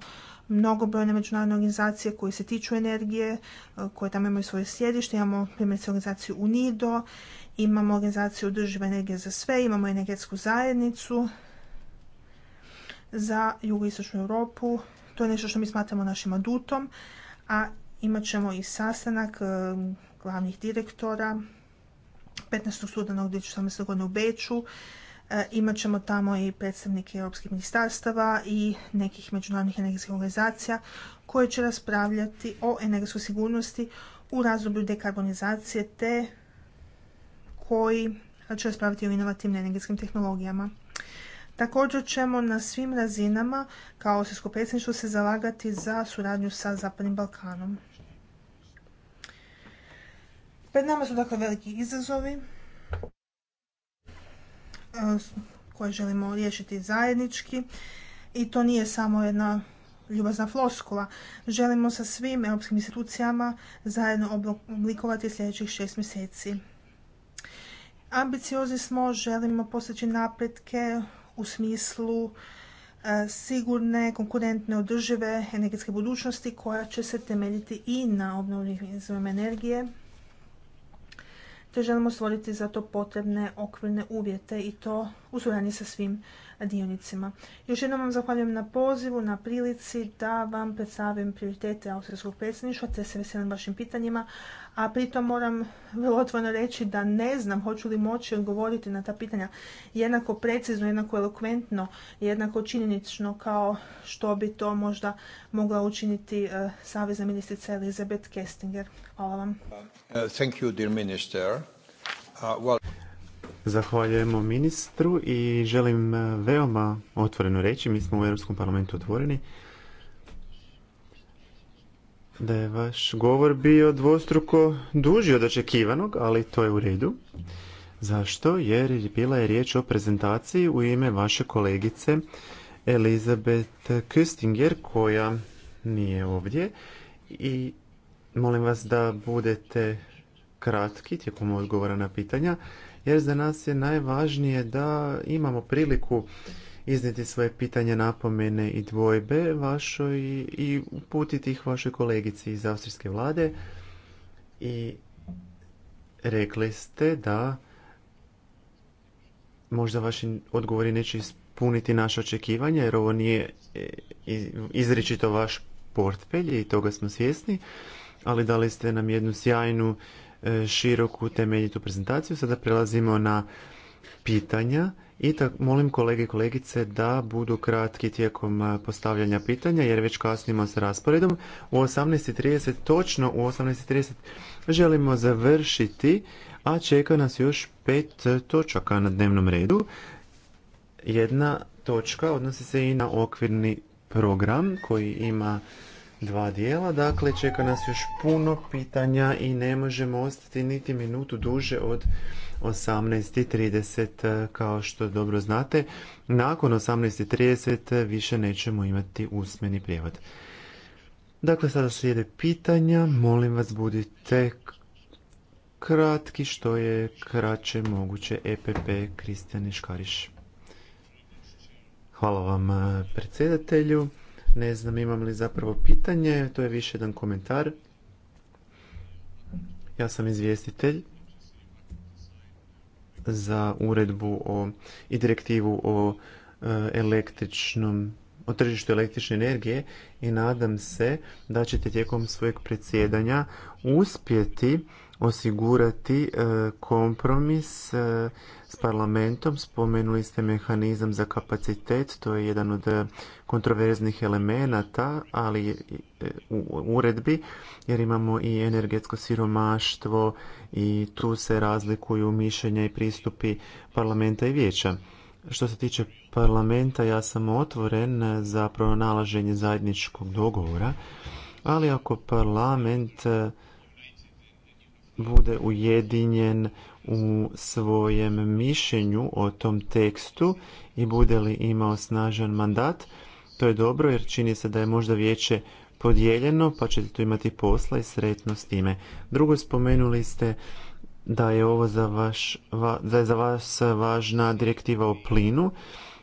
mnogobrojne međunarodne organizacije koje se tiču energije, e, koje tamo imaju svoje sjedište. Imamo primjerice organizaciju UNIDO, imamo organizaciju održive energije za sve, imamo energetsku zajednicu za jugoistočnu Europu. To je nešto što mi smatramo našim adutom, a imat ćemo i sastanak e, glavnih direktora 15. studenog 2018. godine u Beču E, imat ćemo tamo i predstavnike europskih ministarstava i nekih međunarodnih energetskih organizacija koje će raspravljati o energetskoj sigurnosti u razdoblju dekarbonizacije te koji će raspravljati o inovativnim energetskim tehnologijama. Također ćemo na svim razinama kao srpsko predsjedništvo se zalagati za suradnju sa Zapadnim Balkanom. Pred nama su dakle veliki izazovi E, koje želimo riješiti zajednički i to nije samo jedna ljubazna floskula. Želimo sa svim europskim institucijama zajedno oblikovati sljedećih šest mjeseci. Ambiciozni smo, želimo postići napretke u smislu e, sigurne, konkurentne, održive energetske budućnosti koja će se temeljiti i na obnovljivim izvorima energije te želimo stvoriti za to potrebne okvirne uvjete i to u suradnji sa svim dionicima. Još jednom vam zahvaljujem na pozivu, na prilici da vam predstavim prioritete austrijskog predsjedništva te se veselim vašim pitanjima, a pritom moram vrlo otvoreno reći da ne znam hoću li moći odgovoriti na ta pitanja jednako precizno, jednako elokventno, jednako činjenično kao što bi to možda mogla učiniti uh, savezna ministrica Elizabeth Kestinger. Hvala vam. Uh, minister. Uh, Zahvaljujemo ministru i želim e, veoma otvoreno reći, mi smo u Europskom parlamentu otvoreni, da je vaš govor bio dvostruko duži od očekivanog, ali to je u redu. Zašto? Jer bila je riječ o prezentaciji u ime vaše kolegice Elizabeth Köstinger koja nije ovdje i molim vas da budete kratki tijekom odgovora na pitanja jer za nas je najvažnije da imamo priliku iznijeti svoje pitanje, napomene i dvojbe vašoj i uputiti ih vašoj kolegici iz austrijske vlade i rekli ste da možda vaši odgovori neće ispuniti naše očekivanja jer ovo nije e, izričito vaš portfelj i toga smo svjesni, ali dali ste nam jednu sjajnu, e, široku, temeljitu prezentaciju. Sada prelazimo na pitanja i tak, molim kolege i kolegice da budu kratki tijekom postavljanja pitanja jer već kasnimo s rasporedom. U 18.30, točno u 18.30 želimo završiti, a čeka nas još pet e, točaka na dnevnom redu. Jedna točka odnosi se i na okvirni program koji ima dva dijela, dakle čeka nas još puno pitanja i ne možemo ostati niti minutu duže od 18.30 e, kao što dobro znate. Nakon 18.30 e, više nećemo imati usmeni prijevod. Dakle, sada slijede pitanja. Molim vas budite kratki što je kraće moguće EPP Kristjani Škariš. Hvala vam e, predsjedatelju. Ne znam imam li zapravo pitanje, to je više jedan komentar. Ja sam izvjestitelj za uredbu o, i direktivu o e, električnom o tržištu električne energije i nadam se da ćete tijekom svojeg predsjedanja uspjeti osigurati e, kompromis e, s parlamentom. Spomenuli ste mehanizam za kapacitet, to je jedan od e, kontroverznih elemenata, ali u uredbi, jer imamo i energetsko siromaštvo i tu se razlikuju mišljenja i pristupi parlamenta i vijeća. Što se tiče parlamenta, ja sam otvoren za pronalaženje zajedničkog dogovora, ali ako parlament bude ujedinjen u svojem mišljenju o tom tekstu i bude li imao snažan mandat. To je dobro jer čini se da je možda vijeće podijeljeno pa ćete tu imati posla i sretno s time. Drugo spomenuli ste da je ovo za, vaš, da je za vas važna direktiva o plinu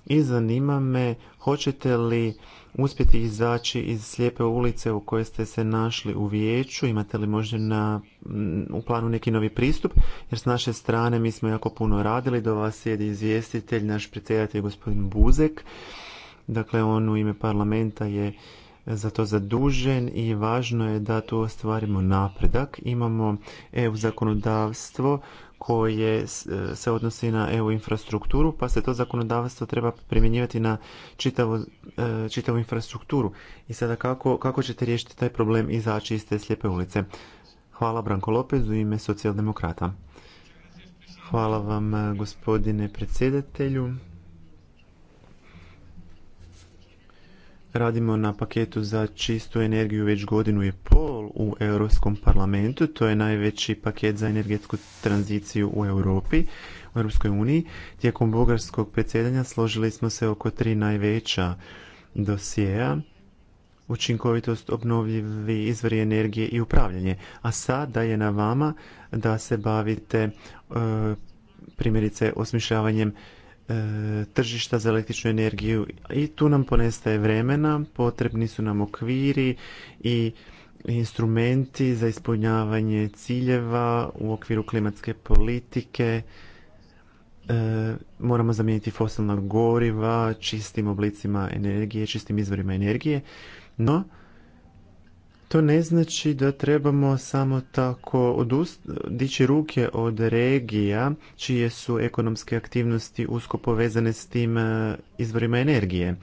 i zanima me hoćete li uspjeti izaći iz slijepe ulice u kojoj ste se našli u vijeću? Imate li možda na, u planu neki novi pristup? Jer s naše strane mi smo jako puno radili, do vas sjedi izvjestitelj, naš predsjedatelj gospodin Buzek. Dakle, on u ime parlamenta je za to zadužen i važno je da tu ostvarimo napredak. Imamo EU zakonodavstvo koje e, se odnosi na EU infrastrukturu, pa se to zakonodavstvo treba primjenjivati na čitavu, e, čitavu infrastrukturu. I sada kako, kako ćete riješiti taj problem izaći iz te slijepe ulice? Hvala Branko Lopez u ime socijaldemokrata. Hvala vam e, gospodine predsjedatelju. Radimo na paketu za čistu energiju već godinu i pol u Europskom parlamentu. To je najveći paket za energetsku tranziciju u Europi, u Europskoj uniji. Tijekom bugarskog predsjedanja složili smo se oko tri najveća dosijeja učinkovitost obnovljivi izvori energije i upravljanje. A sada je na vama da se bavite e, primjerice osmišljavanjem E, tržišta za električnu energiju i tu nam ponestaje vremena, potrebni su nam okviri i instrumenti za ispunjavanje ciljeva u okviru klimatske politike. E, moramo zamijeniti fosilna goriva čistim oblicima energije, čistim izvorima energije, no to ne znači da trebamo samo tako odust dići ruke od regija čije su ekonomske aktivnosti usko povezane s tim e, izvorima energije.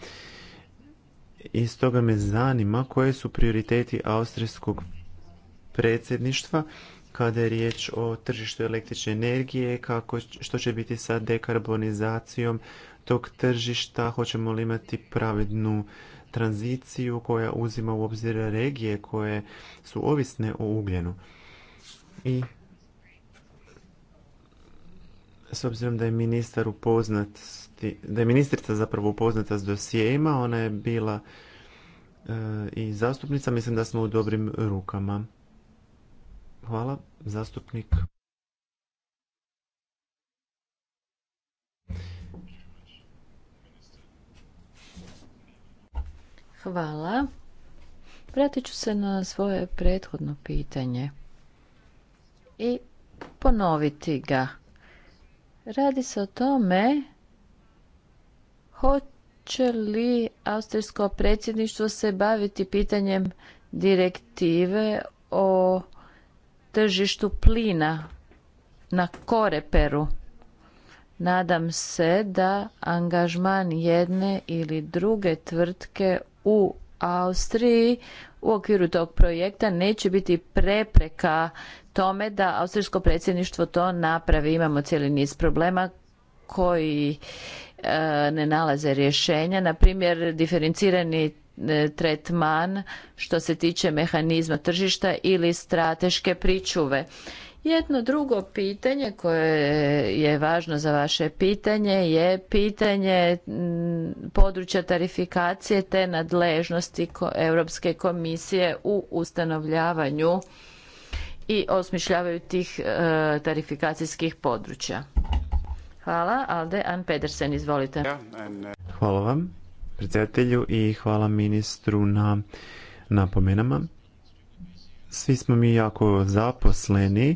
I stoga me zanima koje su prioriteti austrijskog predsjedništva kada je riječ o tržištu električne energije, kako, što će biti sa dekarbonizacijom tog tržišta, hoćemo li imati pravednu tranziciju koja uzima u obzir regije koje su ovisne o ugljenu. I s obzirom da je ministar upoznat, da je ministrica zapravo upoznata s dosijejima, ona je bila e, i zastupnica, mislim da smo u dobrim rukama. Hvala, zastupnik. Hvala. Vratit ću se na svoje prethodno pitanje i ponoviti ga. Radi se o tome hoće li austrijsko predsjedništvo se baviti pitanjem direktive o tržištu plina na koreperu. Nadam se da angažman jedne ili druge tvrtke u Austriji u okviru tog projekta neće biti prepreka tome da austrijsko predsjedništvo to napravi. Imamo cijeli niz problema koji e, ne nalaze rješenja. Na primjer, diferencirani e, tretman što se tiče mehanizma tržišta ili strateške pričuve. Jedno drugo pitanje koje je važno za vaše pitanje je pitanje mm, područja tarifikacije te nadležnosti Europske komisije u ustanovljavanju i osmišljavaju tih e, tarifikacijskih područja. Hvala. Alde Ann Pedersen, izvolite. Uh, hvala vam, predsjedatelju, i hvala ministru na napomenama. Svi smo mi jako zaposleni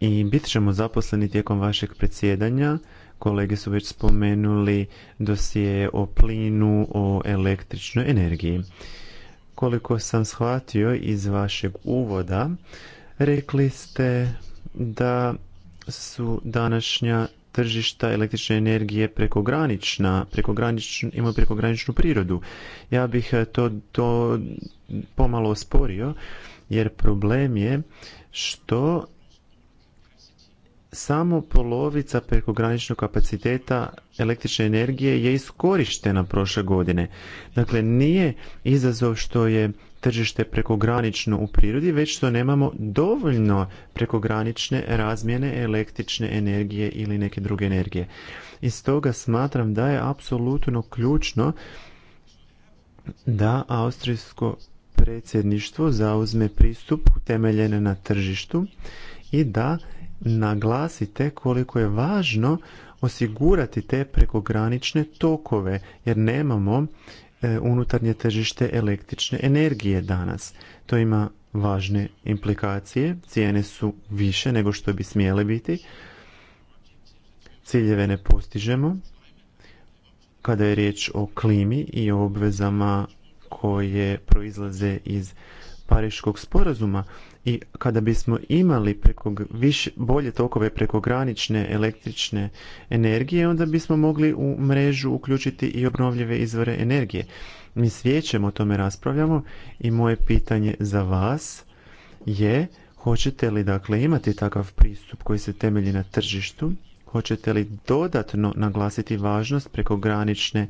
i bit ćemo zaposleni tijekom vašeg predsjedanja. Kolege su već spomenuli dosije o plinu, o električnoj energiji. Koliko sam shvatio iz vašeg uvoda, rekli ste da su današnja tržišta električne energije prekogranična, ima prekograničnu prirodu. Ja bih to, to pomalo osporio jer problem je što samo polovica prekograničnog kapaciteta električne energije je iskorištena prošle godine. Dakle, nije izazov što je tržište prekogranično u prirodi, već što nemamo dovoljno prekogranične razmjene električne energije ili neke druge energije. I stoga smatram da je apsolutno ključno da austrijsko predsjedništvo zauzme pristup utemeljene na tržištu i da naglasite koliko je važno osigurati te prekogranične tokove jer nemamo e, unutarnje tržište električne energije danas. To ima važne implikacije, cijene su više nego što bi smjele biti, ciljeve ne postižemo. Kada je riječ o klimi i o obvezama koje proizlaze iz Pariškog sporazuma, i kada bismo imali preko, više, bolje tokove prekogranične električne energije, onda bismo mogli u mrežu uključiti i obnovljive izvore energije. Mi svijećemo o tome raspravljamo i moje pitanje za vas je hoćete li dakle imati takav pristup koji se temelji na tržištu, hoćete li dodatno naglasiti važnost prekogranične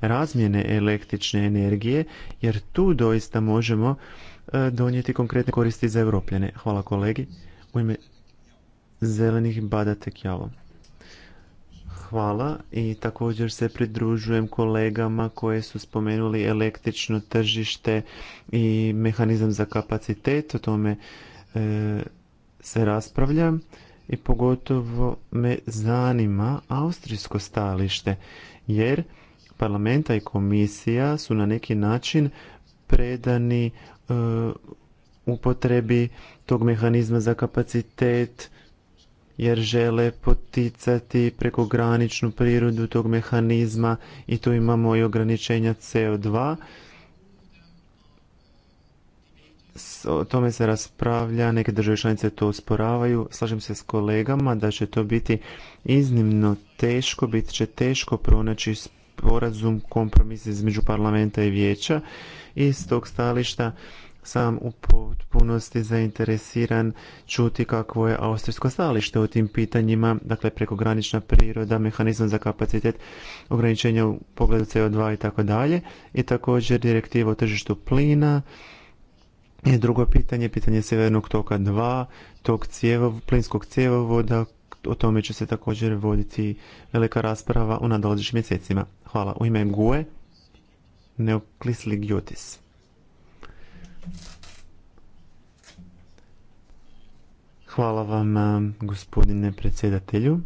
razmjene električne energije jer tu doista možemo E, donijeti konkretne koristi za Europljane. Hvala kolegi. U ime zelenih badate javom. Hvala i također se pridružujem kolegama koje su spomenuli električno tržište i mehanizam za kapacitet. O tome e, se raspravlja i pogotovo me zanima austrijsko stajalište jer parlamenta i komisija su na neki način predani Eh, upotrebi tog mehanizma za kapacitet jer žele poticati prekograničnu prirodu tog mehanizma i tu imamo i ograničenja CO2. O tome se raspravlja, neke države članice to osporavaju. Slažem se s kolegama da će to biti iznimno teško, bit će teško pronaći sporazum kompromis između parlamenta i vijeća i s tog stališta sam u potpunosti zainteresiran čuti kakvo je austrijsko stalište u tim pitanjima, dakle prekogranična priroda, mehanizam za kapacitet, ograničenja u pogledu CO2 i tako dalje i također direktiva o tržištu plina i drugo pitanje, pitanje Sjevernog toka 2, tog cijevo, plinskog cjevovoda o tome će se također voditi velika rasprava u nadolazećim mjesecima. Hvala. U ime GUE, Neoklisli gjotis Hvala vam, gospodine predsjedatelju.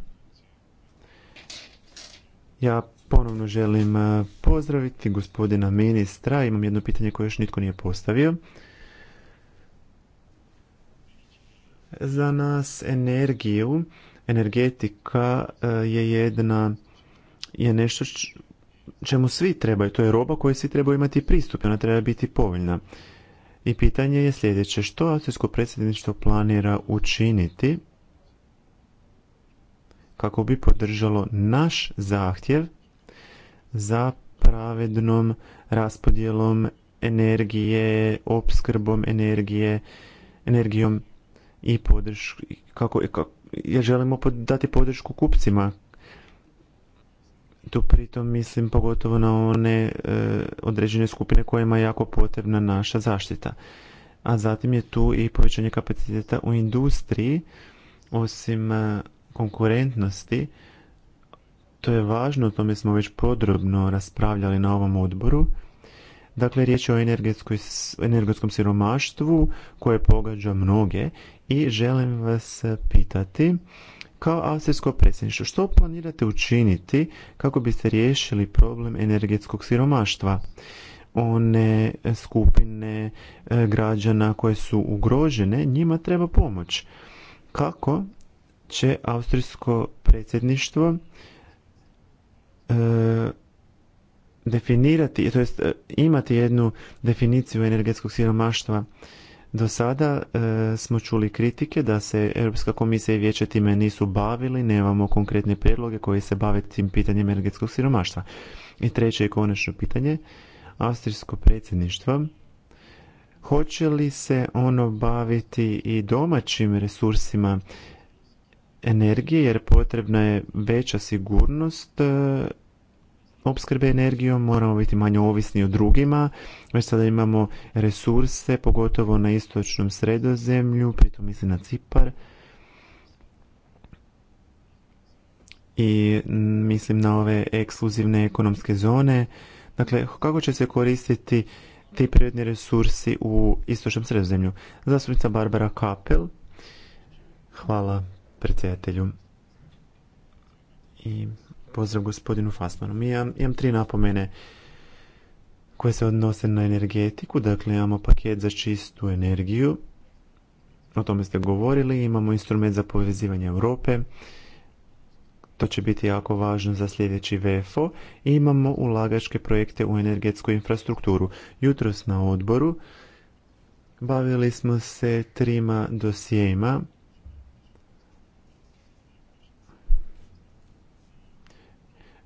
Ja ponovno želim pozdraviti gospodina ministra. Imam jedno pitanje koje još nitko nije postavio. Za nas energiju energetika e, je jedna je nešto čemu svi trebaju, to je roba koju svi trebaju imati pristup, ona treba biti povoljna. I pitanje je sljedeće, što Austrijsko predsjedništvo planira učiniti kako bi podržalo naš zahtjev za pravednom raspodjelom energije, opskrbom energije, energijom i podrš, kako, e, kako, jer želimo dati podršku kupcima. Tu pritom mislim pogotovo na one e, određene skupine kojima je jako potrebna naša zaštita. A zatim je tu i povećanje kapaciteta u industriji, osim e, konkurentnosti. To je važno, o tome smo već podrobno raspravljali na ovom odboru. Dakle, riječ je o energetskom siromaštvu koje pogađa mnoge i želim vas pitati kao austrijsko predsjedništvo što planirate učiniti kako biste riješili problem energetskog siromaštva one skupine e, građana koje su ugrožene njima treba pomoć kako će austrijsko predsjedništvo e, definirati to jest imati jednu definiciju energetskog siromaštva do sada e, smo čuli kritike da se Europska komisija i vijeće time nisu bavili, nemamo konkretne prijedloge koji se bave tim pitanjem energetskog siromaštva. I treće i konačno pitanje, austrijsko predsjedništvo, hoće li se ono baviti i domaćim resursima energije jer potrebna je veća sigurnost e, opskrbe energijom, moramo biti manje ovisni o drugima. Već sada imamo resurse, pogotovo na istočnom sredozemlju, pritom mislim na Cipar. I mislim na ove ekskluzivne ekonomske zone. Dakle, kako će se koristiti ti prirodni resursi u istočnom sredozemlju? Zastupnica Barbara Kapel. Hvala predsjedatelju. I pozdrav gospodinu Fasmanu. Mi imam tri napomene koje se odnose na energetiku, dakle imamo paket za čistu energiju, o tome ste govorili, imamo instrument za povezivanje Europe, to će biti jako važno za sljedeći VFO i imamo ulagačke projekte u energetsku infrastrukturu. Jutros na odboru bavili smo se trima dosijema.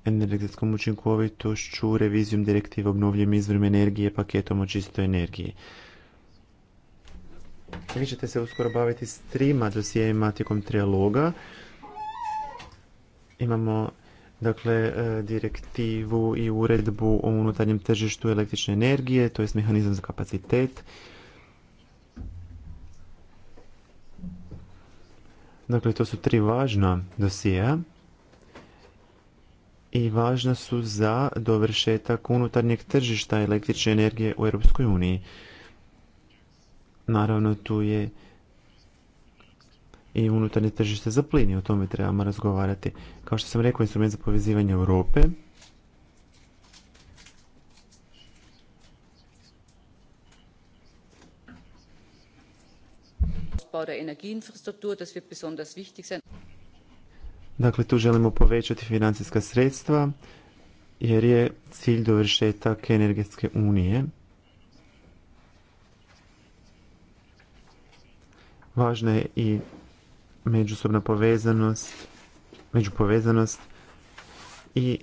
energetskom učinkovitošću, revizijom direktive obnovljivim izvorima energije, paketom o čistoj energiji. Vi ćete se uskoro baviti s trima dosijevima tijekom trialoga. Imamo dakle e, direktivu i uredbu o unutarnjem tržištu električne energije, to je mehanizam za kapacitet. Dakle, to su tri važna dosija i važna su za dovršetak unutarnjeg tržišta električne energije u Europskoj uniji. Naravno tu je i unutarnje tržište za plin i o tome trebamo razgovarati. Kao što sam rekao, instrument za povezivanje Europe Bau der Energieinfrastruktur, das wird besonders wichtig sein. Dakle, tu želimo povećati financijska sredstva jer je cilj dovršetak energetske unije. Važna je i međusobna povezanost, međupovezanost i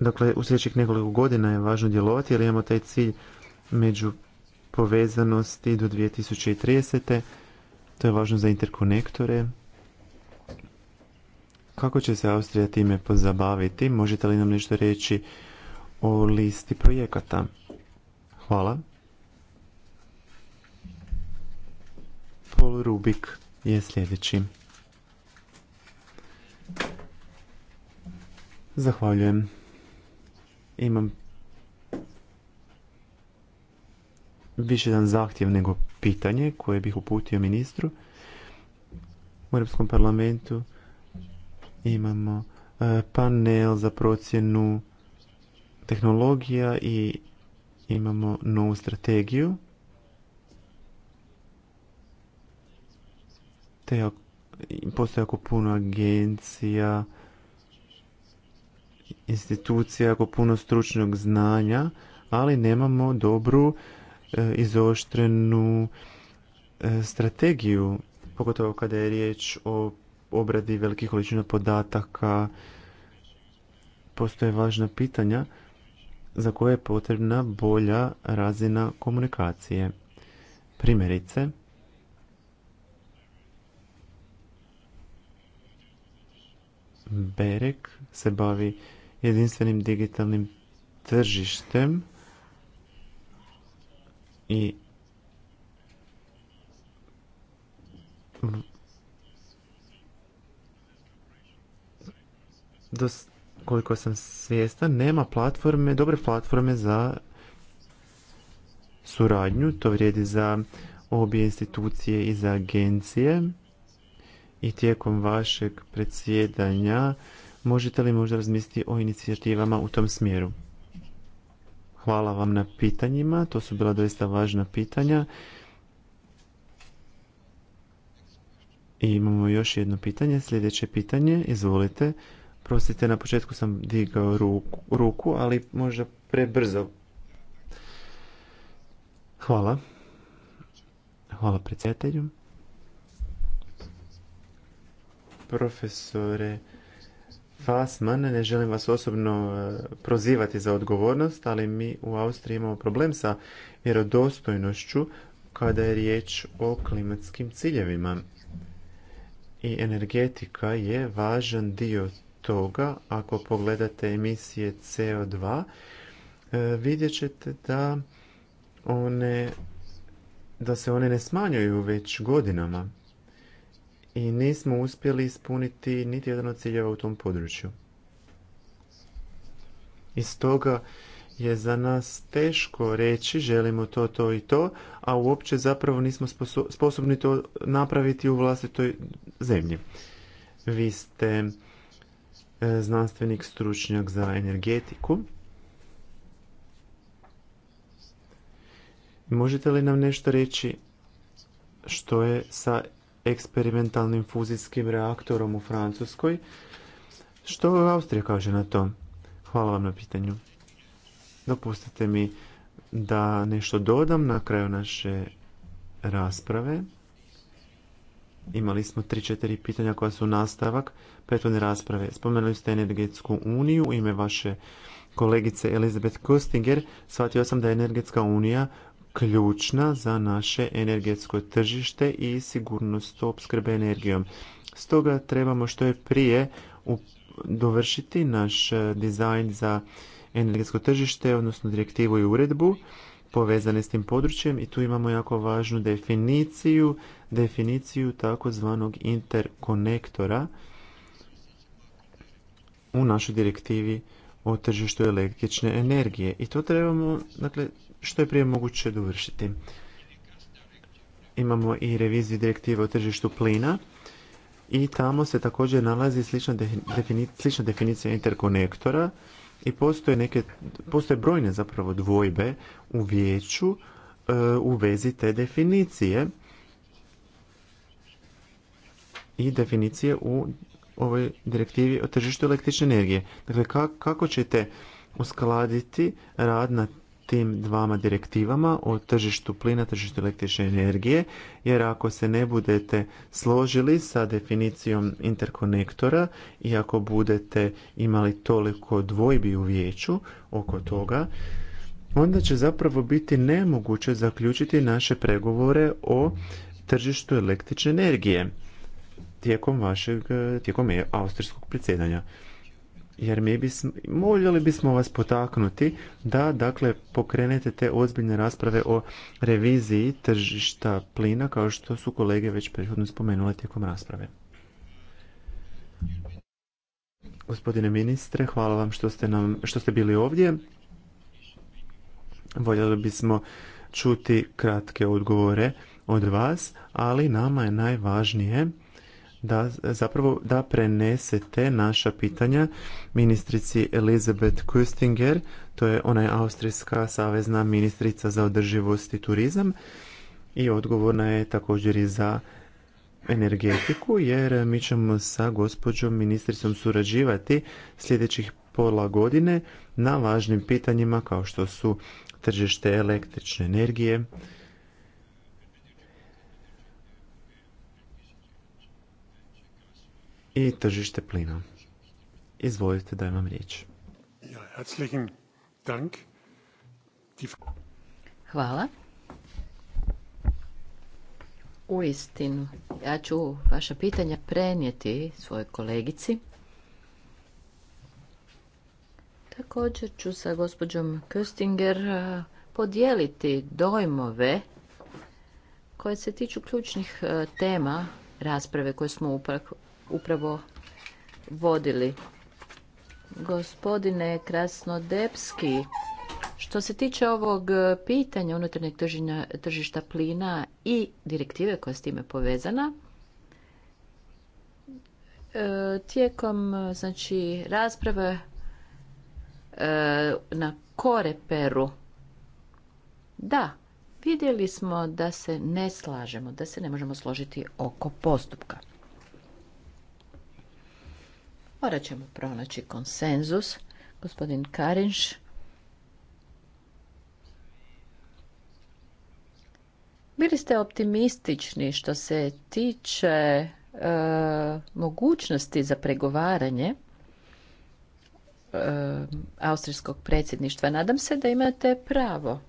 dakle u sljedećih nekoliko godina je važno djelovati jer imamo taj cilj među povezanosti do 2030. To je važno za interkonektore. Kako će se Austrija time pozabaviti? Možete li nam nešto reći o listi projekata? Hvala. Paul Rubik je sljedeći. Zahvaljujem. Imam više jedan zahtjev nego pitanje koje bih uputio ministru. U Europskom parlamentu imamo e, panel za procjenu tehnologija i imamo novu strategiju. Te postoje jako puno agencija, institucija, jako puno stručnog znanja, ali nemamo dobru E, izoštrenu e, strategiju, pogotovo kada je riječ o obradi velikih količina podataka. Postoje važna pitanja za koje je potrebna bolja razina komunikacije. Primjerice, Berek se bavi jedinstvenim digitalnim tržištem i koliko sam svjestan, nema platforme, dobre platforme za suradnju. To vrijedi za obje institucije i za agencije. I tijekom vašeg predsjedanja možete li možda razmisliti o inicijativama u tom smjeru? Hvala vam na pitanjima, to su bila doista važna pitanja. I imamo još jedno pitanje, sljedeće pitanje, izvolite. Prostite, na početku sam digao ruku, ruku ali možda prebrzo. Hvala. Hvala predsjedatelju. Profesore Fasman, ne želim vas osobno e, prozivati za odgovornost, ali mi u Austriji imamo problem sa vjerodostojnošću kada je riječ o klimatskim ciljevima. I energetika je važan dio toga. Ako pogledate emisije CO2, e, vidjet ćete da one da se one ne smanjuju već godinama i nismo uspjeli ispuniti niti jedan od ciljeva u tom području. I stoga je za nas teško reći želimo to, to i to, a uopće zapravo nismo sposobni to napraviti u vlastitoj zemlji. Vi ste e, znanstvenik, stručnjak za energetiku. Možete li nam nešto reći što je sa eksperimentalnim fuzijskim reaktorom u Francuskoj. Što Austrija kaže na to? Hvala vam na pitanju. Dopustite mi da nešto dodam na kraju naše rasprave. Imali smo 3-4 pitanja koja su nastavak prethodne rasprave. Spomenuli ste energetsku uniju u ime vaše kolegice Elizabeth Kostinger. Shvatio sam da je energetska unija ključna za naše energetsko tržište i sigurnost opskrbe energijom. Stoga trebamo što je prije dovršiti naš e, dizajn za energetsko tržište, odnosno direktivu i uredbu povezane s tim područjem i tu imamo jako važnu definiciju, definiciju takozvanog interkonektora u našoj direktivi o tržištu električne energije. I to trebamo, dakle, što je prije moguće dovršiti. Imamo i reviziju direktive o tržištu plina i tamo se također nalazi slična, defini, slična definicija interkonektora i postoje, neke, postoje brojne zapravo dvojbe u vijeću e, u vezi te definicije i definicije u ovoj direktivi o tržištu električne energije. Dakle, kako ćete uskladiti rad na tim dvama direktivama o tržištu plina, tržištu električne energije, jer ako se ne budete složili sa definicijom interkonektora i ako budete imali toliko dvojbi u vijeću oko toga, onda će zapravo biti nemoguće zaključiti naše pregovore o tržištu električne energije tijekom vašeg, tijekom austrijskog predsjedanja jer mi bismo, moljeli bismo vas potaknuti da dakle pokrenete te ozbiljne rasprave o reviziji tržišta plina kao što su kolege već prethodno spomenule tijekom rasprave. Gospodine ministre, hvala vam što ste, nam, što ste bili ovdje. Voljeli bismo čuti kratke odgovore od vas, ali nama je najvažnije da zapravo da prenesete naša pitanja ministrici Elizabeth Kustinger, to je ona je austrijska savezna ministrica za održivost i turizam i odgovorna je također i za energetiku jer mi ćemo sa gospođom ministricom surađivati sljedećih pola godine na važnim pitanjima kao što su tržište električne energije, i tržište plina. Izvolite da imam riječ. Hvala. U istinu, ja ću vaša pitanja prenijeti svojoj kolegici. Također ću sa gospođom Köstinger podijeliti dojmove koje se tiču ključnih tema rasprave koje smo upravo vodili. Gospodine Krasnodepski, što se tiče ovog e, pitanja unutarnjeg tržišta plina i direktive koja je s time povezana, e, tijekom e, znači, rasprave na koreperu, da, vidjeli smo da se ne slažemo, da se ne možemo složiti oko postupka. Morat ćemo pronaći konsenzus. Gospodin Karinš. Bili ste optimistični što se tiče e, mogućnosti za pregovaranje e, austrijskog predsjedništva. Nadam se da imate pravo.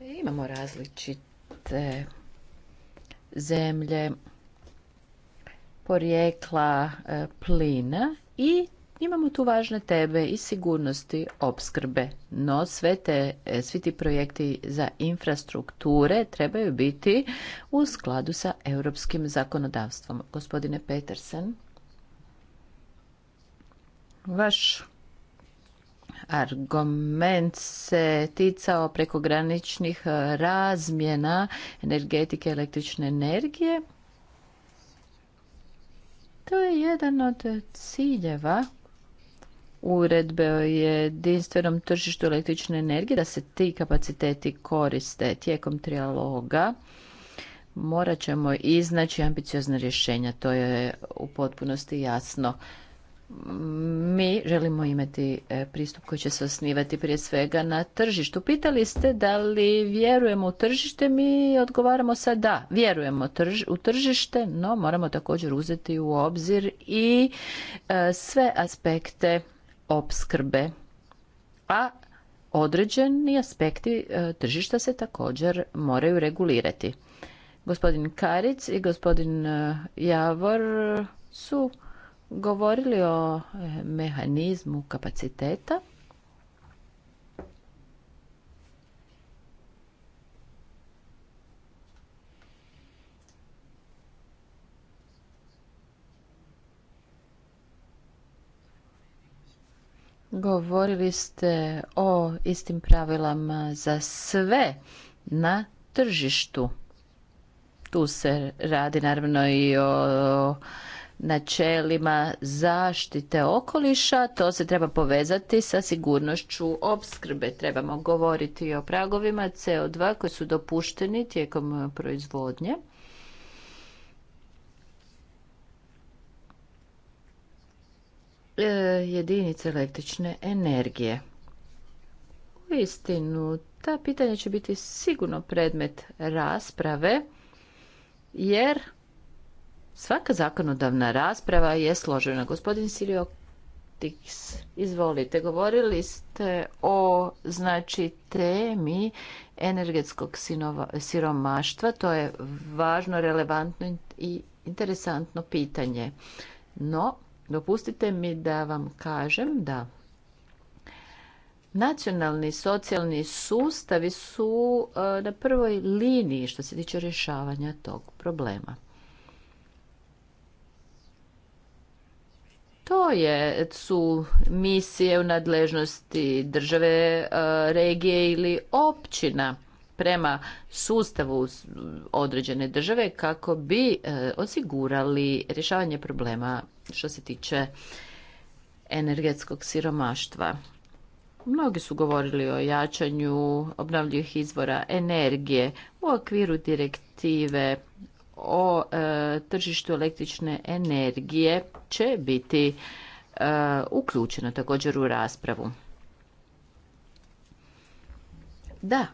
Imamo različite zemlje porijekla e, plina i imamo tu važne tebe i sigurnosti opskrbe. No sve te, e, svi ti projekti za infrastrukture trebaju biti u skladu sa europskim zakonodavstvom. Gospodine Petersen, vaš argument se ticao prekograničnih e, razmjena energetike električne energije. To je jedan od ciljeva uredbe o jedinstvenom tržištu električne energije, da se ti kapaciteti koriste tijekom trijaloga. Morat ćemo iznaći ambiciozna rješenja, to je u potpunosti jasno mi želimo imati e, pristup koji će se osnivati prije svega na tržištu. Pitali ste da li vjerujemo u tržište, mi odgovaramo sad da, vjerujemo u tržište, no moramo također uzeti u obzir i e, sve aspekte opskrbe, a određeni aspekti e, tržišta se također moraju regulirati. Gospodin Karic i gospodin Javor su govorili o e, mehanizmu kapaciteta. Govorili ste o istim pravilama za sve na tržištu. Tu se radi naravno i o načelima zaštite okoliša, to se treba povezati sa sigurnošću opskrbe. Trebamo govoriti o pragovima CO2 koji su dopušteni tijekom proizvodnje. E, jedinice električne energije. U istinu, ta pitanja će biti sigurno predmet rasprave, jer Svaka zakonodavna rasprava je složena. Gospodin Sirio Tiks, izvolite, govorili ste o znači temi energetskog siromaštva, to je važno, relevantno i interesantno pitanje. No, dopustite mi da vam kažem da nacionalni socijalni sustavi su eh, na prvoj liniji što se tiče rješavanja tog problema. To je, su misije u nadležnosti države, e, regije ili općina prema sustavu određene države kako bi e, osigurali rješavanje problema što se tiče energetskog siromaštva. Mnogi su govorili o jačanju obnovljivih izvora energije u okviru direktive o e, tržištu električne energije će biti e, uključeno također u raspravu. Da,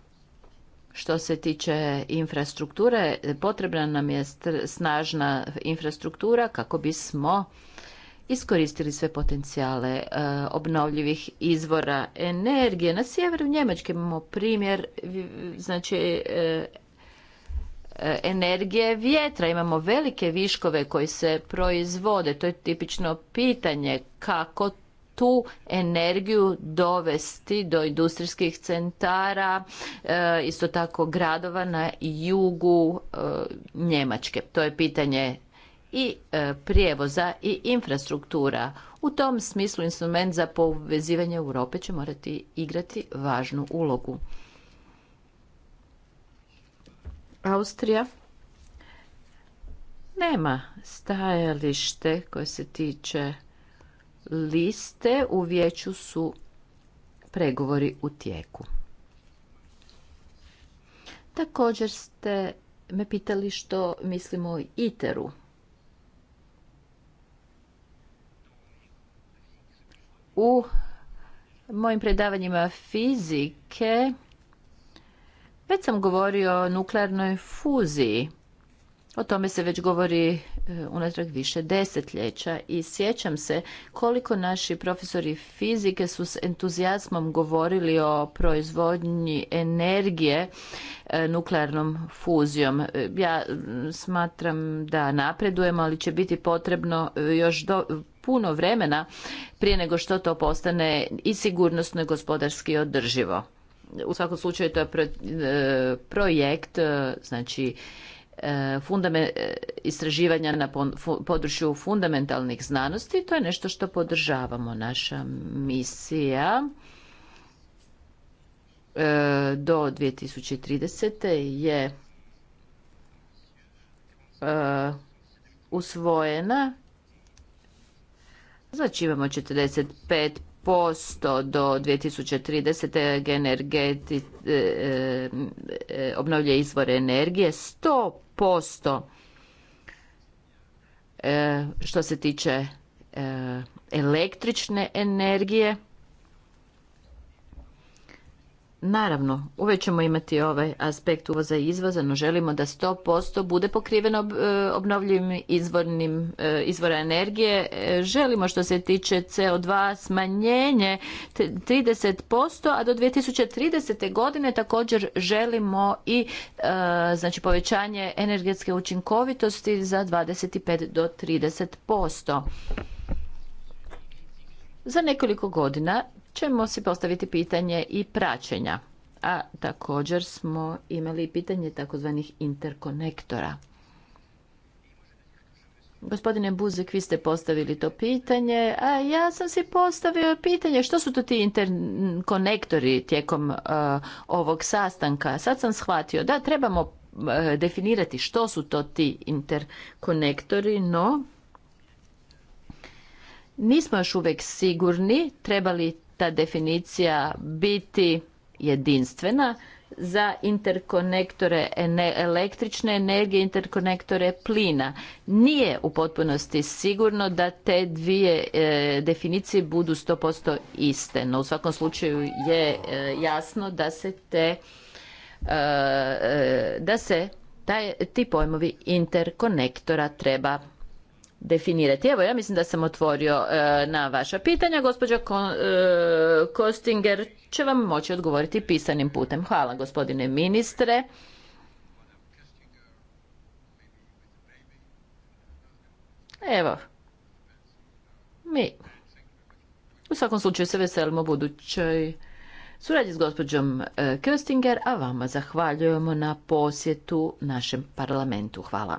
što se tiče infrastrukture, potrebna nam je snažna infrastruktura kako bismo iskoristili sve potencijale e, obnovljivih izvora energije. Na sjeveru Njemačke imamo primjer znači e, E, energije vjetra. Imamo velike viškove koji se proizvode. To je tipično pitanje kako tu energiju dovesti do industrijskih centara, e, isto tako gradova na jugu e, Njemačke. To je pitanje i prijevoza i infrastruktura. U tom smislu instrument za povezivanje Europe će morati igrati važnu ulogu. Austrija nema stajalište koje se tiče liste. U vijeću su pregovori u tijeku. Također ste me pitali što mislimo o ITER-u. U mojim predavanjima fizike već sam govorio o nuklearnoj fuziji. O tome se već govori e, unatrag više desetljeća i sjećam se koliko naši profesori fizike su s entuzijazmom govorili o proizvodnji energije e, nuklearnom fuzijom. E, ja smatram da napredujemo, ali će biti potrebno još puno vremena prije nego što to postane i sigurnosno i gospodarski održivo u svakom slučaju to je e, projekt, e, znači e, fundame, istraživanja na području fundamentalnih znanosti. To je nešto što podržavamo. Naša misija do 2030. je usvojena. Znači imamo 45 posto do 2030. energeti e, e, e obnovlje izvore energije, 100 posto e, što se tiče e, električne energije Naravno, uvijek ćemo imati ovaj aspekt uvoza i izvoza, no želimo da 100% bude pokriveno e, obnovljivim izvornim, e, izvora energije. E, želimo što se tiče CO2 smanjenje 30%, a do 2030. godine također želimo i znači povećanje energetske učinkovitosti za 25 do 30%. Za nekoliko godina ćemo si postaviti pitanje i praćenja. A također smo imali pitanje takozvanih interkonektora. Gospodine Buzek, vi ste postavili to pitanje, a ja sam si postavio pitanje što su to ti interkonektori tijekom e, ovog sastanka. Sad sam shvatio da trebamo e, definirati što su to ti interkonektori, no nismo još uvijek sigurni Trebali ta definicija biti jedinstvena za interkonektore električne energije, interkonektore plina. Nije u potpunosti sigurno da te dvije e, definicije budu 100% iste, no u svakom slučaju je e, jasno da se te e, da se taj, ti pojmovi interkonektora treba definirati. Evo, ja mislim da sam otvorio e, na vaša pitanja. Gospođa e, Kostinger će vam moći odgovoriti pisanim putem. Hvala, gospodine ministre. Evo, mi u svakom slučaju se veselimo budućoj suradnji s gospođom e, Kostinger, a vama zahvaljujemo na posjetu našem parlamentu. Hvala.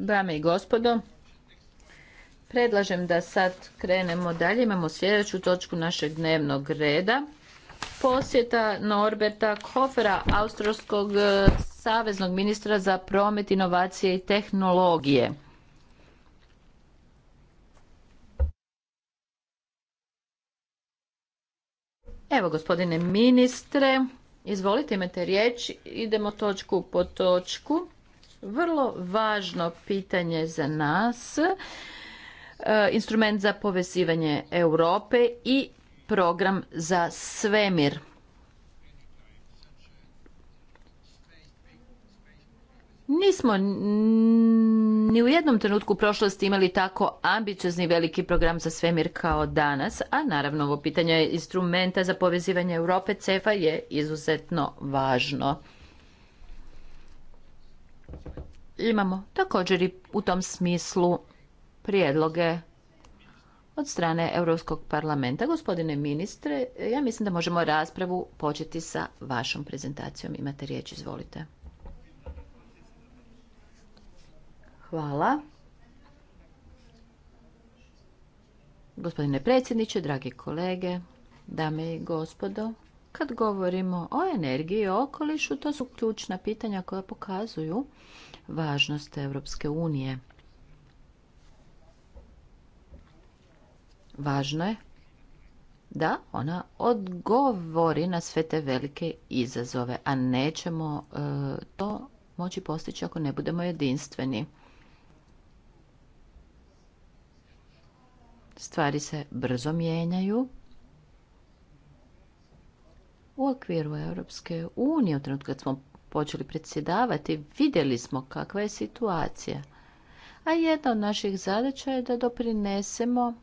Dame i gospodo, predlažem da sad krenemo dalje. Imamo sljedeću točku našeg dnevnog reda. Posjeta Norberta Kofera, australskog e, saveznog ministra za promet, inovacije i tehnologije. Evo gospodine ministre, Izvolite, imate riječ. Idemo točku po točku. Vrlo važno pitanje za nas. E, instrument za povezivanje Europe i program za svemir. Nismo ni u jednom trenutku prošlosti imali tako ambiciozni veliki program za svemir kao danas, a naravno ovo pitanje instrumenta za povezivanje Europe CEFA je izuzetno važno. Imamo također i u tom smislu prijedloge od strane Europskog parlamenta. Gospodine ministre, ja mislim da možemo raspravu početi sa vašom prezentacijom. Imate riječ, izvolite. Hvala. Gospodine predsjedniče, dragi kolege, dame i gospodo, kad govorimo o energiji i okolišu, to su ključna pitanja koja pokazuju važnost Europske unije. Važno je da ona odgovori na sve te velike izazove, a nećemo e, to moći postići ako ne budemo jedinstveni. Stvari se brzo mijenjaju. U okviru Europske unije, u trenutku kad smo počeli predsjedavati, vidjeli smo kakva je situacija. A jedna od naših zadaća je da doprinesemo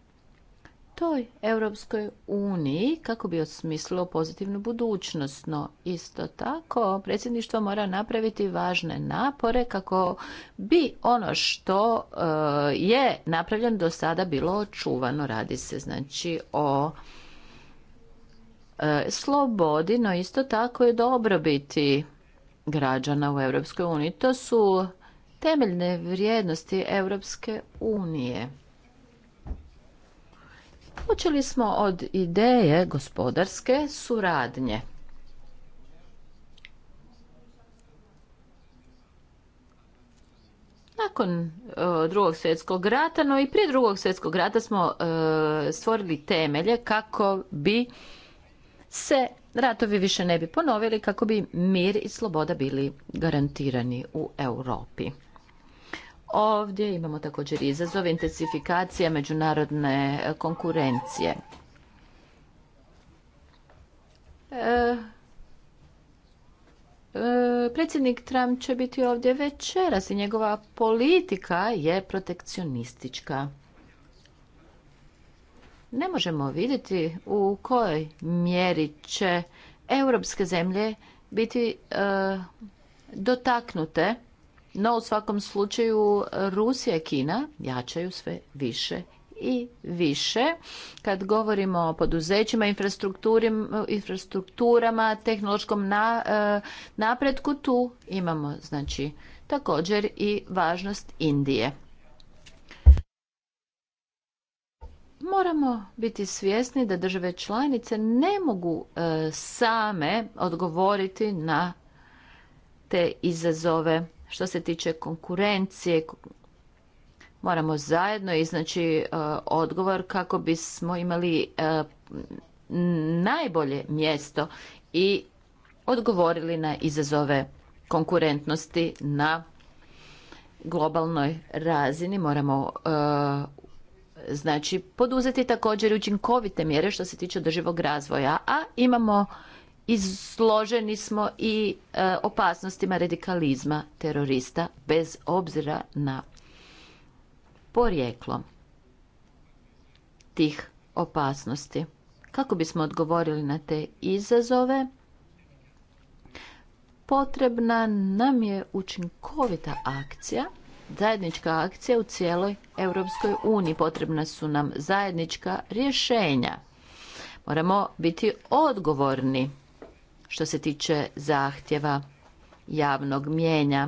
toj Europskoj uniji kako bi osmislilo pozitivnu budućnost. No, isto tako, predsjedništvo mora napraviti važne napore kako bi ono što e, je napravljeno do sada bilo očuvano. Radi se znači o e, slobodi, no isto tako je dobrobiti građana u Europskoj uniji. To su temeljne vrijednosti Europske unije. Počeli smo od ideje gospodarske suradnje. Nakon e, drugog svjetskog rata, no i prije drugog svjetskog rata smo e, stvorili temelje kako bi se ratovi više ne bi ponovili, kako bi mir i sloboda bili garantirani u Europi. Ovdje imamo također izazov intensifikacija međunarodne e, konkurencije. E, e, predsjednik Trump će biti ovdje večeras i njegova politika je protekcionistička. Ne možemo vidjeti u kojoj mjeri će europske zemlje biti dotaknute no u svakom slučaju Rusija i Kina jačaju sve više i više. Kad govorimo o poduzećima, infrastrukturama, tehnološkom e, napretku, tu imamo znači također i važnost Indije. Moramo biti svjesni da države članice ne mogu e, same odgovoriti na te izazove što se tiče konkurencije, moramo zajedno iznaći e, odgovor kako bismo imali e, najbolje mjesto i odgovorili na izazove konkurentnosti na globalnoj razini. Moramo e, znači poduzeti također učinkovite mjere što se tiče održivog razvoja, a imamo izloženi smo i e, opasnostima radikalizma terorista bez obzira na porijeklo tih opasnosti. Kako bismo odgovorili na te izazove? Potrebna nam je učinkovita akcija, zajednička akcija u cijeloj Europskoj uniji. Potrebna su nam zajednička rješenja. Moramo biti odgovorni što se tiče zahtjeva javnog mijenja.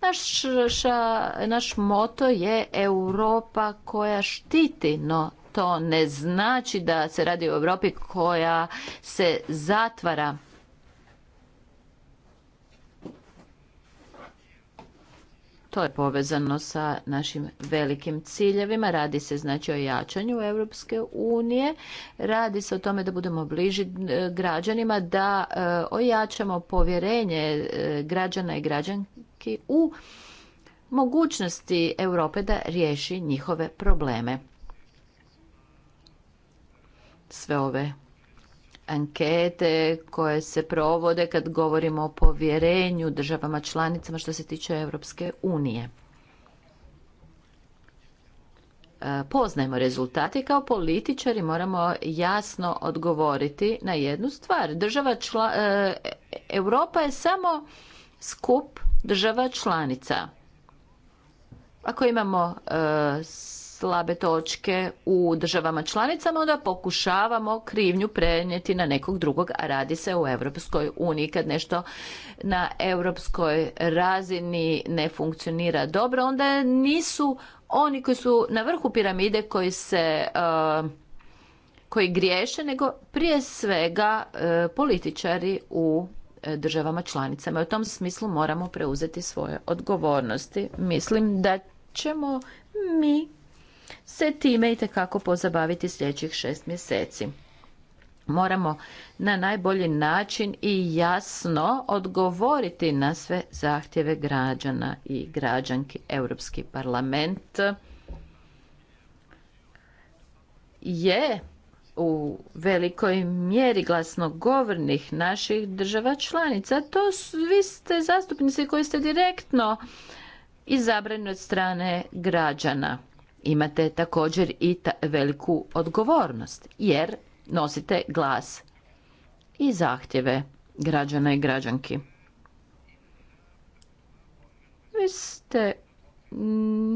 Naš, naš moto je Europa koja štiti, no to ne znači da se radi o Europi koja se zatvara To je povezano sa našim velikim ciljevima. Radi se znači o jačanju Europske unije. Radi se o tome da budemo bliži e, građanima, da e, ojačamo povjerenje e, građana i građanki u mogućnosti Europe da riješi njihove probleme. Sve ove ankete koje se provode kad govorimo o povjerenju državama članicama što se tiče Europske unije. E, poznajemo rezultate i kao političari moramo jasno odgovoriti na jednu stvar. Država e, Europa je samo skup država članica. Ako imamo e, slabe točke u državama članicama, onda pokušavamo krivnju prenijeti na nekog drugog, a radi se u Europskoj uniji. Kad nešto na europskoj razini ne funkcionira dobro, onda nisu oni koji su na vrhu piramide koji se eh, koji griješe, nego prije svega eh, političari u eh, državama članicama. U tom smislu moramo preuzeti svoje odgovornosti. Mislim da ćemo mi se time i tekako pozabaviti sljedećih šest mjeseci. Moramo na najbolji način i jasno odgovoriti na sve zahtjeve građana i građanki Europski parlament je u velikoj mjeri glasnogovornih naših država članica. To su, vi ste zastupnici koji ste direktno izabrani od strane građana imate također i veliku odgovornost jer nosite glas i zahtjeve građana i građanki. Vi ste mm,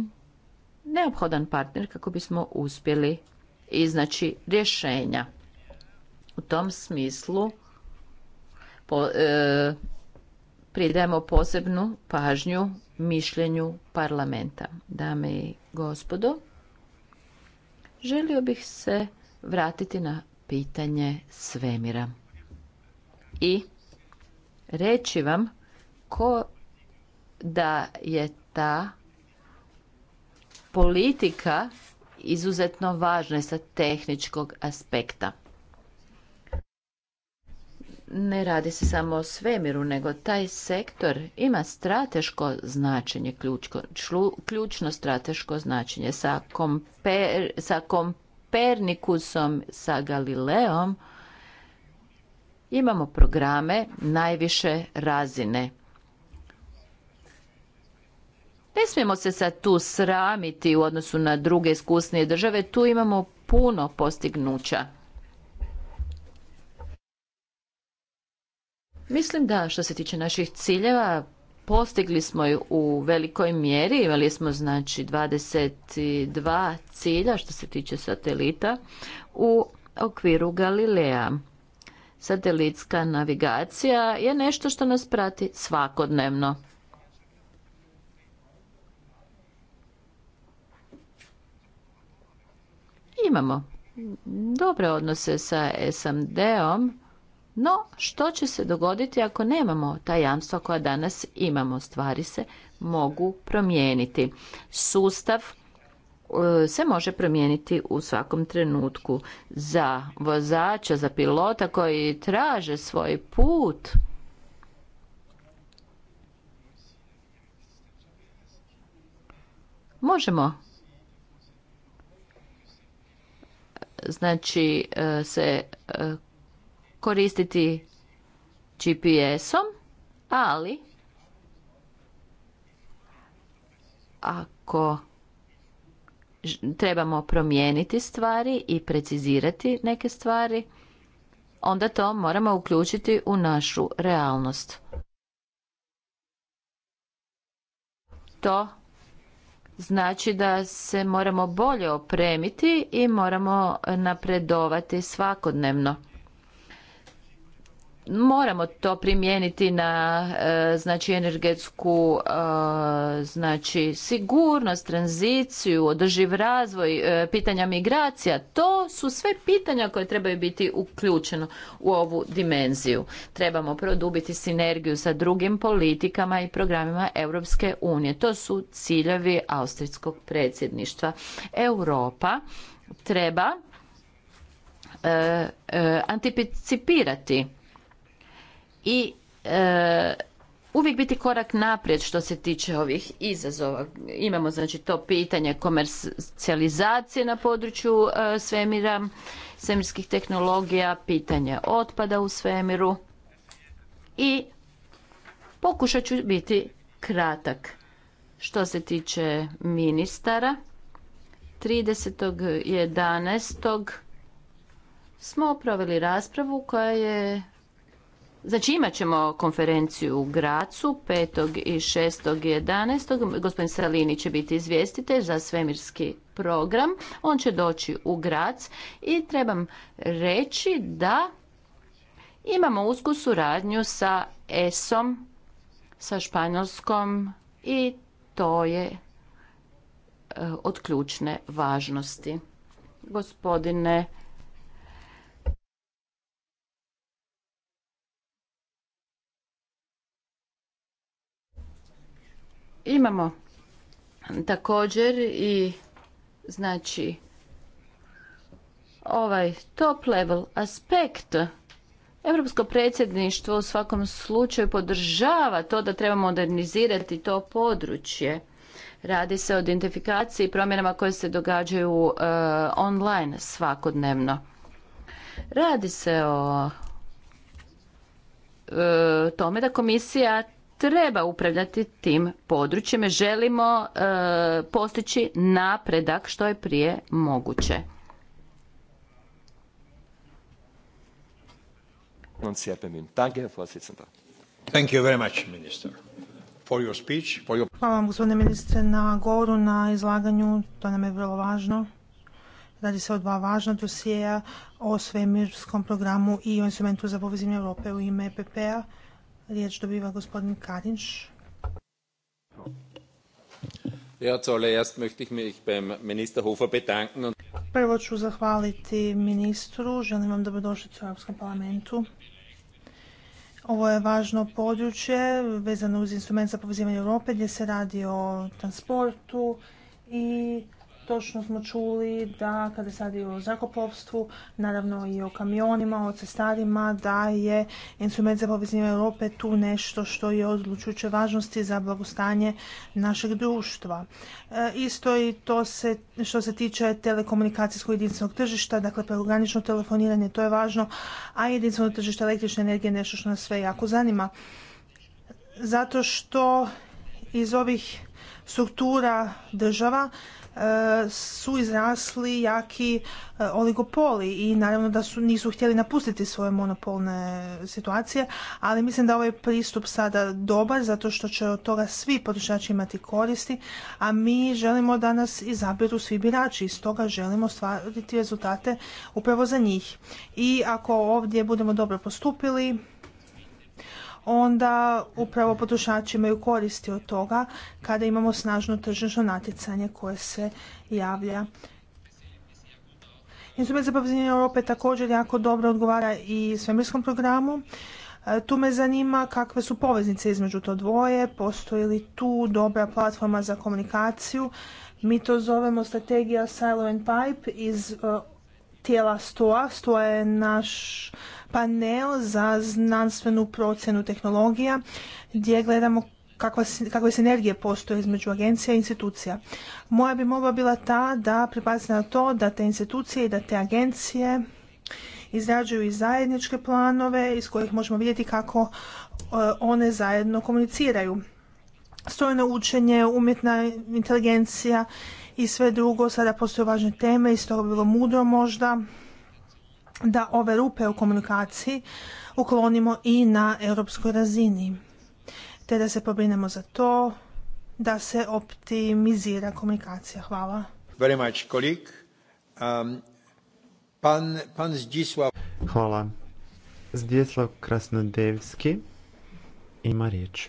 neophodan partner kako bismo uspjeli iznaći rješenja. U tom smislu po, e, pridajemo posebnu pažnju mišljenju parlamenta. Dame i gospodo, želio bih se vratiti na pitanje svemira i reći vam ko da je ta politika izuzetno važna sa tehničkog aspekta ne radi se samo o svemiru, nego taj sektor ima strateško značenje, ključno strateško značenje. Sa, komper, sa Kompernikusom, sa Galileom imamo programe najviše razine. Ne smijemo se sad tu sramiti u odnosu na druge iskusnije države, tu imamo puno postignuća. Mislim da što se tiče naših ciljeva, postigli smo ju u velikoj mjeri, imali smo znači 22 cilja što se tiče satelita u okviru Galilea. Satelitska navigacija je nešto što nas prati svakodnevno. Imamo dobre odnose sa SMD-om no, što će se dogoditi ako nemamo ta jamstva koja danas imamo? Stvari se mogu promijeniti. Sustav e, se može promijeniti u svakom trenutku. Za vozača, za pilota koji traže svoj put, možemo znači e, se e, koristiti GPS-om, ali ako trebamo promijeniti stvari i precizirati neke stvari, onda to moramo uključiti u našu realnost. To znači da se moramo bolje opremiti i moramo napredovati svakodnevno moramo to primijeniti na e, znači energetsku e, znači sigurnost, tranziciju, održiv razvoj, e, pitanja migracija, to su sve pitanja koje trebaju biti uključeno u ovu dimenziju. Trebamo produbiti sinergiju sa drugim politikama i programima Europske unije. To su ciljevi austrijskog predsjedništva. Europa treba anticipirati i e, uvijek biti korak naprijed što se tiče ovih izazova. Imamo znači to pitanje komercijalizacije na području e, svemira, svemirskih tehnologija, pitanje otpada u svemiru i pokušat ću biti kratak. Što se tiče ministara, 30.11. smo proveli raspravu koja je Znači imat ćemo konferenciju u Gracu 5. i 6. 11. Gospodin Salini će biti izvjestitelj za svemirski program. On će doći u Grac i trebam reći da imamo usku suradnju sa ESom, sa Španjolskom i to je e, od ključne važnosti. Gospodine Imamo također i znači ovaj top level aspekt Europsko predsjedništvo u svakom slučaju podržava to da treba modernizirati to područje. Radi se o identifikaciji i promjenama koje se događaju e, online svakodnevno. Radi se o e, tome da komisija treba upravljati tim područjima. Želimo e, postići napredak što je prije moguće. Hvala vam gospodine ministre na govoru, na izlaganju, to nam je vrlo važno. Radi se o dva važna dosijeja o svemirskom programu i o instrumentu za povezivanje Europe u ime EPP-a. Riječ dobiva gospodin Karinš. Prvo ću zahvaliti ministru. Želim vam dobrodošlicu u Europskom parlamentu. Ovo je važno područje vezano uz instrument za povezivanje Europe gdje se radi o transportu i točno smo čuli da kada se radi o zrakoplovstvu, naravno i o kamionima, o cestarima, da je instrument za povezivanje Europe tu nešto što je odlučujuće važnosti za blagostanje našeg društva. E, isto i to se, što se tiče telekomunikacijskog jedinstvenog tržišta, dakle preogranično telefoniranje, to je važno, a jedinstveno tržište električne energije je nešto što nas sve jako zanima. Zato što iz ovih struktura država su izrasli jaki e, oligopoli i naravno da su, nisu htjeli napustiti svoje monopolne situacije, ali mislim da ovaj pristup sada dobar zato što će od toga svi potrošači imati koristi, a mi želimo da nas izabiru svi birači i stoga želimo stvariti rezultate upravo za njih. I ako ovdje budemo dobro postupili, onda upravo potrošači imaju koristi od toga kada imamo snažno tržišno natjecanje koje se javlja. Instrument za povezanje Europe također jako dobro odgovara i svemirskom programu. E, tu me zanima kakve su poveznice između to dvoje, postoji li tu dobra platforma za komunikaciju. Mi to zovemo strategija Silo and Pipe iz e, tijela STOA. STOA je naš panel za znanstvenu procjenu tehnologija gdje gledamo kakve sinergije postoje između agencija i institucija. Moja bi mogla bila ta da pripazite na to da te institucije i da te agencije izrađuju i zajedničke planove iz kojih možemo vidjeti kako e, one zajedno komuniciraju. Strojno učenje, umjetna inteligencija i sve drugo sada postoje važne teme i toga bi bilo mudro možda da ove rupe u komunikaciji uklonimo i na europskoj razini, te da se pobrinemo za to da se optimizira komunikacija. Hvala. Very much, colleague. Um, pan, pan Hvala. Zdjeslav Krasnodevski ima riječ.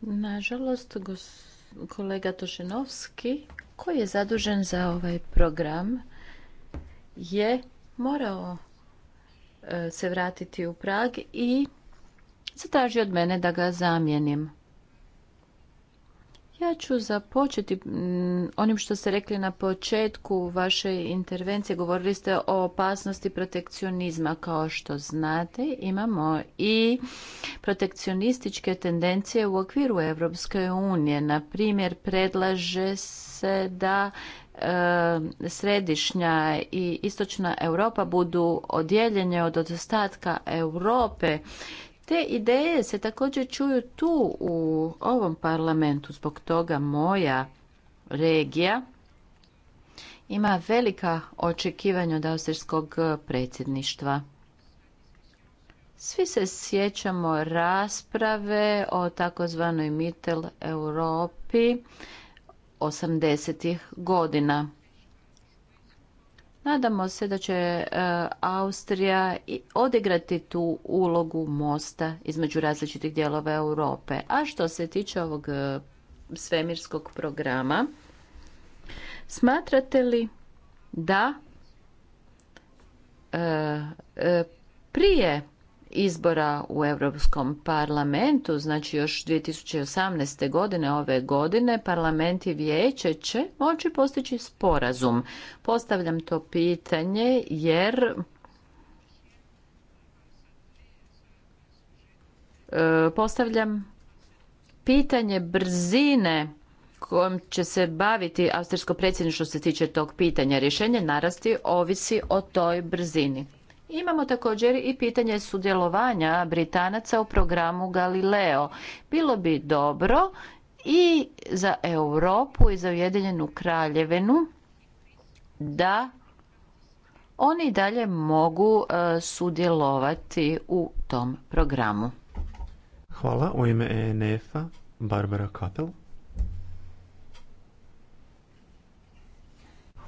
Nažalost, gos kolega Tošenovski, koji je zadužen za ovaj program, je morao e, se vratiti u Prag i zatražio od mene da ga zamijenim. Ja ću započeti onim što ste rekli na početku vaše intervencije. Govorili ste o opasnosti protekcionizma. Kao što znate, imamo i protekcionističke tendencije u okviru Europske unije. Na primjer, predlaže se da e, središnja i istočna Europa budu odjeljenje od ostatka Europe te ideje se također čuju tu u ovom parlamentu, zbog toga moja regija ima velika očekivanja od austrijskog predsjedništva. Svi se sjećamo rasprave o takozvanoj Mittel Europi 80. godina. Nadamo se da će e, Austrija odigrati tu ulogu mosta između različitih dijelova Europe. A što se tiče ovog e, svemirskog programa, smatrate li da e, prije izbora u Europskom parlamentu, znači još 2018. godine, ove godine, parlament i vijeće će moći postići sporazum. Postavljam to pitanje jer e, postavljam pitanje brzine kojom će se baviti austrijsko predsjedništvo što se tiče tog pitanja. Rješenje narasti ovisi o toj brzini. Imamo također i pitanje sudjelovanja Britanaca u programu Galileo. Bilo bi dobro i za Europu i za Ujedinjenu kraljevinu da oni dalje mogu e, sudjelovati u tom programu. Hvala. U ime ENF-a Barbara Kapel.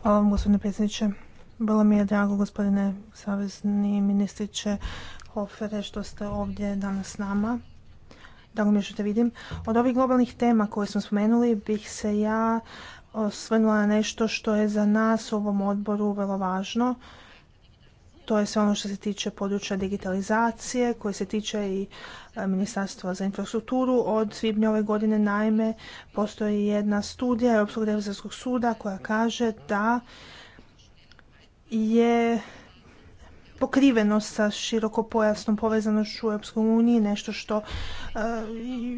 Hvala vam, gospodine predsjedniče. Bilo mi je drago, gospodine savezni ministriče Hofere, što ste ovdje danas s nama. Drago mi je što te vidim. Od ovih globalnih tema koje smo spomenuli bih se ja osvrnula na nešto što je za nas u ovom odboru vrlo važno. To je sve ono što se tiče područja digitalizacije, koje se tiče i e, Ministarstva za infrastrukturu. Od svibnja ove godine naime postoji jedna studija Europskog revizorskog suda koja kaže da je pokriveno sa širokopojasnom povezanošću u uniji, nešto što e,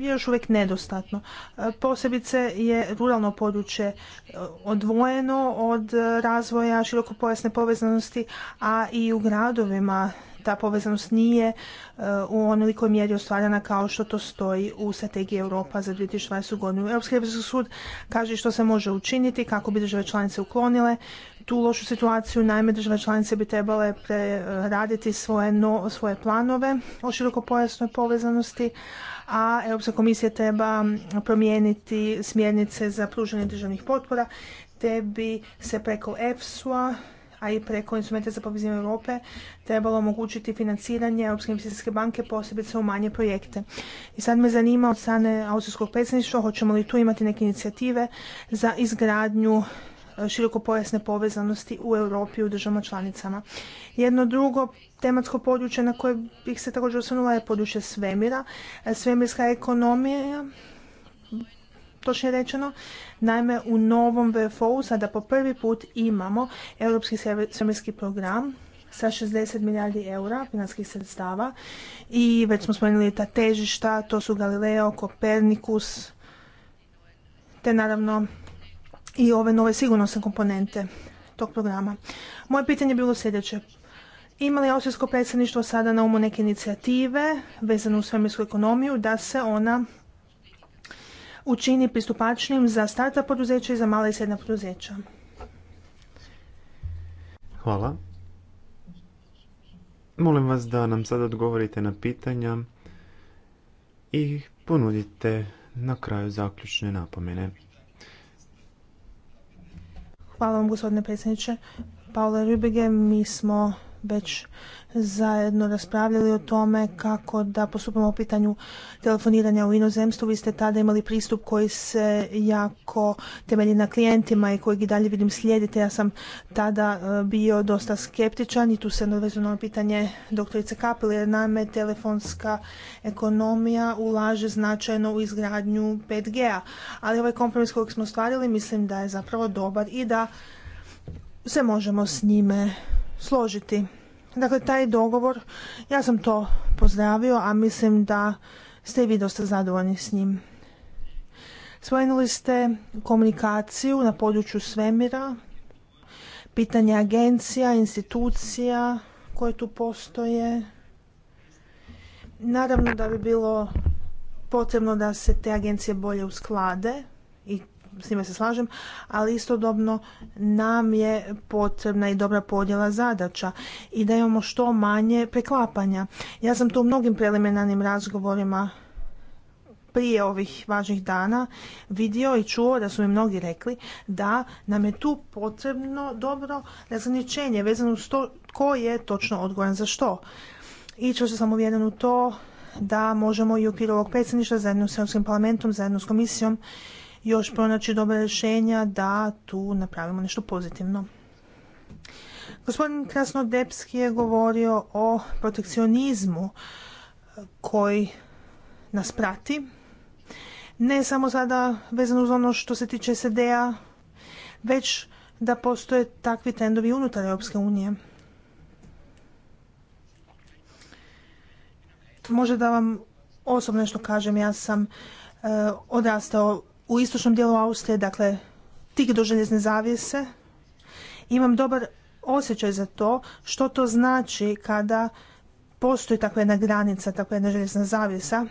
je još uvijek nedostatno. E, posebice je ruralno područje e, odvojeno od razvoja širokopojasne povezanosti, a i u gradovima ta povezanost nije u onolikoj mjeri ostvarena kao što to stoji u strategiji Europa za 2020. godinu. Europski sud kaže što se može učiniti kako bi države članice uklonile tu lošu situaciju, naime države članice bi trebale preraditi svoje, svoje planove o širokopojasnoj povezanosti, a Europska komisija treba promijeniti smjernice za pružanje državnih potpora, te bi se preko EFSU-a a i preko instrumenta za povezivanje Europe trebalo omogućiti financiranje Europske investicijske banke posebice u manje projekte. I sad me zanima od strane austrijskog predsjedništva hoćemo li tu imati neke inicijative za izgradnju širokopojasne povezanosti u Europi i u državama članicama. Jedno drugo tematsko područje na koje bih se također osvrnula je područje svemira, e, svemirska ekonomija, je rečeno. Naime, u novom VFO-u sada po prvi put imamo Europski svemirski program sa 60 milijardi eura financijskih sredstava i već smo spomenuli ta težišta, to su Galileo, Kopernikus, te naravno i ove nove sigurnosne komponente tog programa. Moje pitanje je bilo sljedeće. Ima li Austrijsko predsjedništvo sada na umu neke inicijative vezane u svemirsku ekonomiju da se ona učini pristupačnim za starta poduzeća i za mala i srednja poduzeća? Hvala. Molim vas da nam sada odgovorite na pitanja i ponudite na kraju zaključne napomene. Hvala vam gospodine predsjedniče. Paula Rübige, mi smo već zajedno raspravljali o tome kako da postupamo u pitanju telefoniranja u inozemstvu. Vi ste tada imali pristup koji se jako temelji na klijentima i kojeg i dalje vidim slijedite. Ja sam tada e, bio dosta skeptičan i tu se nadovezujem na pitanje doktorice Kapel jer naime telefonska ekonomija ulaže značajno u izgradnju 5G-a. Ali ovaj kompromis kojeg smo stvarili, mislim da je zapravo dobar i da se možemo s njime složiti. Dakle, taj dogovor, ja sam to pozdravio, a mislim da ste i vi dosta zadovoljni s njim. Spomenuli ste komunikaciju na području svemira, pitanje agencija, institucija koje tu postoje. Naravno da bi bilo potrebno da se te agencije bolje usklade s njima se slažem, ali istodobno nam je potrebna i dobra podjela zadaća i da imamo što manje preklapanja. Ja sam to u mnogim preliminarnim razgovorima prije ovih važnih dana vidio i čuo da su mi mnogi rekli da nam je tu potrebno dobro razgraničenje vezano uz to tko je točno odgovoran za što. I se sam uvjeren u to da možemo i u okviru ovog predsjedništva zajedno s Europskim parlamentom, zajedno s komisijom još pronaći dobra rješenja da tu napravimo nešto pozitivno. Gospodin Krasnodepski je govorio o protekcionizmu koji nas prati. Ne samo sada vezano uz ono što se tiče SED-a, već da postoje takvi trendovi unutar Europske unije. Može da vam osobno nešto kažem, ja sam e, odrastao u istočnom dijelu Austrije, dakle tik do željezne zavijese, imam dobar osjećaj za to što to znači kada postoji takva jedna granica, takva jedna željezna zavijesa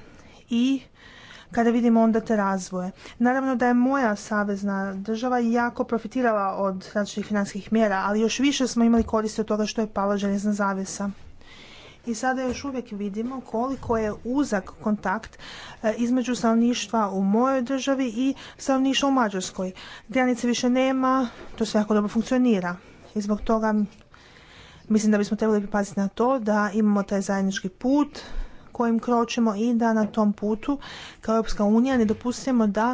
i kada vidimo onda te razvoje. Naravno da je moja savezna država jako profitirala od različitih finanskih mjera, ali još više smo imali koristi od toga što je pala željezna zavijesa i sada još uvijek vidimo koliko je uzak kontakt e, između stanovništva u mojoj državi i stanovništva u Mađarskoj. Granice više nema, to sve jako dobro funkcionira. I zbog toga mislim da bismo trebali pripaziti na to da imamo taj zajednički put kojim kročimo i da na tom putu kao Europska unija ne dopustimo da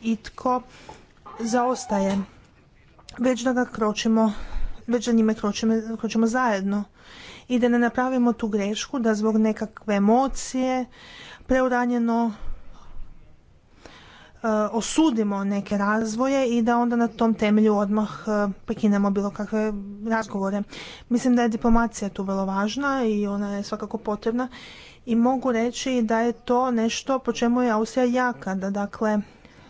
itko zaostaje, već da ga kročimo, već da njime kročimo, kročimo zajedno i da ne napravimo tu grešku da zbog nekakve emocije preuranjeno eh, osudimo neke razvoje i da onda na tom temelju odmah eh, prekinemo bilo kakve razgovore. Mislim da je diplomacija tu vrlo važna i ona je svakako potrebna i mogu reći da je to nešto po čemu je Austrija jaka, dakle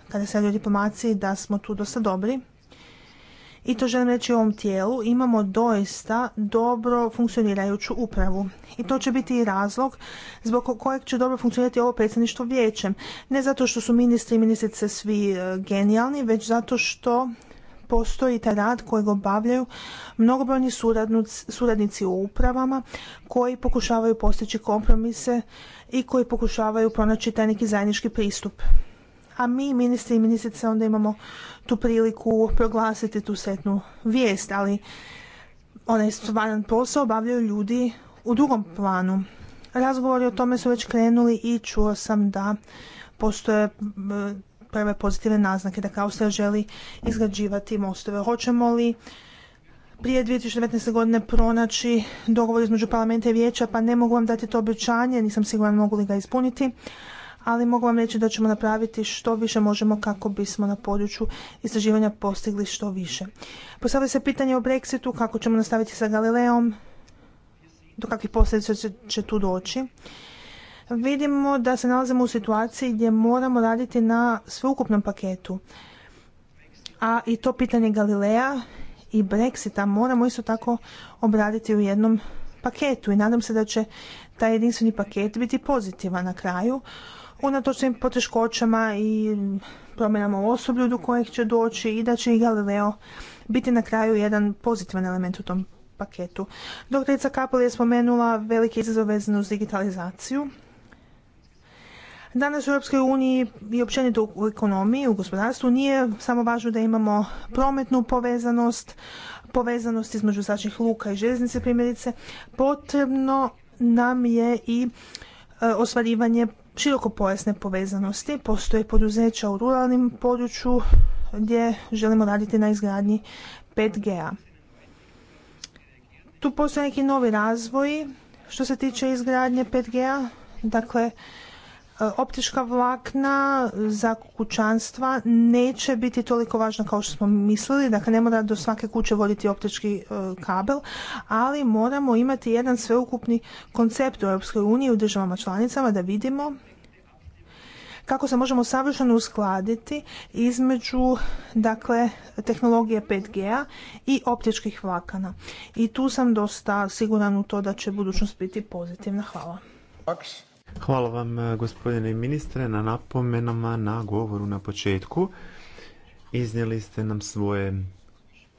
kada se radi o diplomaciji da smo tu dosta dobri i to želim reći u ovom tijelu, imamo doista dobro funkcionirajuću upravu. I to će biti i razlog zbog kojeg će dobro funkcionirati ovo predsjedništvo vijećem. Ne zato što su ministri i ministrice svi e, genijalni, već zato što postoji taj rad kojeg obavljaju mnogobrojni suradnici u upravama koji pokušavaju postići kompromise i koji pokušavaju pronaći taj neki zajednički pristup a mi ministri i ministrice onda imamo tu priliku proglasiti tu setnu vijest, ali onaj stvaran posao obavljaju ljudi u drugom planu. Razgovori o tome su već krenuli i čuo sam da postoje prve pozitivne naznake da kao se želi izgrađivati mostove. Hoćemo li prije 2019. godine pronaći dogovor između parlamenta i vijeća, pa ne mogu vam dati to obećanje, nisam sigurna mogu li ga ispuniti, ali mogu vam reći da ćemo napraviti što više možemo kako bismo na području istraživanja postigli što više. Postavlja se pitanje o Brexitu, kako ćemo nastaviti sa Galileom, do kakvih posljedica će, tu doći. Vidimo da se nalazimo u situaciji gdje moramo raditi na sveukupnom paketu. A i to pitanje Galilea i Brexita moramo isto tako obraditi u jednom paketu i nadam se da će taj jedinstveni paket biti pozitivan na kraju unatoč svim poteškoćama i promjenama u osoblju do kojih će doći i da će i Galileo biti na kraju jedan pozitivan element u tom paketu. Doktorica Kapel je spomenula velike izazove vezane uz digitalizaciju. Danas u Europskoj uniji i općenito u ekonomiji, u gospodarstvu nije samo važno da imamo prometnu povezanost, povezanost između zračnih luka i željeznice primjerice, potrebno nam je i e, ostvarivanje širokopojasne povezanosti. Postoje poduzeća u ruralnim području gdje želimo raditi na izgradnji 5G-a. Tu postoje neki novi razvoji što se tiče izgradnje 5G-a. Dakle, e, optička vlakna za kućanstva neće biti toliko važna kao što smo mislili, dakle ne mora do svake kuće voditi optički e, kabel, ali moramo imati jedan sveukupni koncept u EU u državama članicama da vidimo kako se možemo savršeno uskladiti između dakle, tehnologije 5G-a i optičkih vlakana. I tu sam dosta siguran u to da će budućnost biti pozitivna. Hvala. Hvala vam e, gospodine ministre na napomenama na govoru na početku. Iznijeli ste nam svoje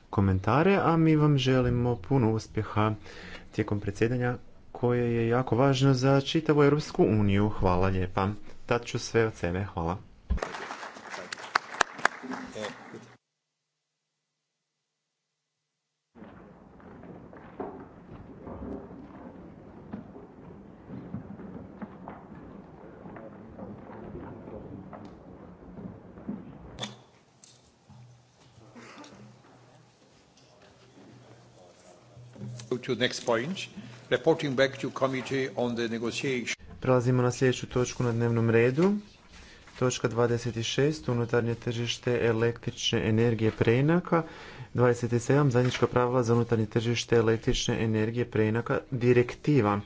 komentare, a mi vam želimo puno uspjeha tijekom predsjedanja koje je jako važno za čitavu Europsku uniju. Hvala lijepa dat ću sve od Hvala. to next point, reporting back to committee on the negotiation. Prelazimo na sljedeću točku na dnevnom redu. Točka 26. Unutarnje tržište električne energije preinaka. 27. Zajednička pravila za unutarnje tržište električne energije preinaka. Direktiva.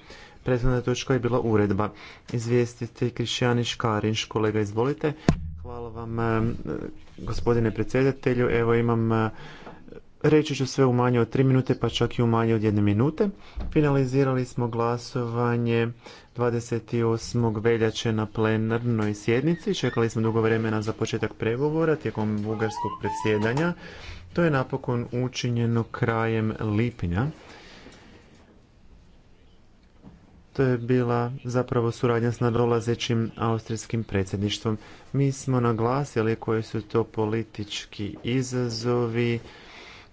Prethodna točka je bila uredba. Izvijestite Krišjanić Karinš. Kolega, izvolite. Hvala vam, eh, gospodine predsjedatelju. Evo imam eh, Reći ću sve u manje od 3 minute, pa čak i u manje od 1 minute. Finalizirali smo glasovanje 28. veljače na plenarnoj sjednici. Čekali smo dugo vremena za početak pregovora tijekom bugarskog predsjedanja. To je napokon učinjeno krajem lipnja. To je bila zapravo suradnja s nadolazećim austrijskim predsjedništvom. Mi smo naglasili koji su to politički izazovi,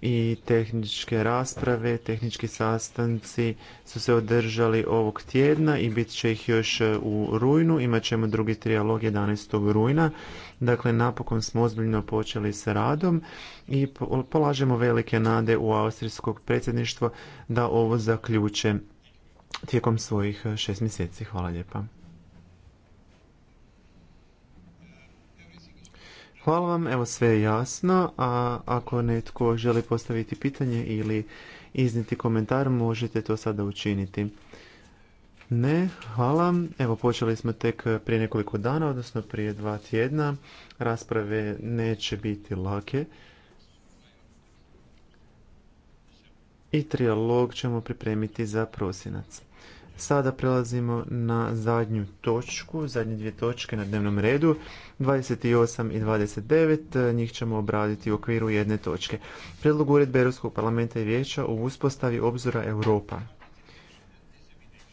i tehničke rasprave, tehnički sastanci su se održali ovog tjedna i bit će ih još e, u rujnu. Imat ćemo drugi trijalog 11. rujna. Dakle, napokon smo ozbiljno počeli sa radom i polažemo velike nade u austrijskog predsjedništva da ovo zaključe tijekom svojih e, šest mjeseci. Hvala lijepa. Hvala vam, evo sve je jasno, a ako netko želi postaviti pitanje ili izniti komentar, možete to sada učiniti. Ne, hvala. Evo počeli smo tek prije nekoliko dana, odnosno prije dva tjedna. Rasprave neće biti lake. I trijalog ćemo pripremiti za prosinac. Sada prelazimo na zadnju točku, zadnje dvije točke na dnevnom redu, 28 i 29, eh, njih ćemo obraditi u okviru jedne točke. Prijedlog uredbe Europskog parlamenta i vijeća u uspostavi obzora Europa.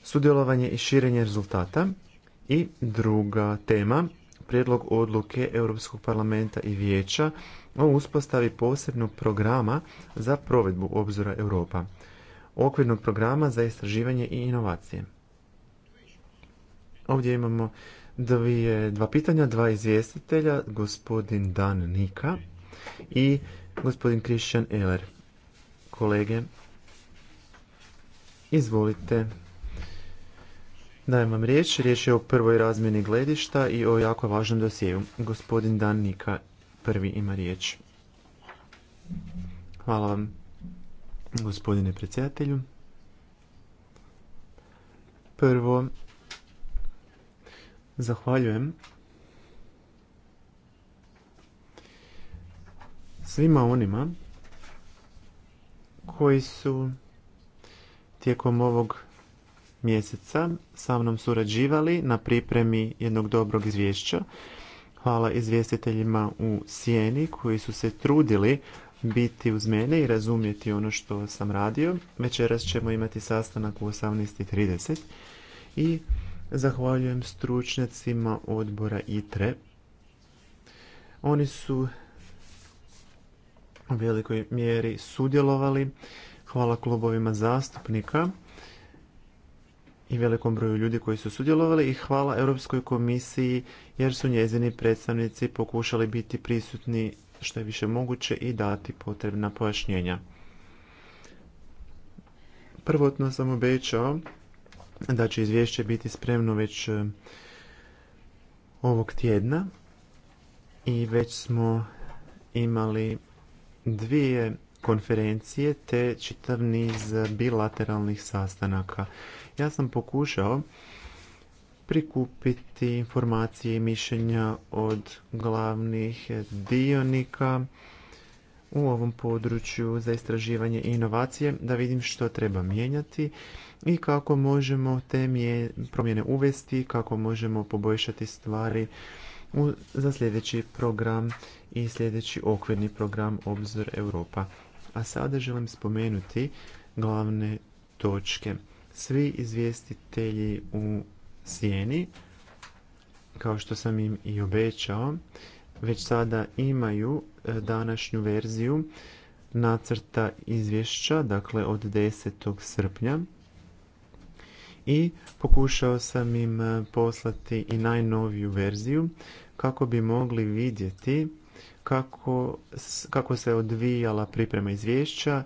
Sudjelovanje i širenje rezultata. I druga tema, prijedlog odluke Europskog parlamenta i vijeća o uspostavi posebnog programa za provedbu obzora Europa okvirnog programa za istraživanje i inovacije. Ovdje imamo dvije, dva pitanja, dva izvjestitelja, gospodin Dan Nika i gospodin Christian Eller. Kolege, izvolite. Dajem vam riječ. Riječ je o prvoj razmjeni gledišta i o jako važnom dosijevu. Gospodin Dan Nika prvi ima riječ. Hvala vam gospodine predsjedatelju. Prvo, zahvaljujem svima onima koji su tijekom ovog mjeseca sa mnom surađivali na pripremi jednog dobrog izvješća. Hvala izvjestiteljima u Sijeni koji su se trudili biti uz mene i razumjeti ono što sam radio. Večeras ćemo imati sastanak u 18.30 i zahvaljujem stručnjacima odbora ITRE. Oni su u velikoj mjeri sudjelovali. Hvala klubovima zastupnika i velikom broju ljudi koji su sudjelovali i hvala Europskoj komisiji jer su njezini predstavnici pokušali biti prisutni što je više moguće i dati potrebna pojašnjenja. Prvotno sam obećao da će izvješće biti spremno već e, ovog tjedna i već smo imali dvije konferencije te čitav niz bilateralnih sastanaka. Ja sam pokušao prikupiti informacije i mišljenja od glavnih dionika u ovom području za istraživanje i inovacije, da vidim što treba mijenjati i kako možemo te promjene uvesti, kako možemo poboljšati stvari za sljedeći program i sljedeći okvirni program Obzor Europa. A sada želim spomenuti glavne točke. Svi izvjestitelji u sjeni, kao što sam im i obećao, već sada imaju e, današnju verziju nacrta izvješća, dakle od 10. srpnja. I pokušao sam im e, poslati i najnoviju verziju kako bi mogli vidjeti kako, kako se odvijala priprema izvješća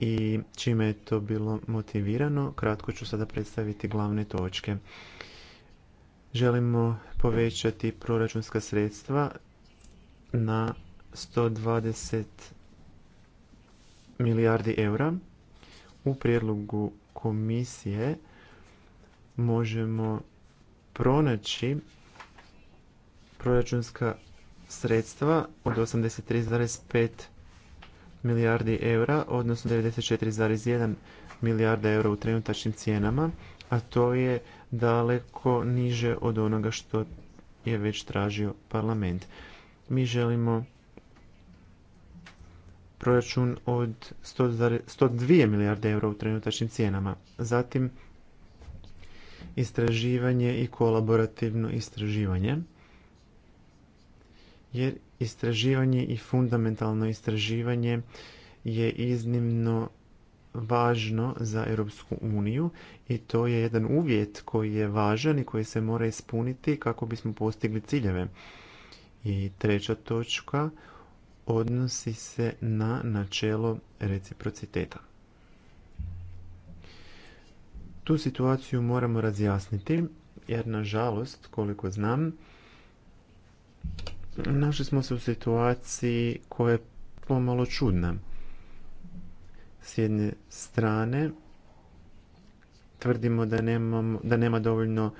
i čime je to bilo motivirano. Kratko ću sada predstaviti glavne točke želimo povećati proračunska sredstva na 120 milijardi eura. U prijedlogu komisije možemo pronaći proračunska sredstva od 83,5 milijardi eura, odnosno 94,1 milijarda eura u trenutačnim cijenama, a to je daleko niže od onoga što je već tražio parlament. Mi želimo proračun od 102 milijarde eura u trenutačnim cijenama. Zatim istraživanje i kolaborativno istraživanje. Jer istraživanje i fundamentalno istraživanje je iznimno važno za Europsku uniju i to je jedan uvjet koji je važan i koji se mora ispuniti kako bismo postigli ciljeve. I treća točka odnosi se na načelo reciprociteta. Tu situaciju moramo razjasniti jer nažalost, koliko znam, našli smo se u situaciji koja je pomalo čudna. S jedne strane tvrdimo da, da nema dovoljno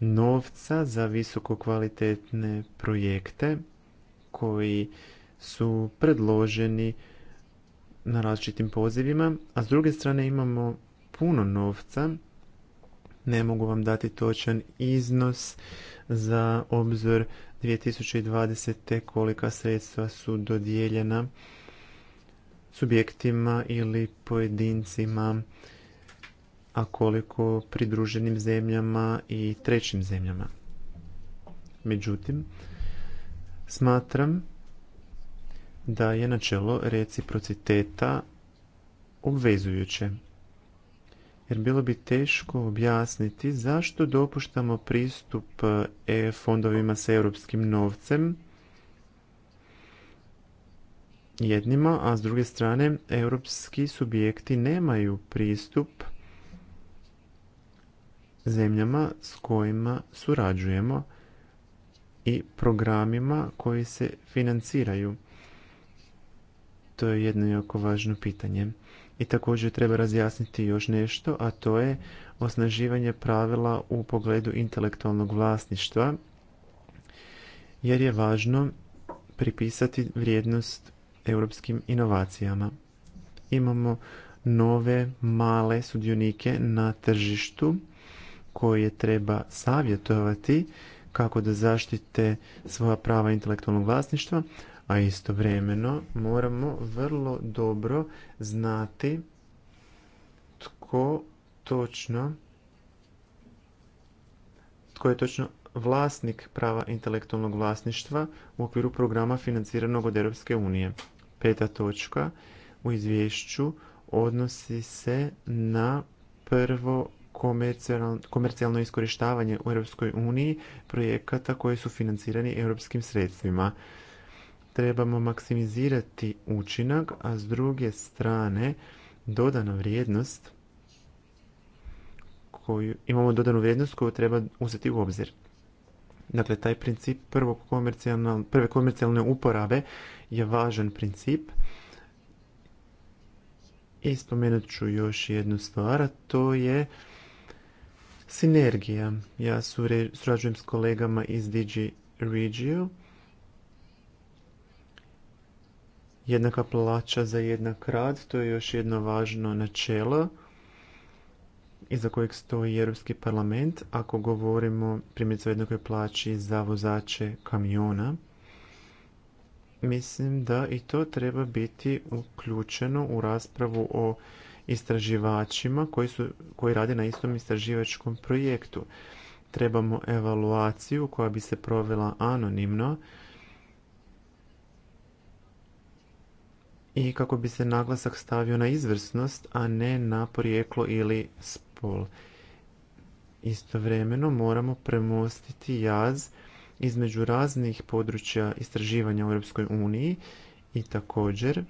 novca za visoko kvalitetne projekte koji su predloženi na različitim pozivima, a s druge strane imamo puno novca. Ne mogu vam dati točan iznos za obzor 2020. kolika sredstva su dodijeljena subjektima ili pojedincima, a koliko pridruženim zemljama i trećim zemljama. Međutim, smatram da je načelo reciprociteta obvezujuće. Jer bilo bi teško objasniti zašto dopuštamo pristup e fondovima s europskim novcem jednima, a s druge strane europski subjekti nemaju pristup zemljama s kojima surađujemo i programima koji se financiraju. To je jedno jako važno pitanje. I također treba razjasniti još nešto, a to je osnaživanje pravila u pogledu intelektualnog vlasništva, jer je važno pripisati vrijednost europskim inovacijama. Imamo nove male sudionike na tržištu koje treba savjetovati kako da zaštite svoja prava intelektualnog vlasništva, a istovremeno moramo vrlo dobro znati tko točno tko je točno vlasnik prava intelektualnog vlasništva u okviru programa financiranog od Europske unije. Peta točka u izvješću odnosi se na prvo komercijalno iskorištavanje u Europskoj uniji projekata koji su financirani europskim sredstvima. Trebamo maksimizirati učinak, a s druge strane dodana vrijednost koju imamo dodanu vrijednost koju treba uzeti u obzir. Dakle, taj princip prve komercijalne uporabe je važan princip. I spomenut ću još jednu stvar, a to je sinergija. Ja surađujem s kolegama iz Digi Regio. Jednaka plaća za jednak rad, to je još jedno važno načelo iza kojeg stoji Europski parlament ako govorimo primjerice o jednakoj plaći za vozače kamiona mislim da i to treba biti uključeno u raspravu o istraživačima koji, su, rade na istom istraživačkom projektu. Trebamo evaluaciju koja bi se provela anonimno i kako bi se naglasak stavio na izvrsnost, a ne na porijeklo ili spol. Istovremeno moramo premostiti jaz između raznih područja istraživanja u Europskoj uniji i također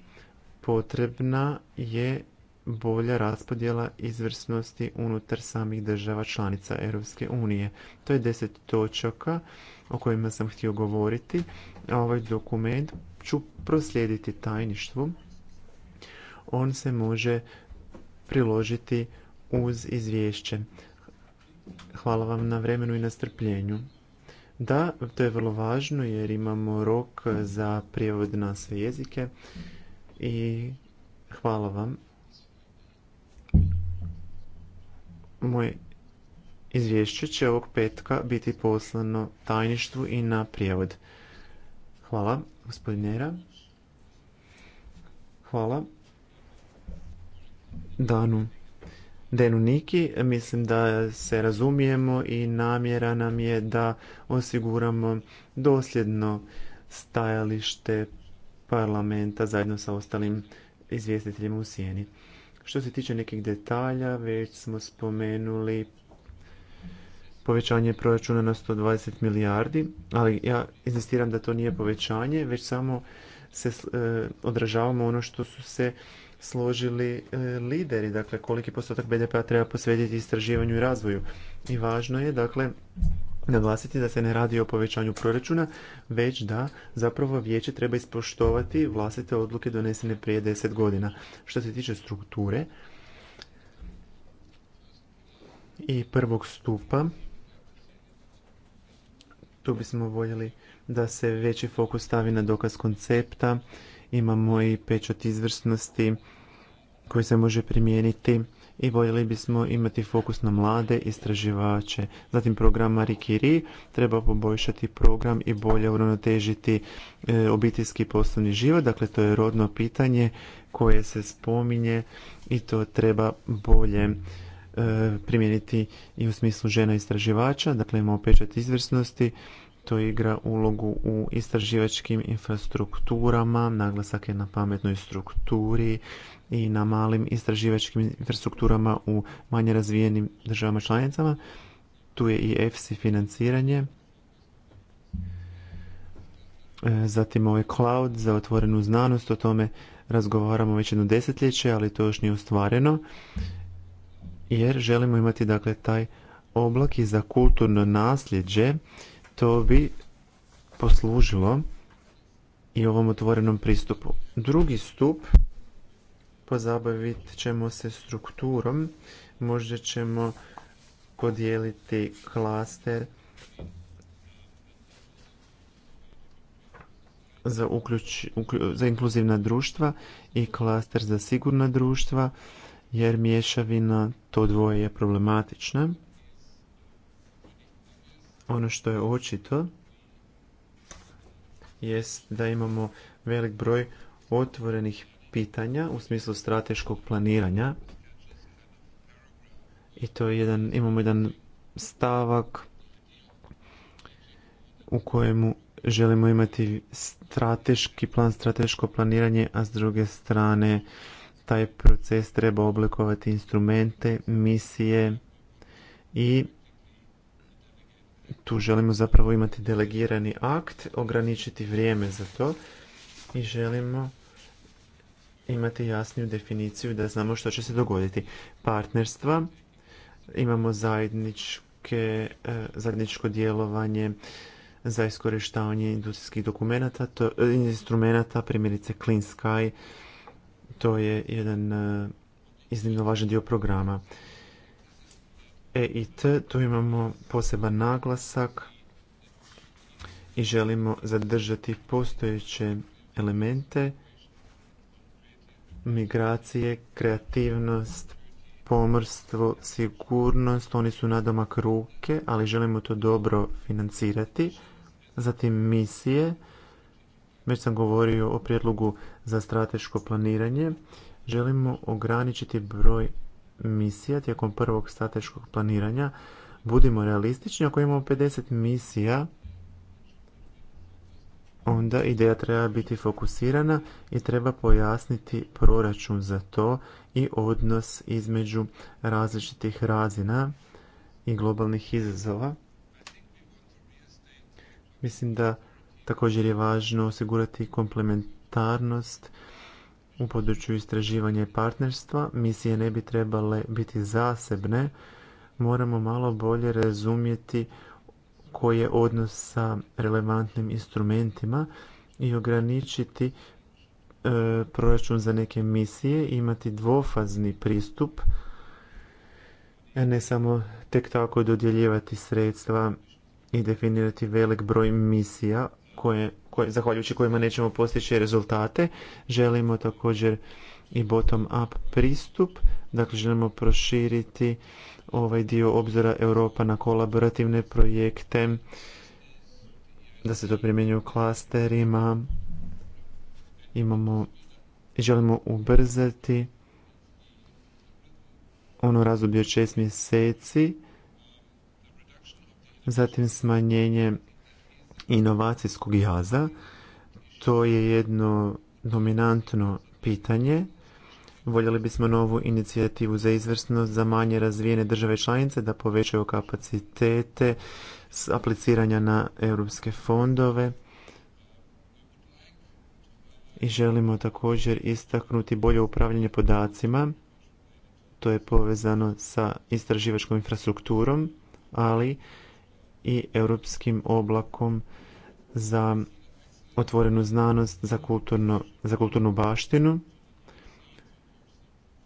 potrebna je bolja raspodjela izvrsnosti unutar samih država članica Europske unije. To je deset točaka o kojima sam htio govoriti, a ovaj dokument ću proslijediti tajništvu. On se može priložiti uz izvješće. Hvala vam na vremenu i na strpljenju. Da, to je vrlo važno jer imamo rok za prijevod na sve jezike i hvala vam. Moje izvješće će ovog petka biti poslano tajništvu i na prijevod. Hvala, gospodinera. Hvala. Danu. Denuniki. Mislim da se razumijemo i namjera nam je da osiguramo dosljedno stajalište parlamenta zajedno sa ostalim izvjestiteljima u sjeni. Što se tiče nekih detalja, već smo spomenuli povećanje proračuna na 120 milijardi, ali ja insistiram da to nije povećanje, već samo se e, odražavamo ono što su se složili e, lideri, dakle koliki postotak BDP-a treba posvetiti istraživanju i razvoju. I važno je, dakle, naglasiti da se ne radi o povećanju proračuna, već da zapravo vijeće treba ispoštovati vlastite odluke donesene prije 10 godina. Što se tiče strukture i prvog stupa, tu bismo voljeli da se veći fokus stavi na dokaz koncepta imamo i pečat izvrsnosti koji se može primijeniti i voljeli bismo imati fokus na mlade istraživače. Zatim program marikiri treba poboljšati program i bolje uravnotežiti e, obiteljski poslovni život. Dakle, to je rodno pitanje koje se spominje i to treba bolje e, primijeniti i u smislu žena istraživača. Dakle, imamo pečat izvrsnosti to igra ulogu u istraživačkim infrastrukturama, naglasak je na pametnoj strukturi i na malim istraživačkim infrastrukturama u manje razvijenim državama članicama. Tu je i EFSI financiranje, e, zatim ovaj cloud za otvorenu znanost, o tome razgovaramo već jedno desetljeće, ali to još nije ostvareno, jer želimo imati dakle taj oblak i za kulturno nasljeđe to bi poslužilo i ovom otvorenom pristupu. Drugi stup pozabavit ćemo se strukturom, možda ćemo podijeliti klaster za, uključ, za inkluzivna društva i klaster za sigurna društva jer mješavina to dvoje je problematična. Ono što je očito jest da imamo velik broj otvorenih pitanja u smislu strateškog planiranja. I to jedan, imamo jedan stavak u kojemu želimo imati strateški plan, strateško planiranje, a s druge strane taj proces treba oblikovati instrumente, misije i tu želimo zapravo imati delegirani akt, ograničiti vrijeme za to i želimo imati jasniju definiciju da znamo što će se dogoditi. Partnerstva, imamo zajedničke, e, zajedničko djelovanje za iskorištavanje industrijskih dokumenata, to, e, instrumenta, primjerice Clean Sky, to je jedan e, iznimno važan dio programa. E T, tu imamo poseban naglasak i želimo zadržati postojeće elemente migracije, kreativnost, pomrstvo, sigurnost, oni su nadomak ruke, ali želimo to dobro financirati. Zatim misije, već sam govorio o prijedlogu za strateško planiranje, želimo ograničiti broj misija tijekom prvog strateškog planiranja. Budimo realistični, ako imamo 50 misija, onda ideja treba biti fokusirana i treba pojasniti proračun za to i odnos između različitih razina i globalnih izazova. Mislim da također je važno osigurati komplementarnost u području istraživanja i partnerstva misije ne bi trebale biti zasebne moramo malo bolje razumjeti koji je odnos sa relevantnim instrumentima i ograničiti e, proračun za neke misije imati dvofazni pristup a ne samo tek tako dodjeljivati sredstva i definirati velik broj misija koje, koje, zahvaljujući kojima nećemo postići rezultate. Želimo također i bottom-up pristup, dakle želimo proširiti ovaj dio obzora Europa na kolaborativne projekte, da se to primjenjuje u klasterima, imamo, želimo ubrzati ono razdoblje od šest mjeseci, zatim smanjenje inovacijskog jaza. To je jedno dominantno pitanje. Voljeli bismo novu inicijativu za izvrsnost za manje razvijene države članice da povećaju kapacitete s apliciranja na europske fondove. I želimo također istaknuti bolje upravljanje podacima. To je povezano sa istraživačkom infrastrukturom, ali i europskim oblakom za otvorenu znanost za, kulturno, za kulturnu baštinu.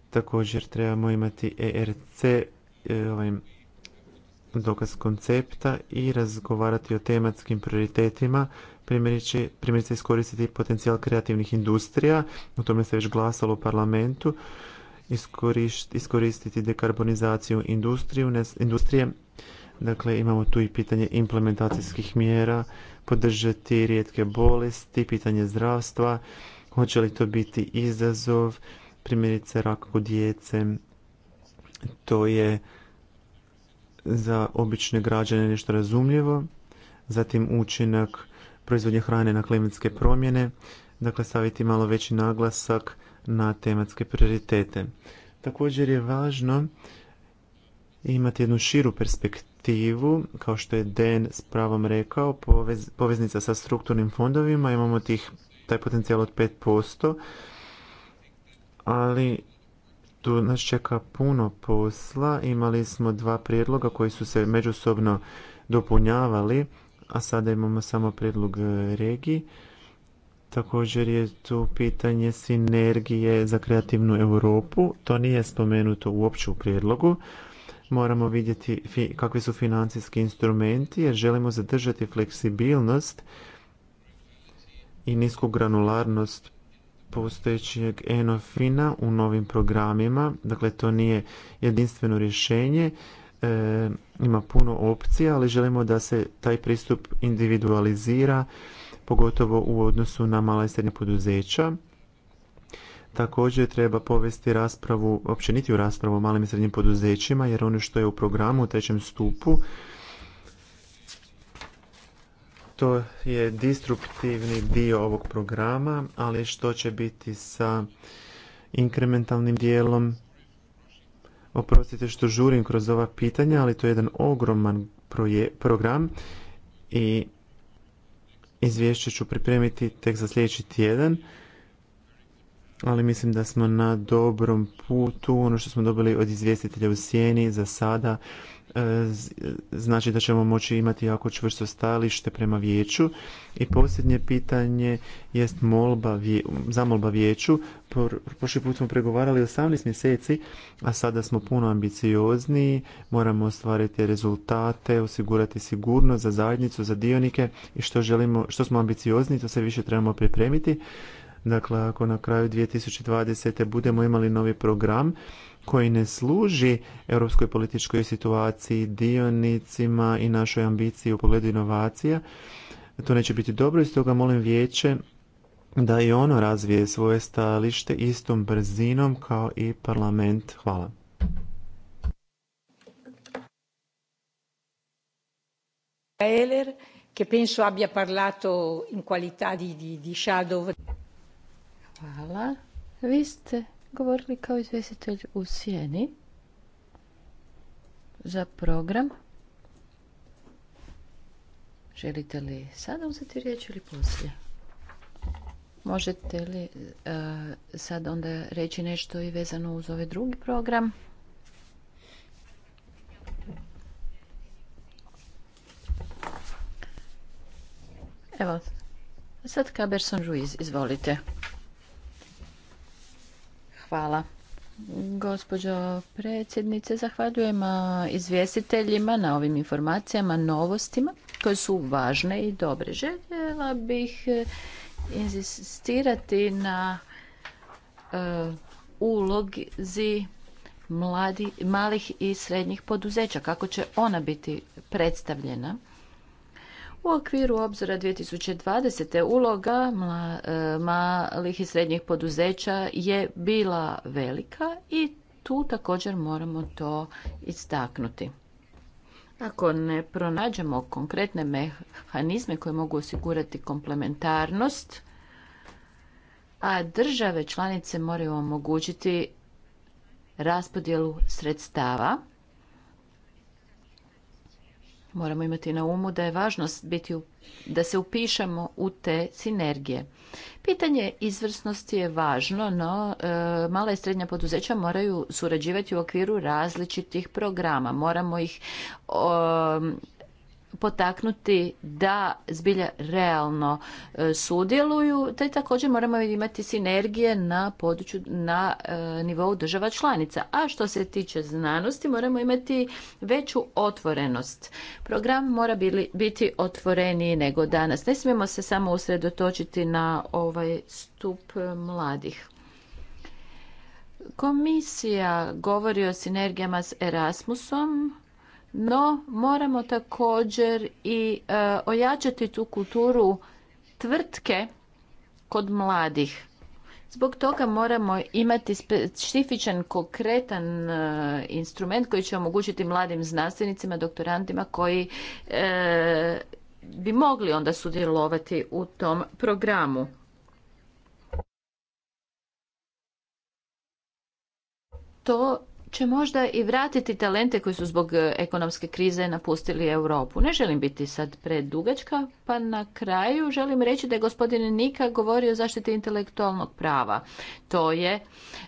Također trebamo imati ERC, e, ovaj dokaz koncepta i razgovarati o tematskim prioritetima, primjerice, iskoristiti potencijal kreativnih industrija, o tome se već glasalo u parlamentu, iskoristiti dekarbonizaciju industrije, Dakle, imamo tu i pitanje implementacijskih mjera, podržati rijetke bolesti, pitanje zdravstva, hoće li to biti izazov, primjerice rak u djece. To je za obične građane nešto razumljivo. Zatim učinak proizvodnje hrane na klimatske promjene, dakle staviti malo veći naglasak na tematske prioritete. Također je važno imati jednu širu perspektivu kao što je Den s pravom rekao, poveznica sa strukturnim fondovima, imamo tih, taj potencijal od 5%, ali tu nas čeka puno posla. Imali smo dva prijedloga koji su se međusobno dopunjavali, a sada imamo samo prijedlog e, regiji. Također je tu pitanje sinergije za kreativnu Europu. To nije spomenuto uopće u prijedlogu moramo vidjeti kakvi su financijski instrumenti jer želimo zadržati fleksibilnost i nisku granularnost postojećeg ENOFINA u novim programima. Dakle, to nije jedinstveno rješenje, e, ima puno opcija, ali želimo da se taj pristup individualizira, pogotovo u odnosu na mala i srednja poduzeća Također treba povesti raspravu, u raspravu o malim i srednjim poduzećima, jer ono što je u programu u trećem stupu, to je distruktivni dio ovog programa, ali što će biti sa inkrementalnim dijelom? Oprostite što žurim kroz ova pitanja, ali to je jedan ogroman program i izvješće ću pripremiti tek za sljedeći tjedan ali mislim da smo na dobrom putu. Ono što smo dobili od izvjestitelja u sjeni za sada e, znači da ćemo moći imati jako čvrsto stajalište prema vijeću. I posljednje pitanje jest molba, zamolba vijeću. Prošli put smo pregovarali 18 mjeseci, a sada smo puno ambiciozniji. Moramo ostvariti rezultate, osigurati sigurnost za zajednicu, za dionike i što želimo, što smo ambiciozni, to se više trebamo pripremiti. Dakle, ako na kraju 2020. budemo imali novi program koji ne služi europskoj političkoj situaciji, dionicima i našoj ambiciji u pogledu inovacija, to neće biti dobro i stoga molim vijeće da i ono razvije svoje stajalište istom brzinom kao i parlament. Hvala. che penso abbia parlato in qualità di, di, di shadow. Hvala. Vi ste govorili kao izvjestitelj u Sjeni za program. Želite li sada uzeti riječ ili poslije? Možete li e, sad onda reći nešto i vezano uz ovaj drugi program? Evo, sad Kaberson Ruiz, izvolite. Hvala. Gospođo predsjednice, zahvaljujem izvjestiteljima na ovim informacijama, novostima koje su važne i dobre. Željela bih e, insistirati na e, ulogzi malih i srednjih poduzeća, kako će ona biti predstavljena u okviru obzora 2020. uloga e, malih i srednjih poduzeća je bila velika i tu također moramo to istaknuti. Ako ne pronađemo konkretne mehanizme koje mogu osigurati komplementarnost, a države članice moraju omogućiti raspodjelu sredstava, Moramo imati na umu da je važnost biti da se upišemo u te sinergije. Pitanje izvrsnosti je važno, no e, mala i srednja poduzeća moraju surađivati u okviru različitih programa. Moramo ih o, potaknuti da zbilja realno e, sudjeluju, te također moramo imati sinergije na području na e, nivou država članica. A što se tiče znanosti, moramo imati veću otvorenost. Program mora biti otvoreniji nego danas. Ne smijemo se samo usredotočiti na ovaj stup mladih. Komisija govori o sinergijama s Erasmusom, no moramo također i e, ojačati tu kulturu tvrtke kod mladih. Zbog toga moramo imati specifičan, konkretan e, instrument koji će omogućiti mladim znanstvenicima, doktorantima koji e, bi mogli onda sudjelovati u tom programu. To će možda i vratiti talente koji su zbog e, ekonomske krize napustili Europu. Ne želim biti sad predugačka, pa na kraju želim reći da je gospodin Nika govorio o zaštiti intelektualnog prava. To je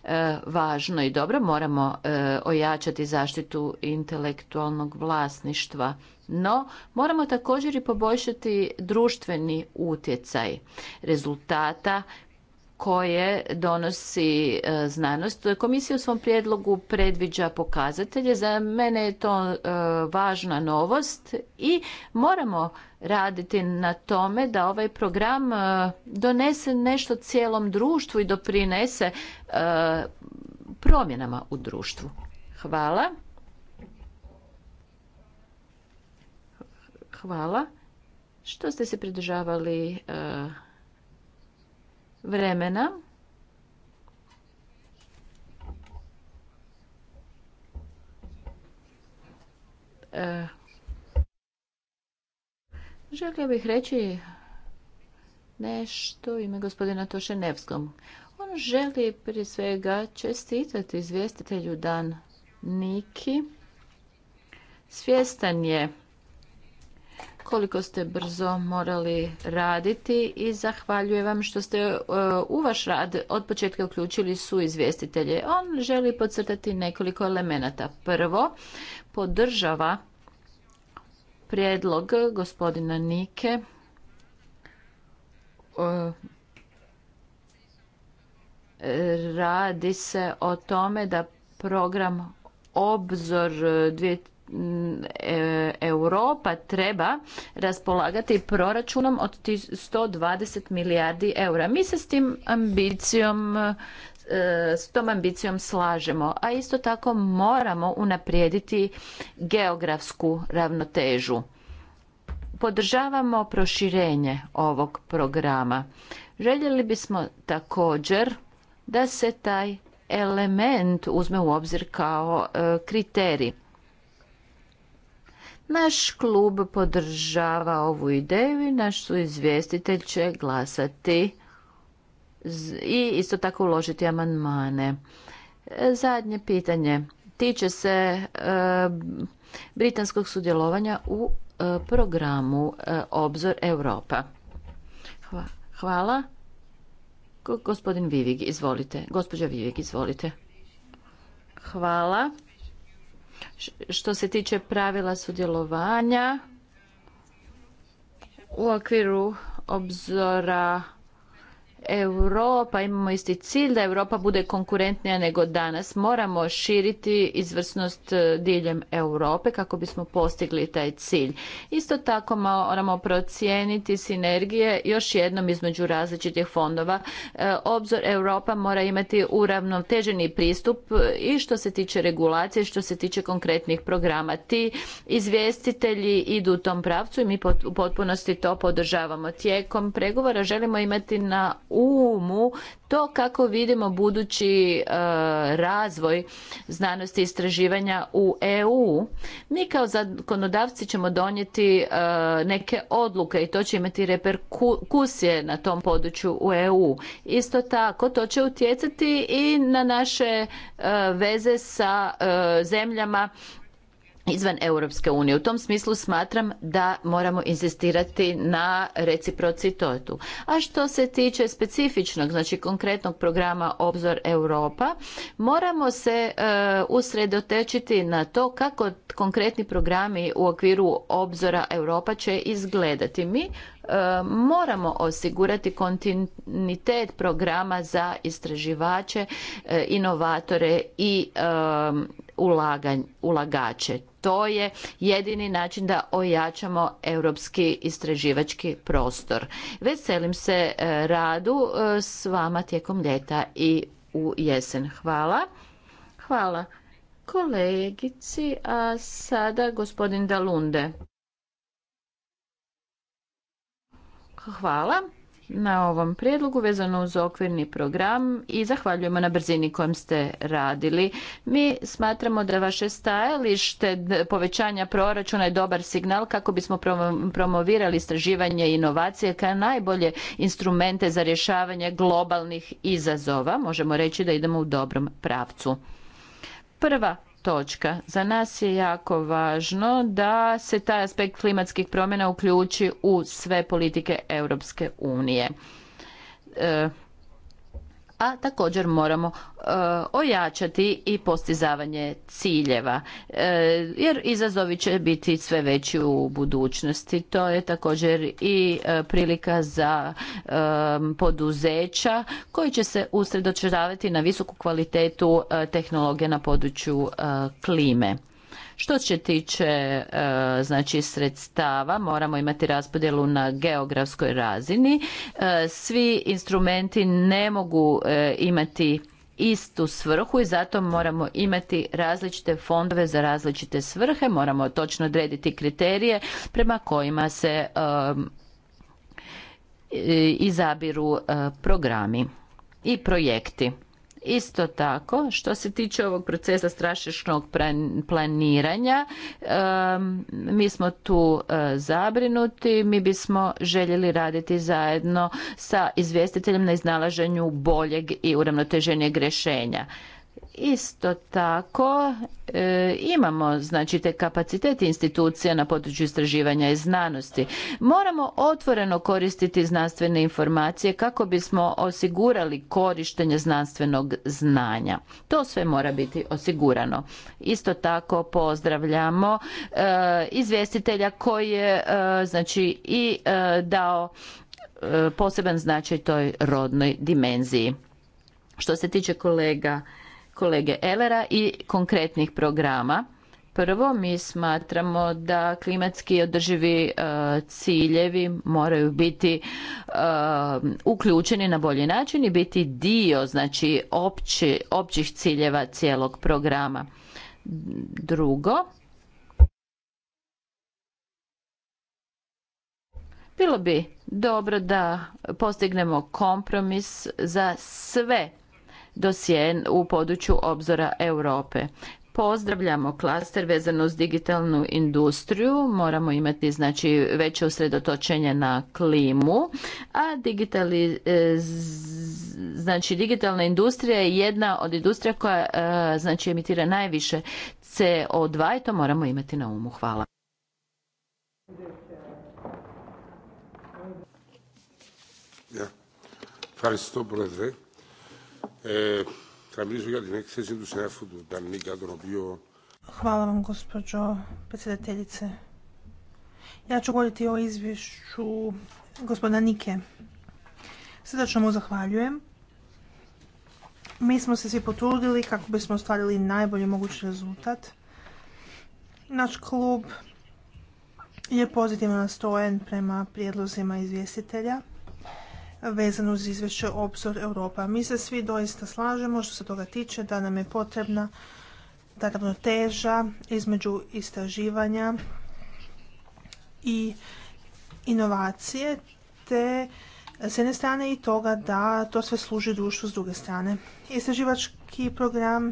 e, važno i dobro, moramo e, ojačati zaštitu intelektualnog vlasništva. No, moramo također i poboljšati društveni utjecaj rezultata koje donosi e, znanost. Komisija u svom prijedlogu predviđa pokazatelje. Za mene je to e, važna novost i moramo raditi na tome da ovaj program e, donese nešto cijelom društvu i doprinese promjenama u društvu. Hvala. Hvala. Što ste se pridržavali vremena. E, želio bih reći nešto ime gospodina Tošenevskom. On želi prije svega čestitati izvjestitelju Dan Niki. Svjestan je koliko ste brzo morali raditi i zahvaljujem vam što ste e, u vaš rad od početka uključili su izvjestitelje. On želi podcrtati nekoliko elemenata. Prvo, podržava prijedlog gospodina Nike e, radi se o tome da program Obzor E, Europa treba raspolagati proračunom od 120 milijardi eura. Mi se s tim ambicijom e, s tom ambicijom slažemo, a isto tako moramo unaprijediti geografsku ravnotežu. Podržavamo proširenje ovog programa. Željeli bismo također da se taj element uzme u obzir kao e, kriterij naš klub podržava ovu ideju i naš su izvjestitelj će glasati i isto tako uložiti amandmane. E, zadnje pitanje tiče se e, britanskog sudjelovanja u e, programu Obzor Europa. hvala. gospodin Vivig, izvolite. Gospođa Vivig, izvolite. Hvala. Što se tiče pravila sudjelovanja, u okviru obzora Europa, imamo isti cilj da Europa bude konkurentnija nego danas. Moramo širiti izvrsnost e, diljem Europe kako bismo postigli taj cilj. Isto tako moramo procijeniti sinergije još jednom između različitih fondova. E, obzor Europa mora imati uravnoteženi pristup e, i što se tiče regulacije, što se tiče konkretnih programa. Ti izvjestitelji idu u tom pravcu i mi u potpunosti to podržavamo. Tijekom pregovora želimo imati na umu to kako vidimo budući e, razvoj znanosti i istraživanja u EU. Mi kao zakonodavci ćemo donijeti e, neke odluke i to će imati reperkusije na tom području u EU. Isto tako to će utjecati i na naše e, veze sa zemljama izvan Europske unije. U tom smislu smatram da moramo inzistirati na reciprocitotu. A što se tiče specifičnog, znači konkretnog programa Obzor Europa, moramo se e, na to kako konkretni programi u okviru Obzora Europa će izgledati. Mi e, moramo osigurati kontinuitet programa za istraživače, e, inovatore i e, ulagače to je jedini način da ojačamo europski istraživački prostor. Veselim se e, radu e, s vama tijekom ljeta i u jesen. Hvala. Hvala kolegici, a sada gospodin Dalunde. Hvala na ovom prijedlogu vezano uz okvirni program i zahvaljujemo na brzini kojom ste radili. Mi smatramo da vaše stajalište povećanja proračuna je dobar signal kako bismo promovirali istraživanje i inovacije kao najbolje instrumente za rješavanje globalnih izazova. Možemo reći da idemo u dobrom pravcu. Prva točka. Za nas je jako važno da se taj aspekt klimatskih promjena uključi u sve politike Europske unije. E, a također moramo e, ojačati i postizavanje ciljeva e, jer izazovi će biti sve veći u budućnosti to je također i e, prilika za poduzeća koji će se usredočavati na visoku kvalitetu tehnologije na području klime što se tiče e, znači sredstava, moramo imati raspodjelu na geografskoj razini. E, svi instrumenti ne mogu e, imati istu svrhu i zato moramo imati različite fondove za različite svrhe, moramo točno odrediti kriterije prema kojima se izabiru programi i projekti. Isto tako, što se tiče ovog procesa strašičnog planiranja, mi smo tu e, zabrinuti, mi bismo željeli raditi zajedno sa izvjestiteljem na iznalaženju boljeg i uravnoteženijeg rješenja. Isto tako e, imamo znači te kapacitete institucija na području istraživanja i znanosti. Moramo otvoreno koristiti znanstvene informacije kako bismo osigurali korištenje znanstvenog znanja. To sve mora biti osigurano. Isto tako pozdravljamo e, izvjestitelja koji je e, znači i dao poseban značaj toj rodnoj dimenziji. Što se tiče kolega kolege Elera i konkretnih programa. Prvo, mi smatramo da klimatski održivi e, ciljevi moraju biti e, uključeni na bolji način i biti dio znači opći, općih ciljeva cijelog programa. Drugo, bilo bi dobro da postignemo kompromis za sve dosje u području obzora Europe. Pozdravljamo klaster vezano uz digitalnu industriju, moramo imati znači veće usredotočenje na klimu, a digitali, e, znači digitalna industrija je jedna od industrija koja e, znači emitira najviše CO2 i to moramo imati na umu. Hvala. Ja. Hvala vam, gospođo predsjedateljice. Ja ću govoriti o izvješću gospodina Nike. Srdačno mu zahvaljujem. Mi smo se svi potrudili kako bismo ostvarili najbolji mogući rezultat. Naš klub je pozitivno nastojen prema prijedlozima izvjestitelja vezano uz izvješće Obzor Europa. Mi se svi doista slažemo što se toga tiče da nam je potrebna ta ravnoteža između istraživanja i inovacije te s jedne strane i toga da to sve služi društvu s druge strane. Istraživački program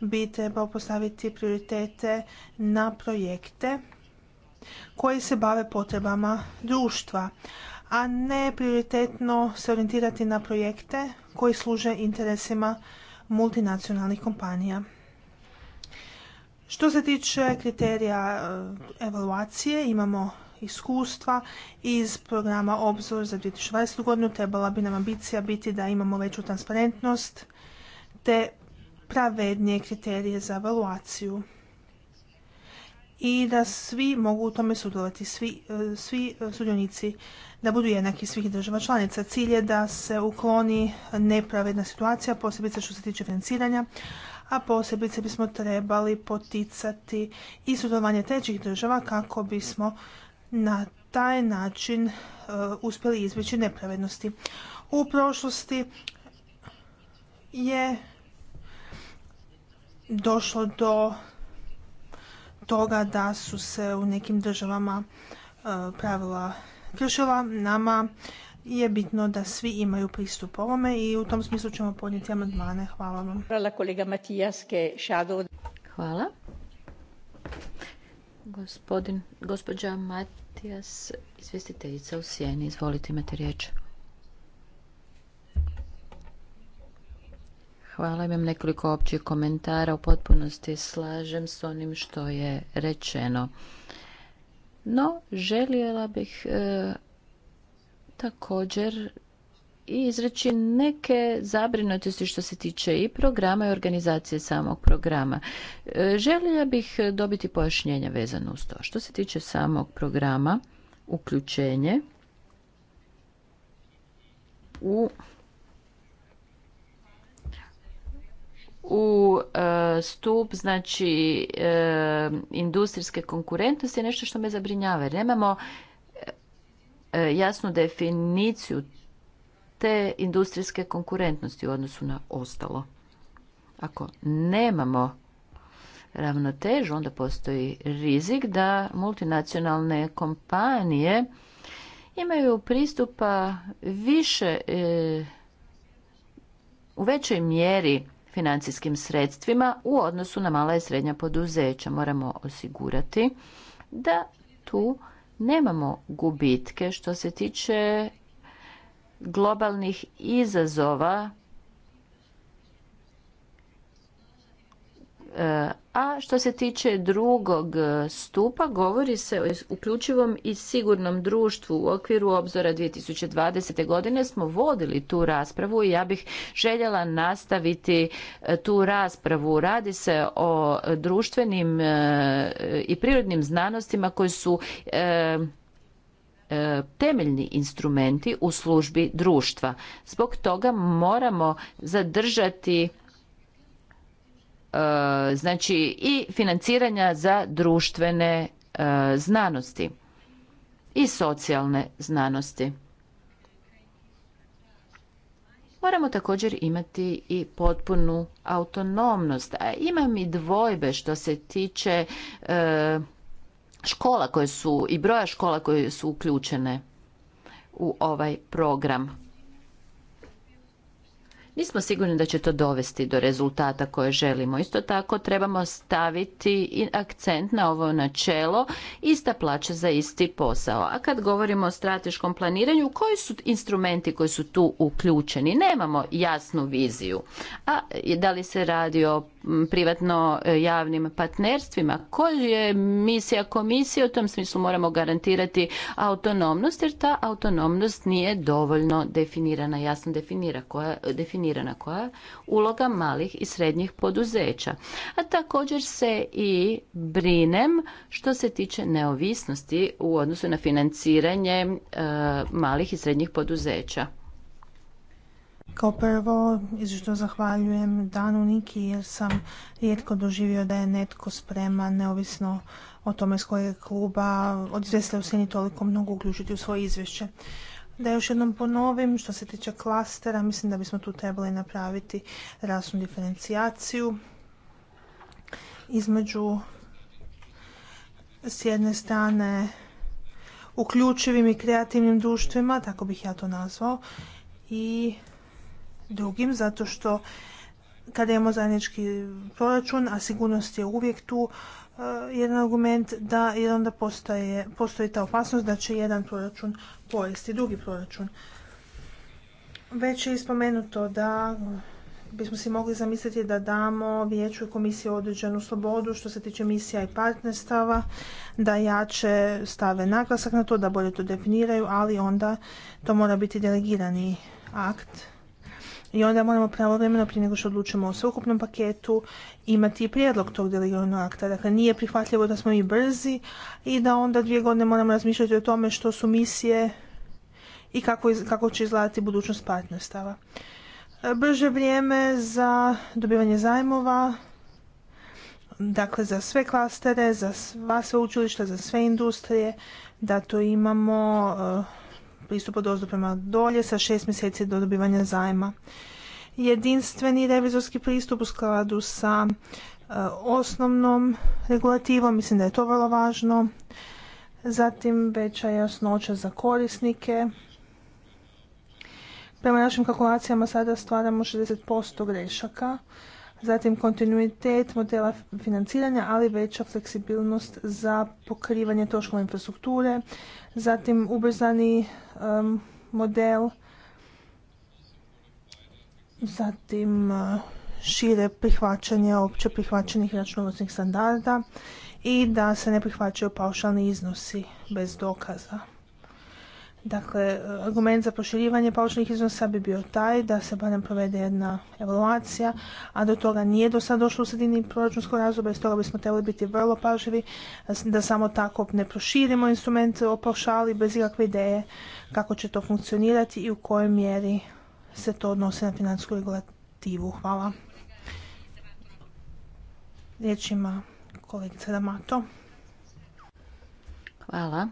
bi trebao postaviti prioritete na projekte koji se bave potrebama društva, a ne prioritetno se orijentirati na projekte koji služe interesima multinacionalnih kompanija. Što se tiče kriterija eh, evaluacije, imamo iskustva iz programa Obzor za 2020. godinu. Trebala bi nam ambicija biti da imamo veću transparentnost te pravednije kriterije za evaluaciju i da svi mogu u tome sudjelovati, svi, eh, svi eh, sudionici da budu jednaki svih država članica. Cilj je da se ukloni nepravedna situacija, posebice što se tiče financiranja, a posebice bismo trebali poticati i sudovanje trećih država kako bismo na taj način e, uspjeli izbjeći nepravednosti. U prošlosti je došlo do toga da su se u nekim državama e, pravila ključeva. Nama je bitno da svi imaju pristup ovome i u tom smislu ćemo podnijeti amandmane. Hvala vam. Hvala kolega Matijaske, Šado. Hvala. Gospodin, gospođa Matijas, izvjestiteljica u Sjeni. Izvolite, imate riječ. Hvala, imam nekoliko općih komentara. U potpunosti slažem s onim što je rečeno. No, željela bih e, također i izreći neke zabrinutosti što se tiče i programa i organizacije samog programa. E, željela bih dobiti pojašnjenja vezano uz to. Što se tiče samog programa, uključenje u u e, stup znači e, industrijske konkurentnosti je nešto što me zabrinjava jer nemamo e, jasnu definiciju te industrijske konkurentnosti u odnosu na ostalo. Ako nemamo ravnotežu, onda postoji rizik da multinacionalne kompanije imaju pristupa više u većoj mjeri financijskim sredstvima u odnosu na mala i srednja poduzeća. Moramo osigurati da tu nemamo gubitke što se tiče globalnih izazova E, a što se tiče drugog e, stupa, govori se o uključivom i sigurnom društvu. U okviru obzora 2020. godine smo vodili tu raspravu i ja bih željela nastaviti e, tu raspravu. Radi se o društvenim i prirodnim znanostima koji su temeljni instrumenti u službi društva. Zbog toga moramo zadržati E, znači i financiranja za društvene e, znanosti i socijalne znanosti. Moramo također imati i potpunu autonomnost. A imam i dvojbe što se tiče e, škola koje su i broja škola koje su uključene u ovaj program. Nismo sigurni da će to dovesti do rezultata koje želimo. Isto tako trebamo staviti akcent na ovo načelo ista plaća za isti posao. A kad govorimo o strateškom planiranju, koji su instrumenti koji su tu uključeni? Nemamo jasnu viziju. A da li se radi o privatno e, javnim partnerstvima. Koja je misija komisije? U tom smislu moramo garantirati autonomnost jer ta autonomnost nije dovoljno definirana, jasno definira koja, definirana koja je uloga malih i srednjih poduzeća. A također se i brinem što se tiče neovisnosti u odnosu na financiranje e, malih i srednjih poduzeća. Kao prvo, izvršno zahvaljujem Danu Niki jer sam rijetko doživio da je netko spreman, neovisno o tome s kojeg kluba, od izvjestila u sjeni toliko mnogo uključiti u svoje izvješće. Da još jednom ponovim, što se tiče klastera, mislim da bismo tu trebali napraviti rasnu diferencijaciju između s jedne strane uključivim i kreativnim društvima, tako bih ja to nazvao, i drugim, zato što kada imamo zajednički proračun, a sigurnost je uvijek tu e, jedan argument, da jer onda postaje, postoji ta opasnost da će jedan proračun pojesti drugi proračun. Već je ispomenuto da bismo si mogli zamisliti da damo vijeću i komisiji određenu slobodu što se tiče misija i partnerstava, da jače stave naglasak na to, da bolje to definiraju, ali onda to mora biti delegirani akt i onda moramo pravovremeno prije nego što odlučimo o sveukupnom paketu imati prijedlog tog delegiranog akta. Dakle, nije prihvatljivo da smo i brzi i da onda dvije godine moramo razmišljati o tome što su misije i kako, kako će izgledati budućnost partnerstava. E, brže vrijeme za dobivanje zajmova, dakle za sve klastere, za sva sveučilišta, za sve industrije, da to imamo e, pristup od prema dolje sa šest mjeseci do dobivanja zajma. Jedinstveni revizorski pristup u skladu sa e, osnovnom regulativom, mislim da je to vrlo važno. Zatim veća jasnoća za korisnike. Prema našim kalkulacijama sada stvaramo 60% grešaka zatim kontinuitet modela financiranja, ali veća fleksibilnost za pokrivanje troškova infrastrukture, zatim ubrzani model, zatim e, šire prihvaćanje opće prihvaćenih računovodstvenih standarda i da se ne prihvaćaju paušalni iznosi bez dokaza. Dakle, argument za proširivanje paušalnih iznosa bi bio taj da se barem provede jedna evaluacija, a do toga nije do sada došlo u sredini proračunskog razdoblja i stoga bismo trebali biti vrlo pažljivi da samo tako ne proširimo instrument o paušali bez ikakve ideje kako će to funkcionirati i u kojoj mjeri se to odnose na financijsku regulativu. Hvala. Riječ ima kolegica D'Amato. Hvala.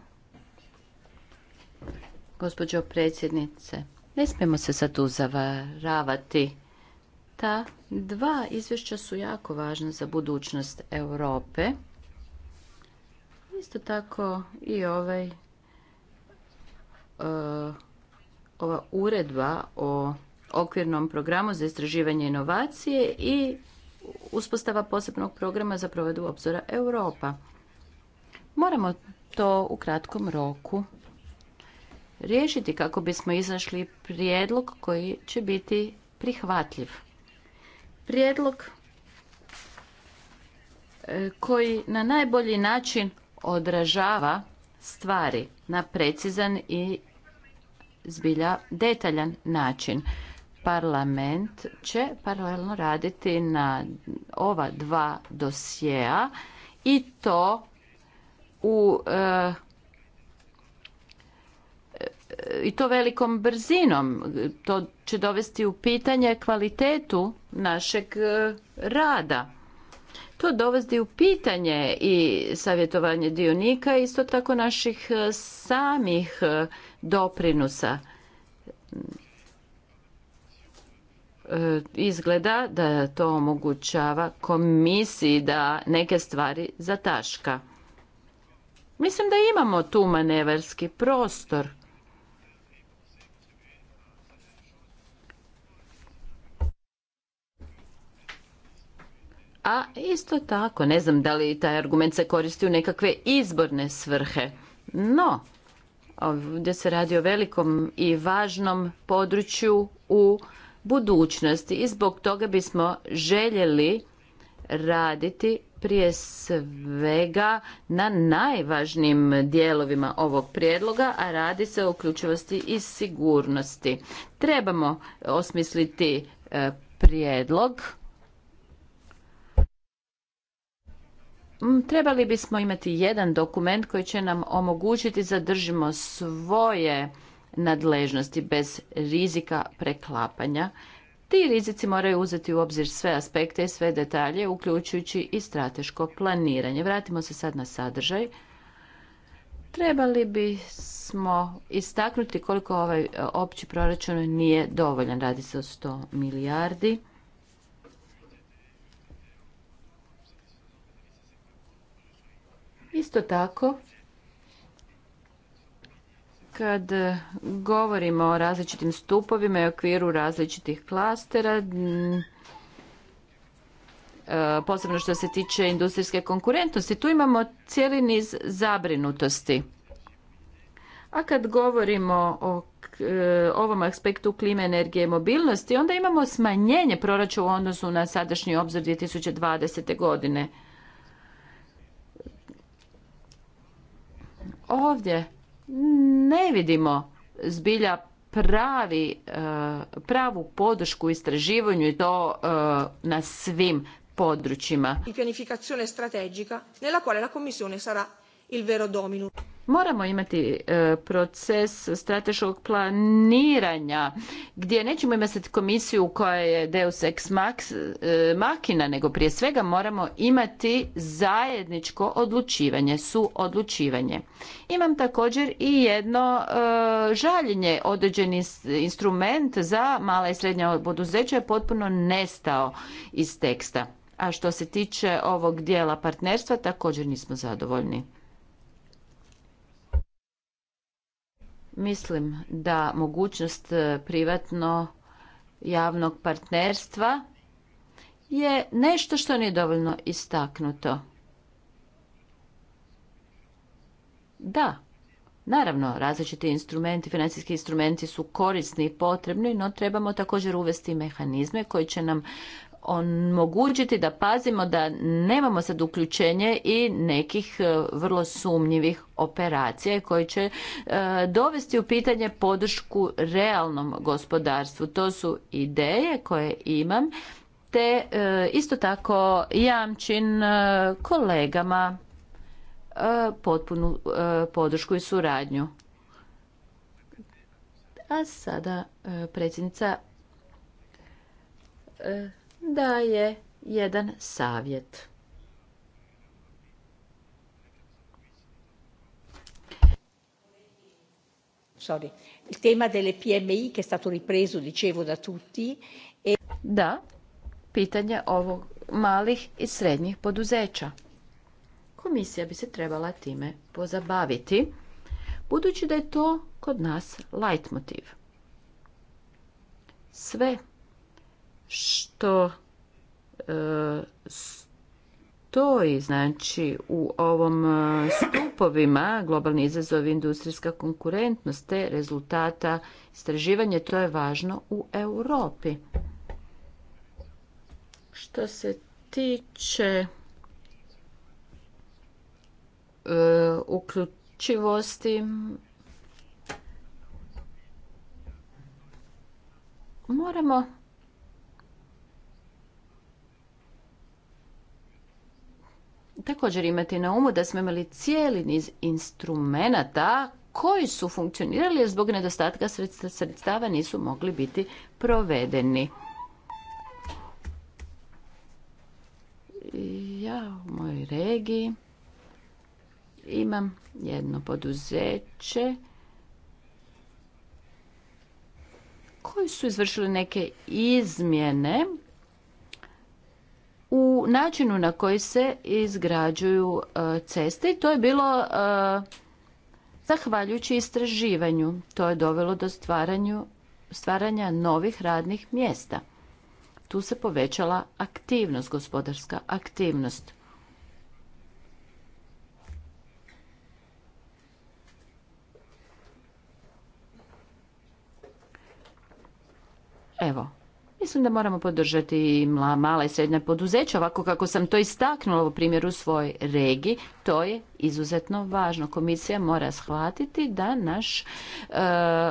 Gospođo predsjednice, ne smijemo se sad uzavaravati. Ta dva izvješća su jako važna za budućnost Europe. Isto tako i ovaj e, ova uredba o okvirnom programu za istraživanje inovacije i uspostava posebnog programa za provedbu obzora Europa. Moramo to u kratkom roku riješiti kako bismo izašli prijedlog koji će biti prihvatljiv. Prijedlog e, koji na najbolji način odražava stvari na precizan i zbilja detaljan način. Parlament će paralelno raditi na ova dva dosjea i to u e, i to velikom brzinom. To će dovesti u pitanje kvalitetu našeg e, rada. To dovesti u pitanje i savjetovanje dionika, isto tako naših e, samih e, doprinusa. Izgleda da to omogućava komisiji da neke stvari zataška. Mislim da imamo tu manevarski prostor A isto tako, ne znam da li taj argument se koristi u nekakve izborne svrhe, no ovdje se radi o velikom i važnom području u budućnosti i zbog toga bismo željeli raditi prije svega na najvažnijim dijelovima ovog prijedloga, a radi se o uključivosti i sigurnosti. Trebamo osmisliti e, prijedlog Mm, trebali bismo imati jedan dokument koji će nam omogućiti zadržimo svoje nadležnosti bez rizika preklapanja. Ti rizici moraju uzeti u obzir sve aspekte i sve detalje, uključujući i strateško planiranje. Vratimo se sad na sadržaj. Trebali bismo istaknuti koliko ovaj e, opći proračun nije dovoljan. Radi se o 100 milijardi. Isto tako, kad govorimo o različitim stupovima i okviru različitih klastera, e, posebno što se tiče industrijske konkurentnosti, tu imamo cijeli niz zabrinutosti. A kad govorimo o e, ovom aspektu klime, energije i mobilnosti, onda imamo smanjenje proračuna u odnosu na sadašnji obzor 2020. godine. ovdje ne vidimo zbilja pravi, eh, pravu podršku istraživanju i to eh, na svim područjima. I pianificazione strategica nella quale la Commissione sarà il vero dominu. Moramo imati e, proces strateškog planiranja gdje nećemo imati komisiju koja je deus ex machina, e, nego prije svega moramo imati zajedničko odlučivanje, suodlučivanje. Imam također i jedno e, žaljenje. Određeni instrument za mala i srednja poduzeća je potpuno nestao iz teksta. A što se tiče ovog dijela partnerstva, također nismo zadovoljni. Mislim da mogućnost e, privatno javnog partnerstva je nešto što nije dovoljno istaknuto. Da, naravno, različiti instrumenti, financijski instrumenti su korisni i potrebni, no trebamo također uvesti mehanizme koji će nam omogućiti da pazimo da nemamo sad uključenje i nekih e, vrlo sumnjivih operacija koje će e, dovesti u pitanje podršku realnom gospodarstvu. To su ideje koje imam te e, isto tako jamčim kolegama potpunu podršku i suradnju. A sada predsjednica je jedan savjet. Sorry. Il tema delle PMI che è stato ripreso, dicevo, da tutti. E... Da, pitanje ovog malih i srednjih poduzeća. Komisija bi se trebala time pozabaviti, budući da je to kod nas leitmotiv. Sve što e, stoji znači u ovom e, stupovima globalni izazov industrijska konkurentnost te rezultata istraživanja to je važno u Europi. Što se tiče e, uključivosti moramo također imati na umu da smo imali cijeli niz instrumenata koji su funkcionirali jer zbog nedostatka sredstava nisu mogli biti provedeni. Ja u mojoj regiji imam jedno poduzeće koji su izvršili neke izmjene u načinu na koji se izgrađuju e, ceste i to je bilo e, zahvaljujući istraživanju. To je dovelo do stvaranja novih radnih mjesta. Tu se povećala aktivnost, gospodarska aktivnost. Evo, Mislim da moramo podržati mala i srednja poduzeća, ovako kako sam to istaknula u primjeru svoj regiji, to je izuzetno važno. Komisija mora shvatiti da naš e,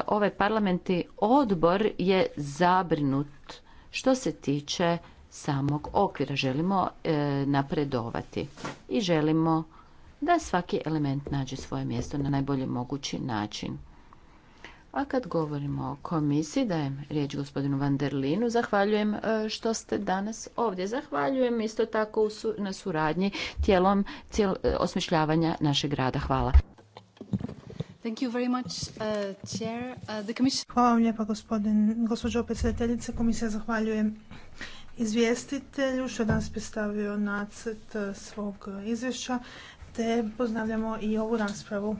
ovaj parlamenti odbor je zabrinut što se tiče samog okvira. Želimo e, napredovati i želimo da svaki element nađe svoje mjesto na najbolji mogući način. A kad govorimo o komisiji, dajem riječ gospodinu Van Zahvaljujem e, što ste danas ovdje. Zahvaljujem isto tako na suradnji tijelom e, osmišljavanja našeg rada. Hvala. Uh, uh, Hvala vam lijepa gospodin, gospođo predsjedateljice. Komisija zahvaljujem izvjestitelju što je danas predstavio nacrt e, svog izvješća te pozdravljamo i ovu raspravu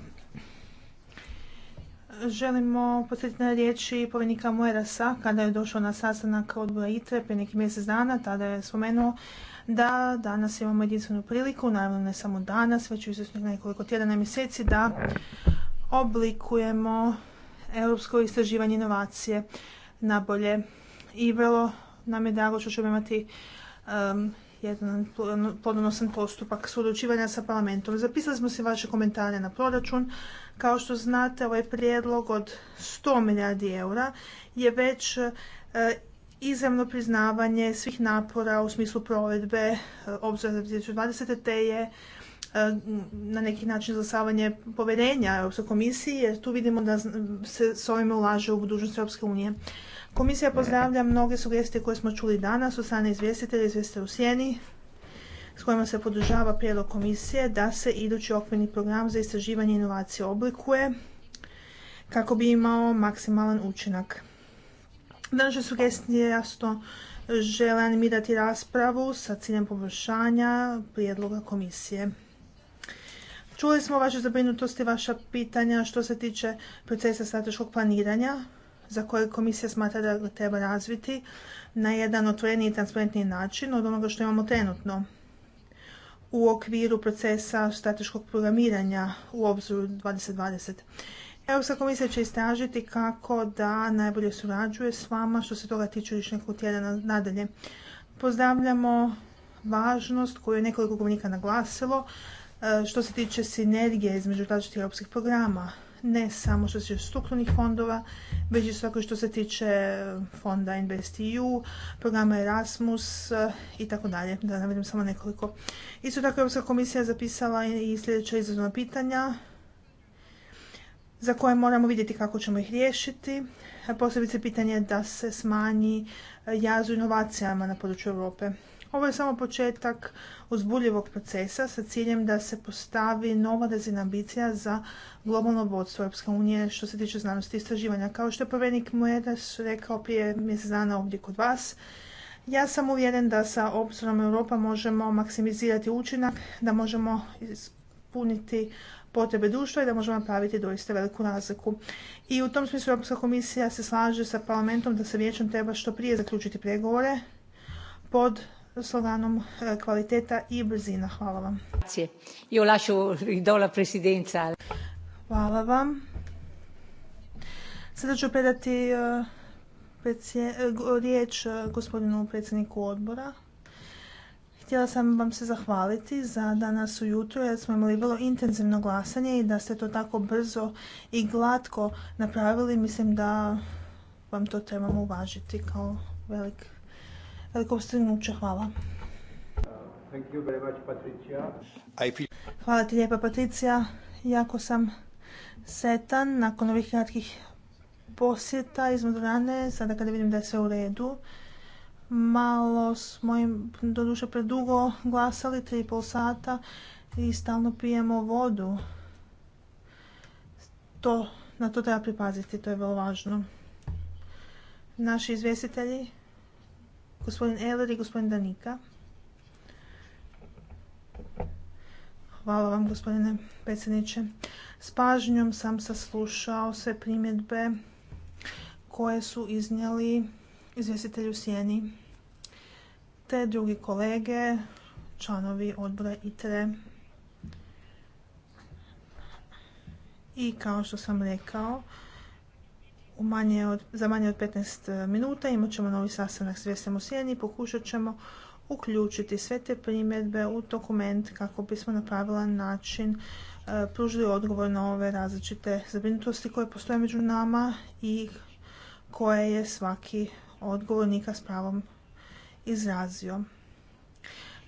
želimo posjetiti na riječi povjenika Moerasa kada je došao na sastanak odbora ITRE prije nekih mjesec dana, tada je spomenuo da danas imamo jedinstvenu priliku, naravno ne samo danas, već u izvjesnih nekoliko tjedana i mjeseci, da oblikujemo europsko istraživanje inovacije na bolje. I vrlo nam je drago što ćemo imati um, jedan plodonosan postupak sudočivanja sa parlamentom. Zapisali smo se vaše komentare na proračun. Kao što znate, ovaj prijedlog od 100 milijardi eura je već e, izravno priznavanje svih napora u smislu provedbe e, obzora za 2020. te je e, na neki način zasavanje povjerenja Europske komisije. jer tu vidimo da se s ovime ulaže u budućnost Europske unije. Komisija pozdravlja mnoge sugestije koje smo čuli danas od strane izvjestitelja Izvjeste u sjeni s kojima se podržava prijedlog komisije da se idući okvirni program za istraživanje inovacije oblikuje kako bi imao maksimalan učinak. Naše sugestije jasno žele animirati raspravu sa ciljem poboljšanja prijedloga komisije. Čuli smo vaše zabrinutosti, vaša pitanja što se tiče procesa strateškog planiranja za koje komisija smatra da ga treba razviti na jedan otvoreniji i transparentniji način od onoga što imamo trenutno u okviru procesa strateškog programiranja u obzoru 2020. Europska komisija će istražiti kako da najbolje surađuje s vama što se toga tiče još nekog nadalje. Pozdravljamo važnost koju je nekoliko govornika naglasilo e, što se tiče sinergije između različitih europskih programa ne samo što se tiče strukturnih fondova, već i svako što se tiče fonda InvestEU, programa Erasmus eh, i tako dalje, da navedem samo nekoliko. Isto tako Europska komisija zapisala i sljedeća izazovna pitanja za koje moramo vidjeti kako ćemo ih riješiti. Posebice pitanje da se smanji jaz u inovacijama na području Europe. Ovo je samo početak uzbuljivog procesa sa ciljem da se postavi nova razina ambicija za globalno vodstvo Europske unije što se tiče znanosti i istraživanja. Kao što je povjerenik Moedas rekao prije mjesec dana ovdje kod vas, ja sam uvjeren da sa obzirom Europa možemo maksimizirati učinak, da možemo ispuniti potrebe društva i da možemo napraviti doista veliku razliku. I u tom smislu Europska komisija se slaže sa parlamentom da se vijećem treba što prije zaključiti pregovore pod sloganom e, kvaliteta i brzina. Hvala vam. Hvala vam. Sada ću predati e, e, riječ gospodinu predsjedniku odbora. Htjela sam vam se zahvaliti za danas ujutro jer smo imali vrlo intenzivno glasanje i da ste to tako brzo i glatko napravili. Mislim da vam to trebamo uvažiti kao velik veliko ustrnuće. Hvala. Hvala ti lijepa, Patricija. Jako sam setan nakon ovih kratkih posjeta iz Modrane, sada kada vidim da je sve u redu. Malo smo im doduše predugo glasali, tri i sata i stalno pijemo vodu. To, na to treba pripaziti, to je vrlo važno. Naši izvjestitelji gospodin Eler i gospodin Danika. Hvala vam gospodine predsjedniče. S pažnjom sam saslušao sve primjedbe koje su iznijeli izvjestitelj u sjeni te drugi kolege, članovi odbora ITRE. I kao što sam rekao, od, za manje od 15 e, minuta imat ćemo novi sastanak s Vjesem u i pokušat ćemo uključiti sve te primjedbe u dokument kako bismo na pravilan način e, pružili odgovor na ove različite zabrinutosti koje postoje među nama i koje je svaki odgovornika s pravom izrazio.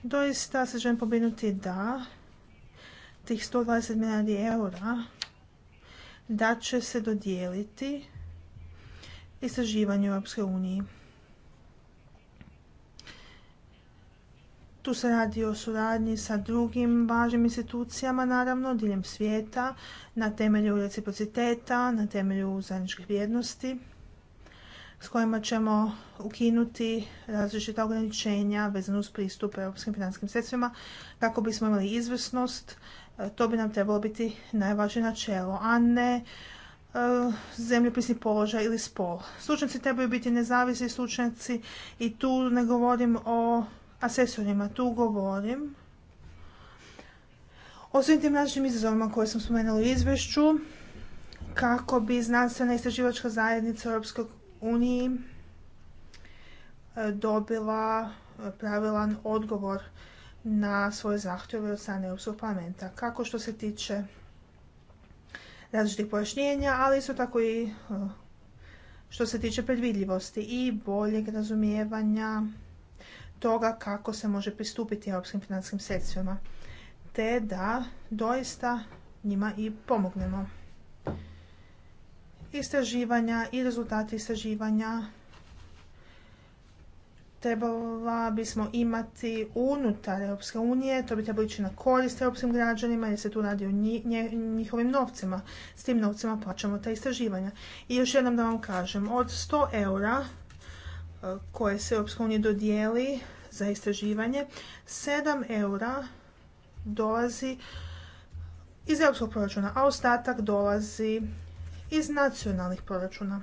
Doista se želim pobrinuti da tih 120 milijardi eura da će se dodijeliti istraživanje u Europskoj uniji. Tu se radi o suradnji sa drugim važnim institucijama, naravno, diljem svijeta, na temelju reciprociteta, na temelju zajedničkih vrijednosti, s kojima ćemo ukinuti različita ograničenja vezano uz pristup europskim financijskim sredstvima kako bismo imali izvrsnost. E, to bi nam trebalo biti najvažnije načelo, a ne E, zemljopisni položaj ili spol. Stručnjaci trebaju biti nezavisni stručnjaci i tu ne govorim o asesorima, tu govorim o svim tim našim izazovima koje sam spomenula u izvješću kako bi znanstvena istraživačka zajednica u Europskoj uniji e, dobila pravilan odgovor na svoje zahtjeve od strane Europskog parlamenta. Kako što se tiče različitih pojašnjenja, ali isto tako i e, što se tiče predvidljivosti i boljeg razumijevanja toga kako se može pristupiti europskim financijskim sredstvima, te da doista njima i pomognemo. Istraživanja i rezultati istraživanja trebala bismo imati unutar Europske unije, to bi trebalo ići na korist europskim građanima jer se tu radi o njihovim novcima. S tim novcima plaćamo ta istraživanja. I još jednom da vam kažem, od 100 eura e, koje se Europska unija dodijeli za istraživanje, 7 eura dolazi iz europskog proračuna, a ostatak dolazi iz nacionalnih proračuna.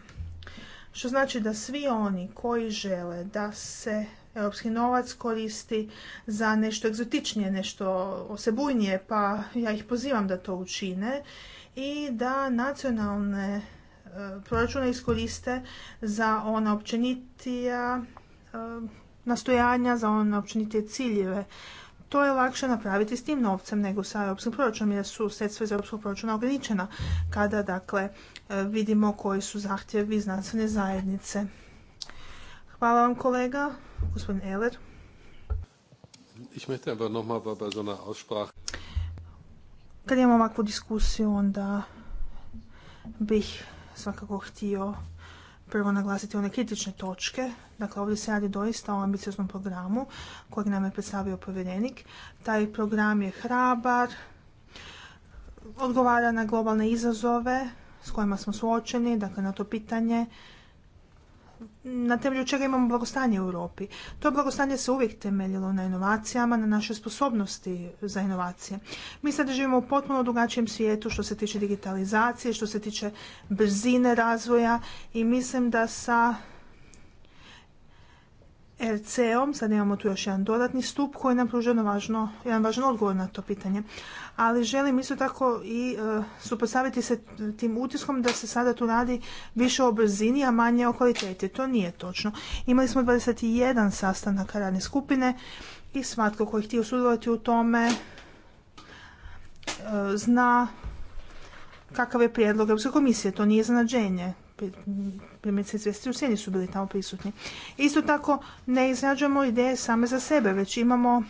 Što znači da svi oni koji žele da se europski novac koristi za nešto egzotičnije, nešto osebujnije, pa ja ih pozivam da to učine i da nacionalne e, proračune iskoriste za ona općenitija e, nastojanja, za ona općenitije ciljeve. To je lakše napraviti s tim novcem nego sa europskim proračunom jer su sredstva iz europskog proračuna ograničena kada dakle E, vidimo koji su zahtjevi znanstvene zajednice. Hvala vam kolega, gospodin Eler. Ich möchte aber noch mal bei so einer Aussprache. Kad imamo ovakvu diskusiju, onda bih svakako htio prvo naglasiti one kritične točke. Dakle, ovdje se radi doista o ambicioznom programu kojeg nam je predstavio povjerenik. Taj program je hrabar, odgovara na globalne izazove s kojima smo suočeni, dakle na to pitanje na temelju čega imamo blagostanje u Europi. To blagostanje se uvijek temeljilo na inovacijama, na našoj sposobnosti za inovacije. Mi sad živimo u potpuno drugačijem svijetu što se tiče digitalizacije, što se tiče brzine razvoja i mislim da sa rc sad imamo tu još jedan dodatni stup koji nam pruža jedan važno, jedan važan odgovor na to pitanje. Ali želim isto tako i e, supostaviti se tim utiskom da se sada tu radi više o brzini, a manje o kvaliteti. To nije točno. Imali smo 21 sastanaka radne skupine i svatko koji je htio sudjelovati u tome e, zna kakav je prijedlog Europske komisije. To nije znađenje primjerice izvesti, u sjeni su bili tamo prisutni. Isto tako ne izrađujemo ideje same za sebe, već imamo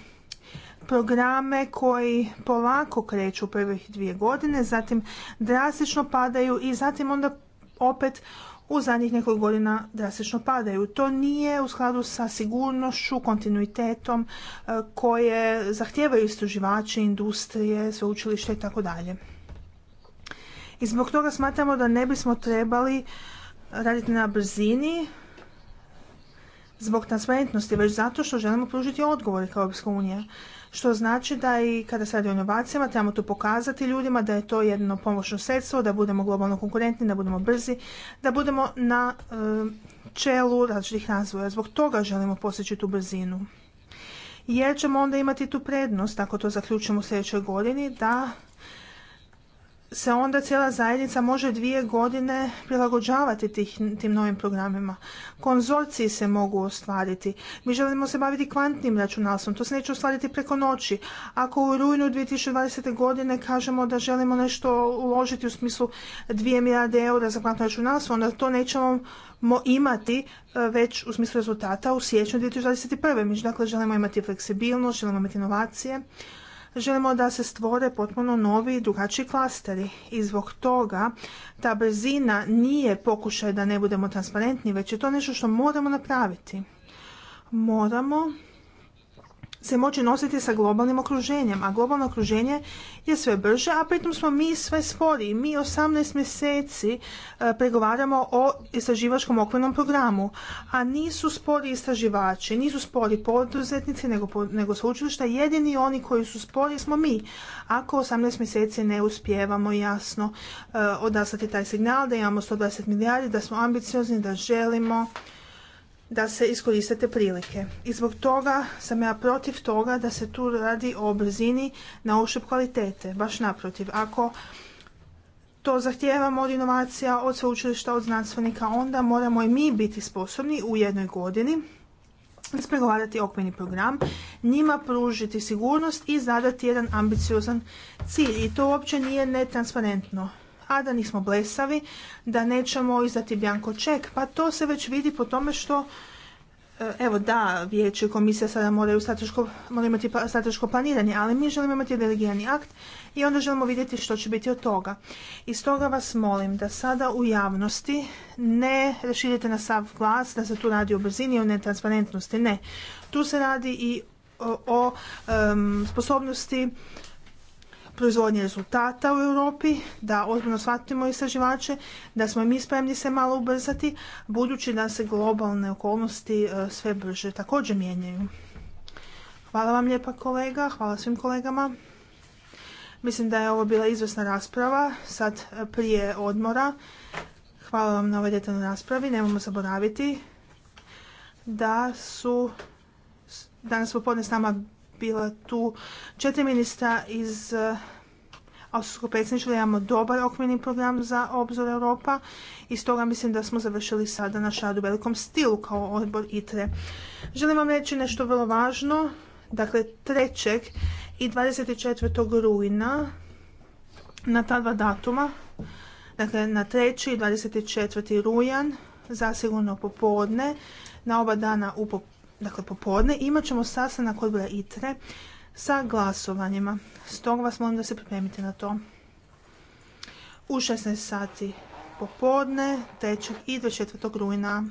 programe koji polako kreću u prvih dvije godine, zatim drastično padaju i zatim onda opet u zadnjih nekoliko godina drastično padaju. To nije u skladu sa sigurnošću, kontinuitetom e, koje zahtijevaju istraživači, industrije, sveučilište i tako dalje. I zbog toga smatramo da ne bismo trebali raditi na brzini zbog transparentnosti, već zato što želimo pružiti odgovore kao Europska unija. Što znači da i kada se radi o inovacijama trebamo tu pokazati ljudima da je to jedno pomoćno sredstvo, da budemo globalno konkurentni, da budemo brzi, da budemo na eh, čelu različitih razvoja. Zbog toga želimo postići tu brzinu. Jer ćemo onda imati tu prednost, ako to zaključimo u sljedećoj godini, da se onda cijela zajednica može dvije godine prilagođavati tih, tim novim programima. Konzorciji se mogu ostvariti. Mi želimo se baviti kvantnim računalstvom, to se neće ostvariti preko noći. Ako u rujnu 2020. godine kažemo da želimo nešto uložiti u smislu 2 milijarde eura za kvantno računalstvo, onda to nećemo imati e, već u smislu rezultata u siječnju 2021. Mi dakle želimo imati fleksibilnost, želimo imati inovacije, želimo da se stvore potpuno novi i drugačiji klasteri i zbog toga ta brzina nije pokušaj da ne budemo transparentni, već je to nešto što moramo napraviti. Moramo se moći nositi sa globalnim okruženjem, a globalno okruženje je sve brže, a pritom smo mi sve sporiji. Mi 18 mjeseci e, pregovaramo o istraživačkom okvirnom programu, a nisu spori istraživači, nisu spori poduzetnici, nego, nego sveučilišta. Jedini oni koji su spori smo mi. Ako 18 mjeseci ne uspijevamo jasno e, odaslati taj signal da imamo 120 milijardi, da smo ambiciozni, da želimo da se iskoriste te prilike. I zbog toga sam ja protiv toga da se tu radi o brzini na ušup kvalitete, baš naprotiv. Ako to zahtijevamo od inovacija, od sveučilišta, od znanstvenika, onda moramo i mi biti sposobni u jednoj godini ispregovarati okvirni program, njima pružiti sigurnost i zadati jedan ambiciozan cilj. I to uopće nije netransparentno a da nismo blesavi, da nećemo izdati bjanko ček. Pa to se već vidi po tome što e, Evo da, vijeće komisija sada moraju, moraju imati pa, strateško planiranje, ali mi želimo imati delegirani akt i onda želimo vidjeti što će biti od toga. I stoga vas molim da sada u javnosti ne raširite na sav glas da se tu radi o brzini i o netransparentnosti. Ne, tu se radi i o, sposobnosti proizvodnje rezultata u Europi, da ozbiljno shvatimo istraživače, da smo mi spremni se malo ubrzati, budući da se globalne okolnosti e, sve brže također mijenjaju. Hvala vam lijepa kolega, hvala svim kolegama. Mislim da je ovo bila izvrsna rasprava, sad e, prije odmora. Hvala vam na ovoj detaljnoj raspravi, nemojmo zaboraviti da su danas popodne s nama bila tu četiri ministra iz eh, austrijskog predsjedništva, imamo dobar okvirni program za obzor Europa i stoga mislim da smo završili sada na rad u velikom stilu kao odbor ITRE. Želim vam reći nešto vrlo važno, dakle 3. i 24. rujna na ta dva datuma, dakle na 3. i 24. rujan, zasigurno popodne, na oba dana u popodne, dakle popodne, imat ćemo sastanak odbora ITRE sa glasovanjima. Stoga vas molim da se pripremite na to. U 16 sati popodne, 3. i 24. rujna.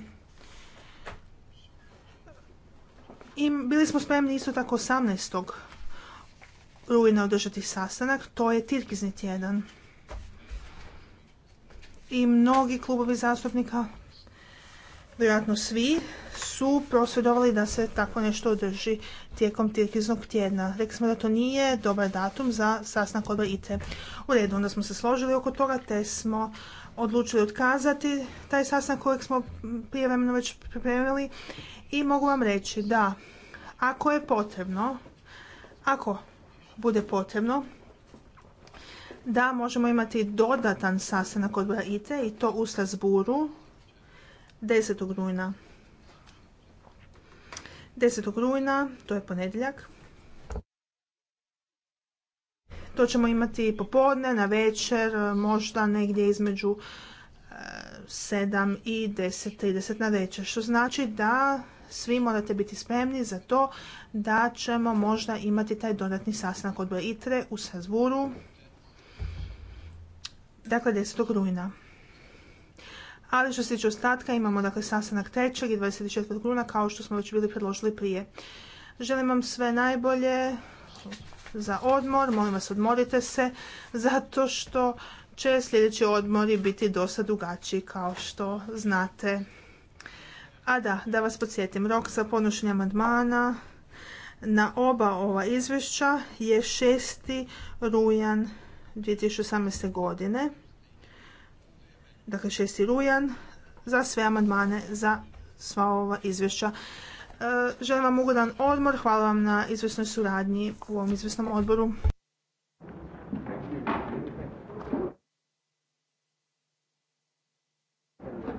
I bili smo spremni isto tako 18. rujna održati sastanak, to je Tirkizni tjedan. I mnogi klubovi zastupnika vjerojatno svi, su prosvjedovali da se tako nešto održi tijekom tirkiznog tjedna. Rekli smo da to nije dobar datum za sastanak odbora ITE. U redu, onda smo se složili oko toga te smo odlučili otkazati taj sastanak kojeg smo prijevremeno već pripremili i mogu vam reći da ako je potrebno, ako bude potrebno, da možemo imati dodatan sastanak odbora ITE i to u Strasburu 10. rujna. 10. rujna, to je ponedjeljak. To ćemo imati popodne, na večer, možda negdje između 7 e, i 10. 10.30 na večer. Što znači da svi morate biti spremni za to da ćemo možda imati taj dodatni sastanak od ITRE u Sazvuru. Dakle, 10. rujna. Ali što se tiče ostatka, imamo dakle sastanak 3. i 24. gruna kao što smo već bili predložili prije. Želim vam sve najbolje za odmor, molim vas odmorite se, zato što će sljedeći odmori biti dosta dugačiji kao što znate. A da, da vas podsjetim, rok za podnošenje amandmana na oba ova izvješća je 6. rujan 2018. godine dakle šesti rujan, za sve amandmane, za sva ova izvješća. E, želim vam ugodan odmor, hvala vam na izvjesnoj suradnji u ovom izvjesnom odboru.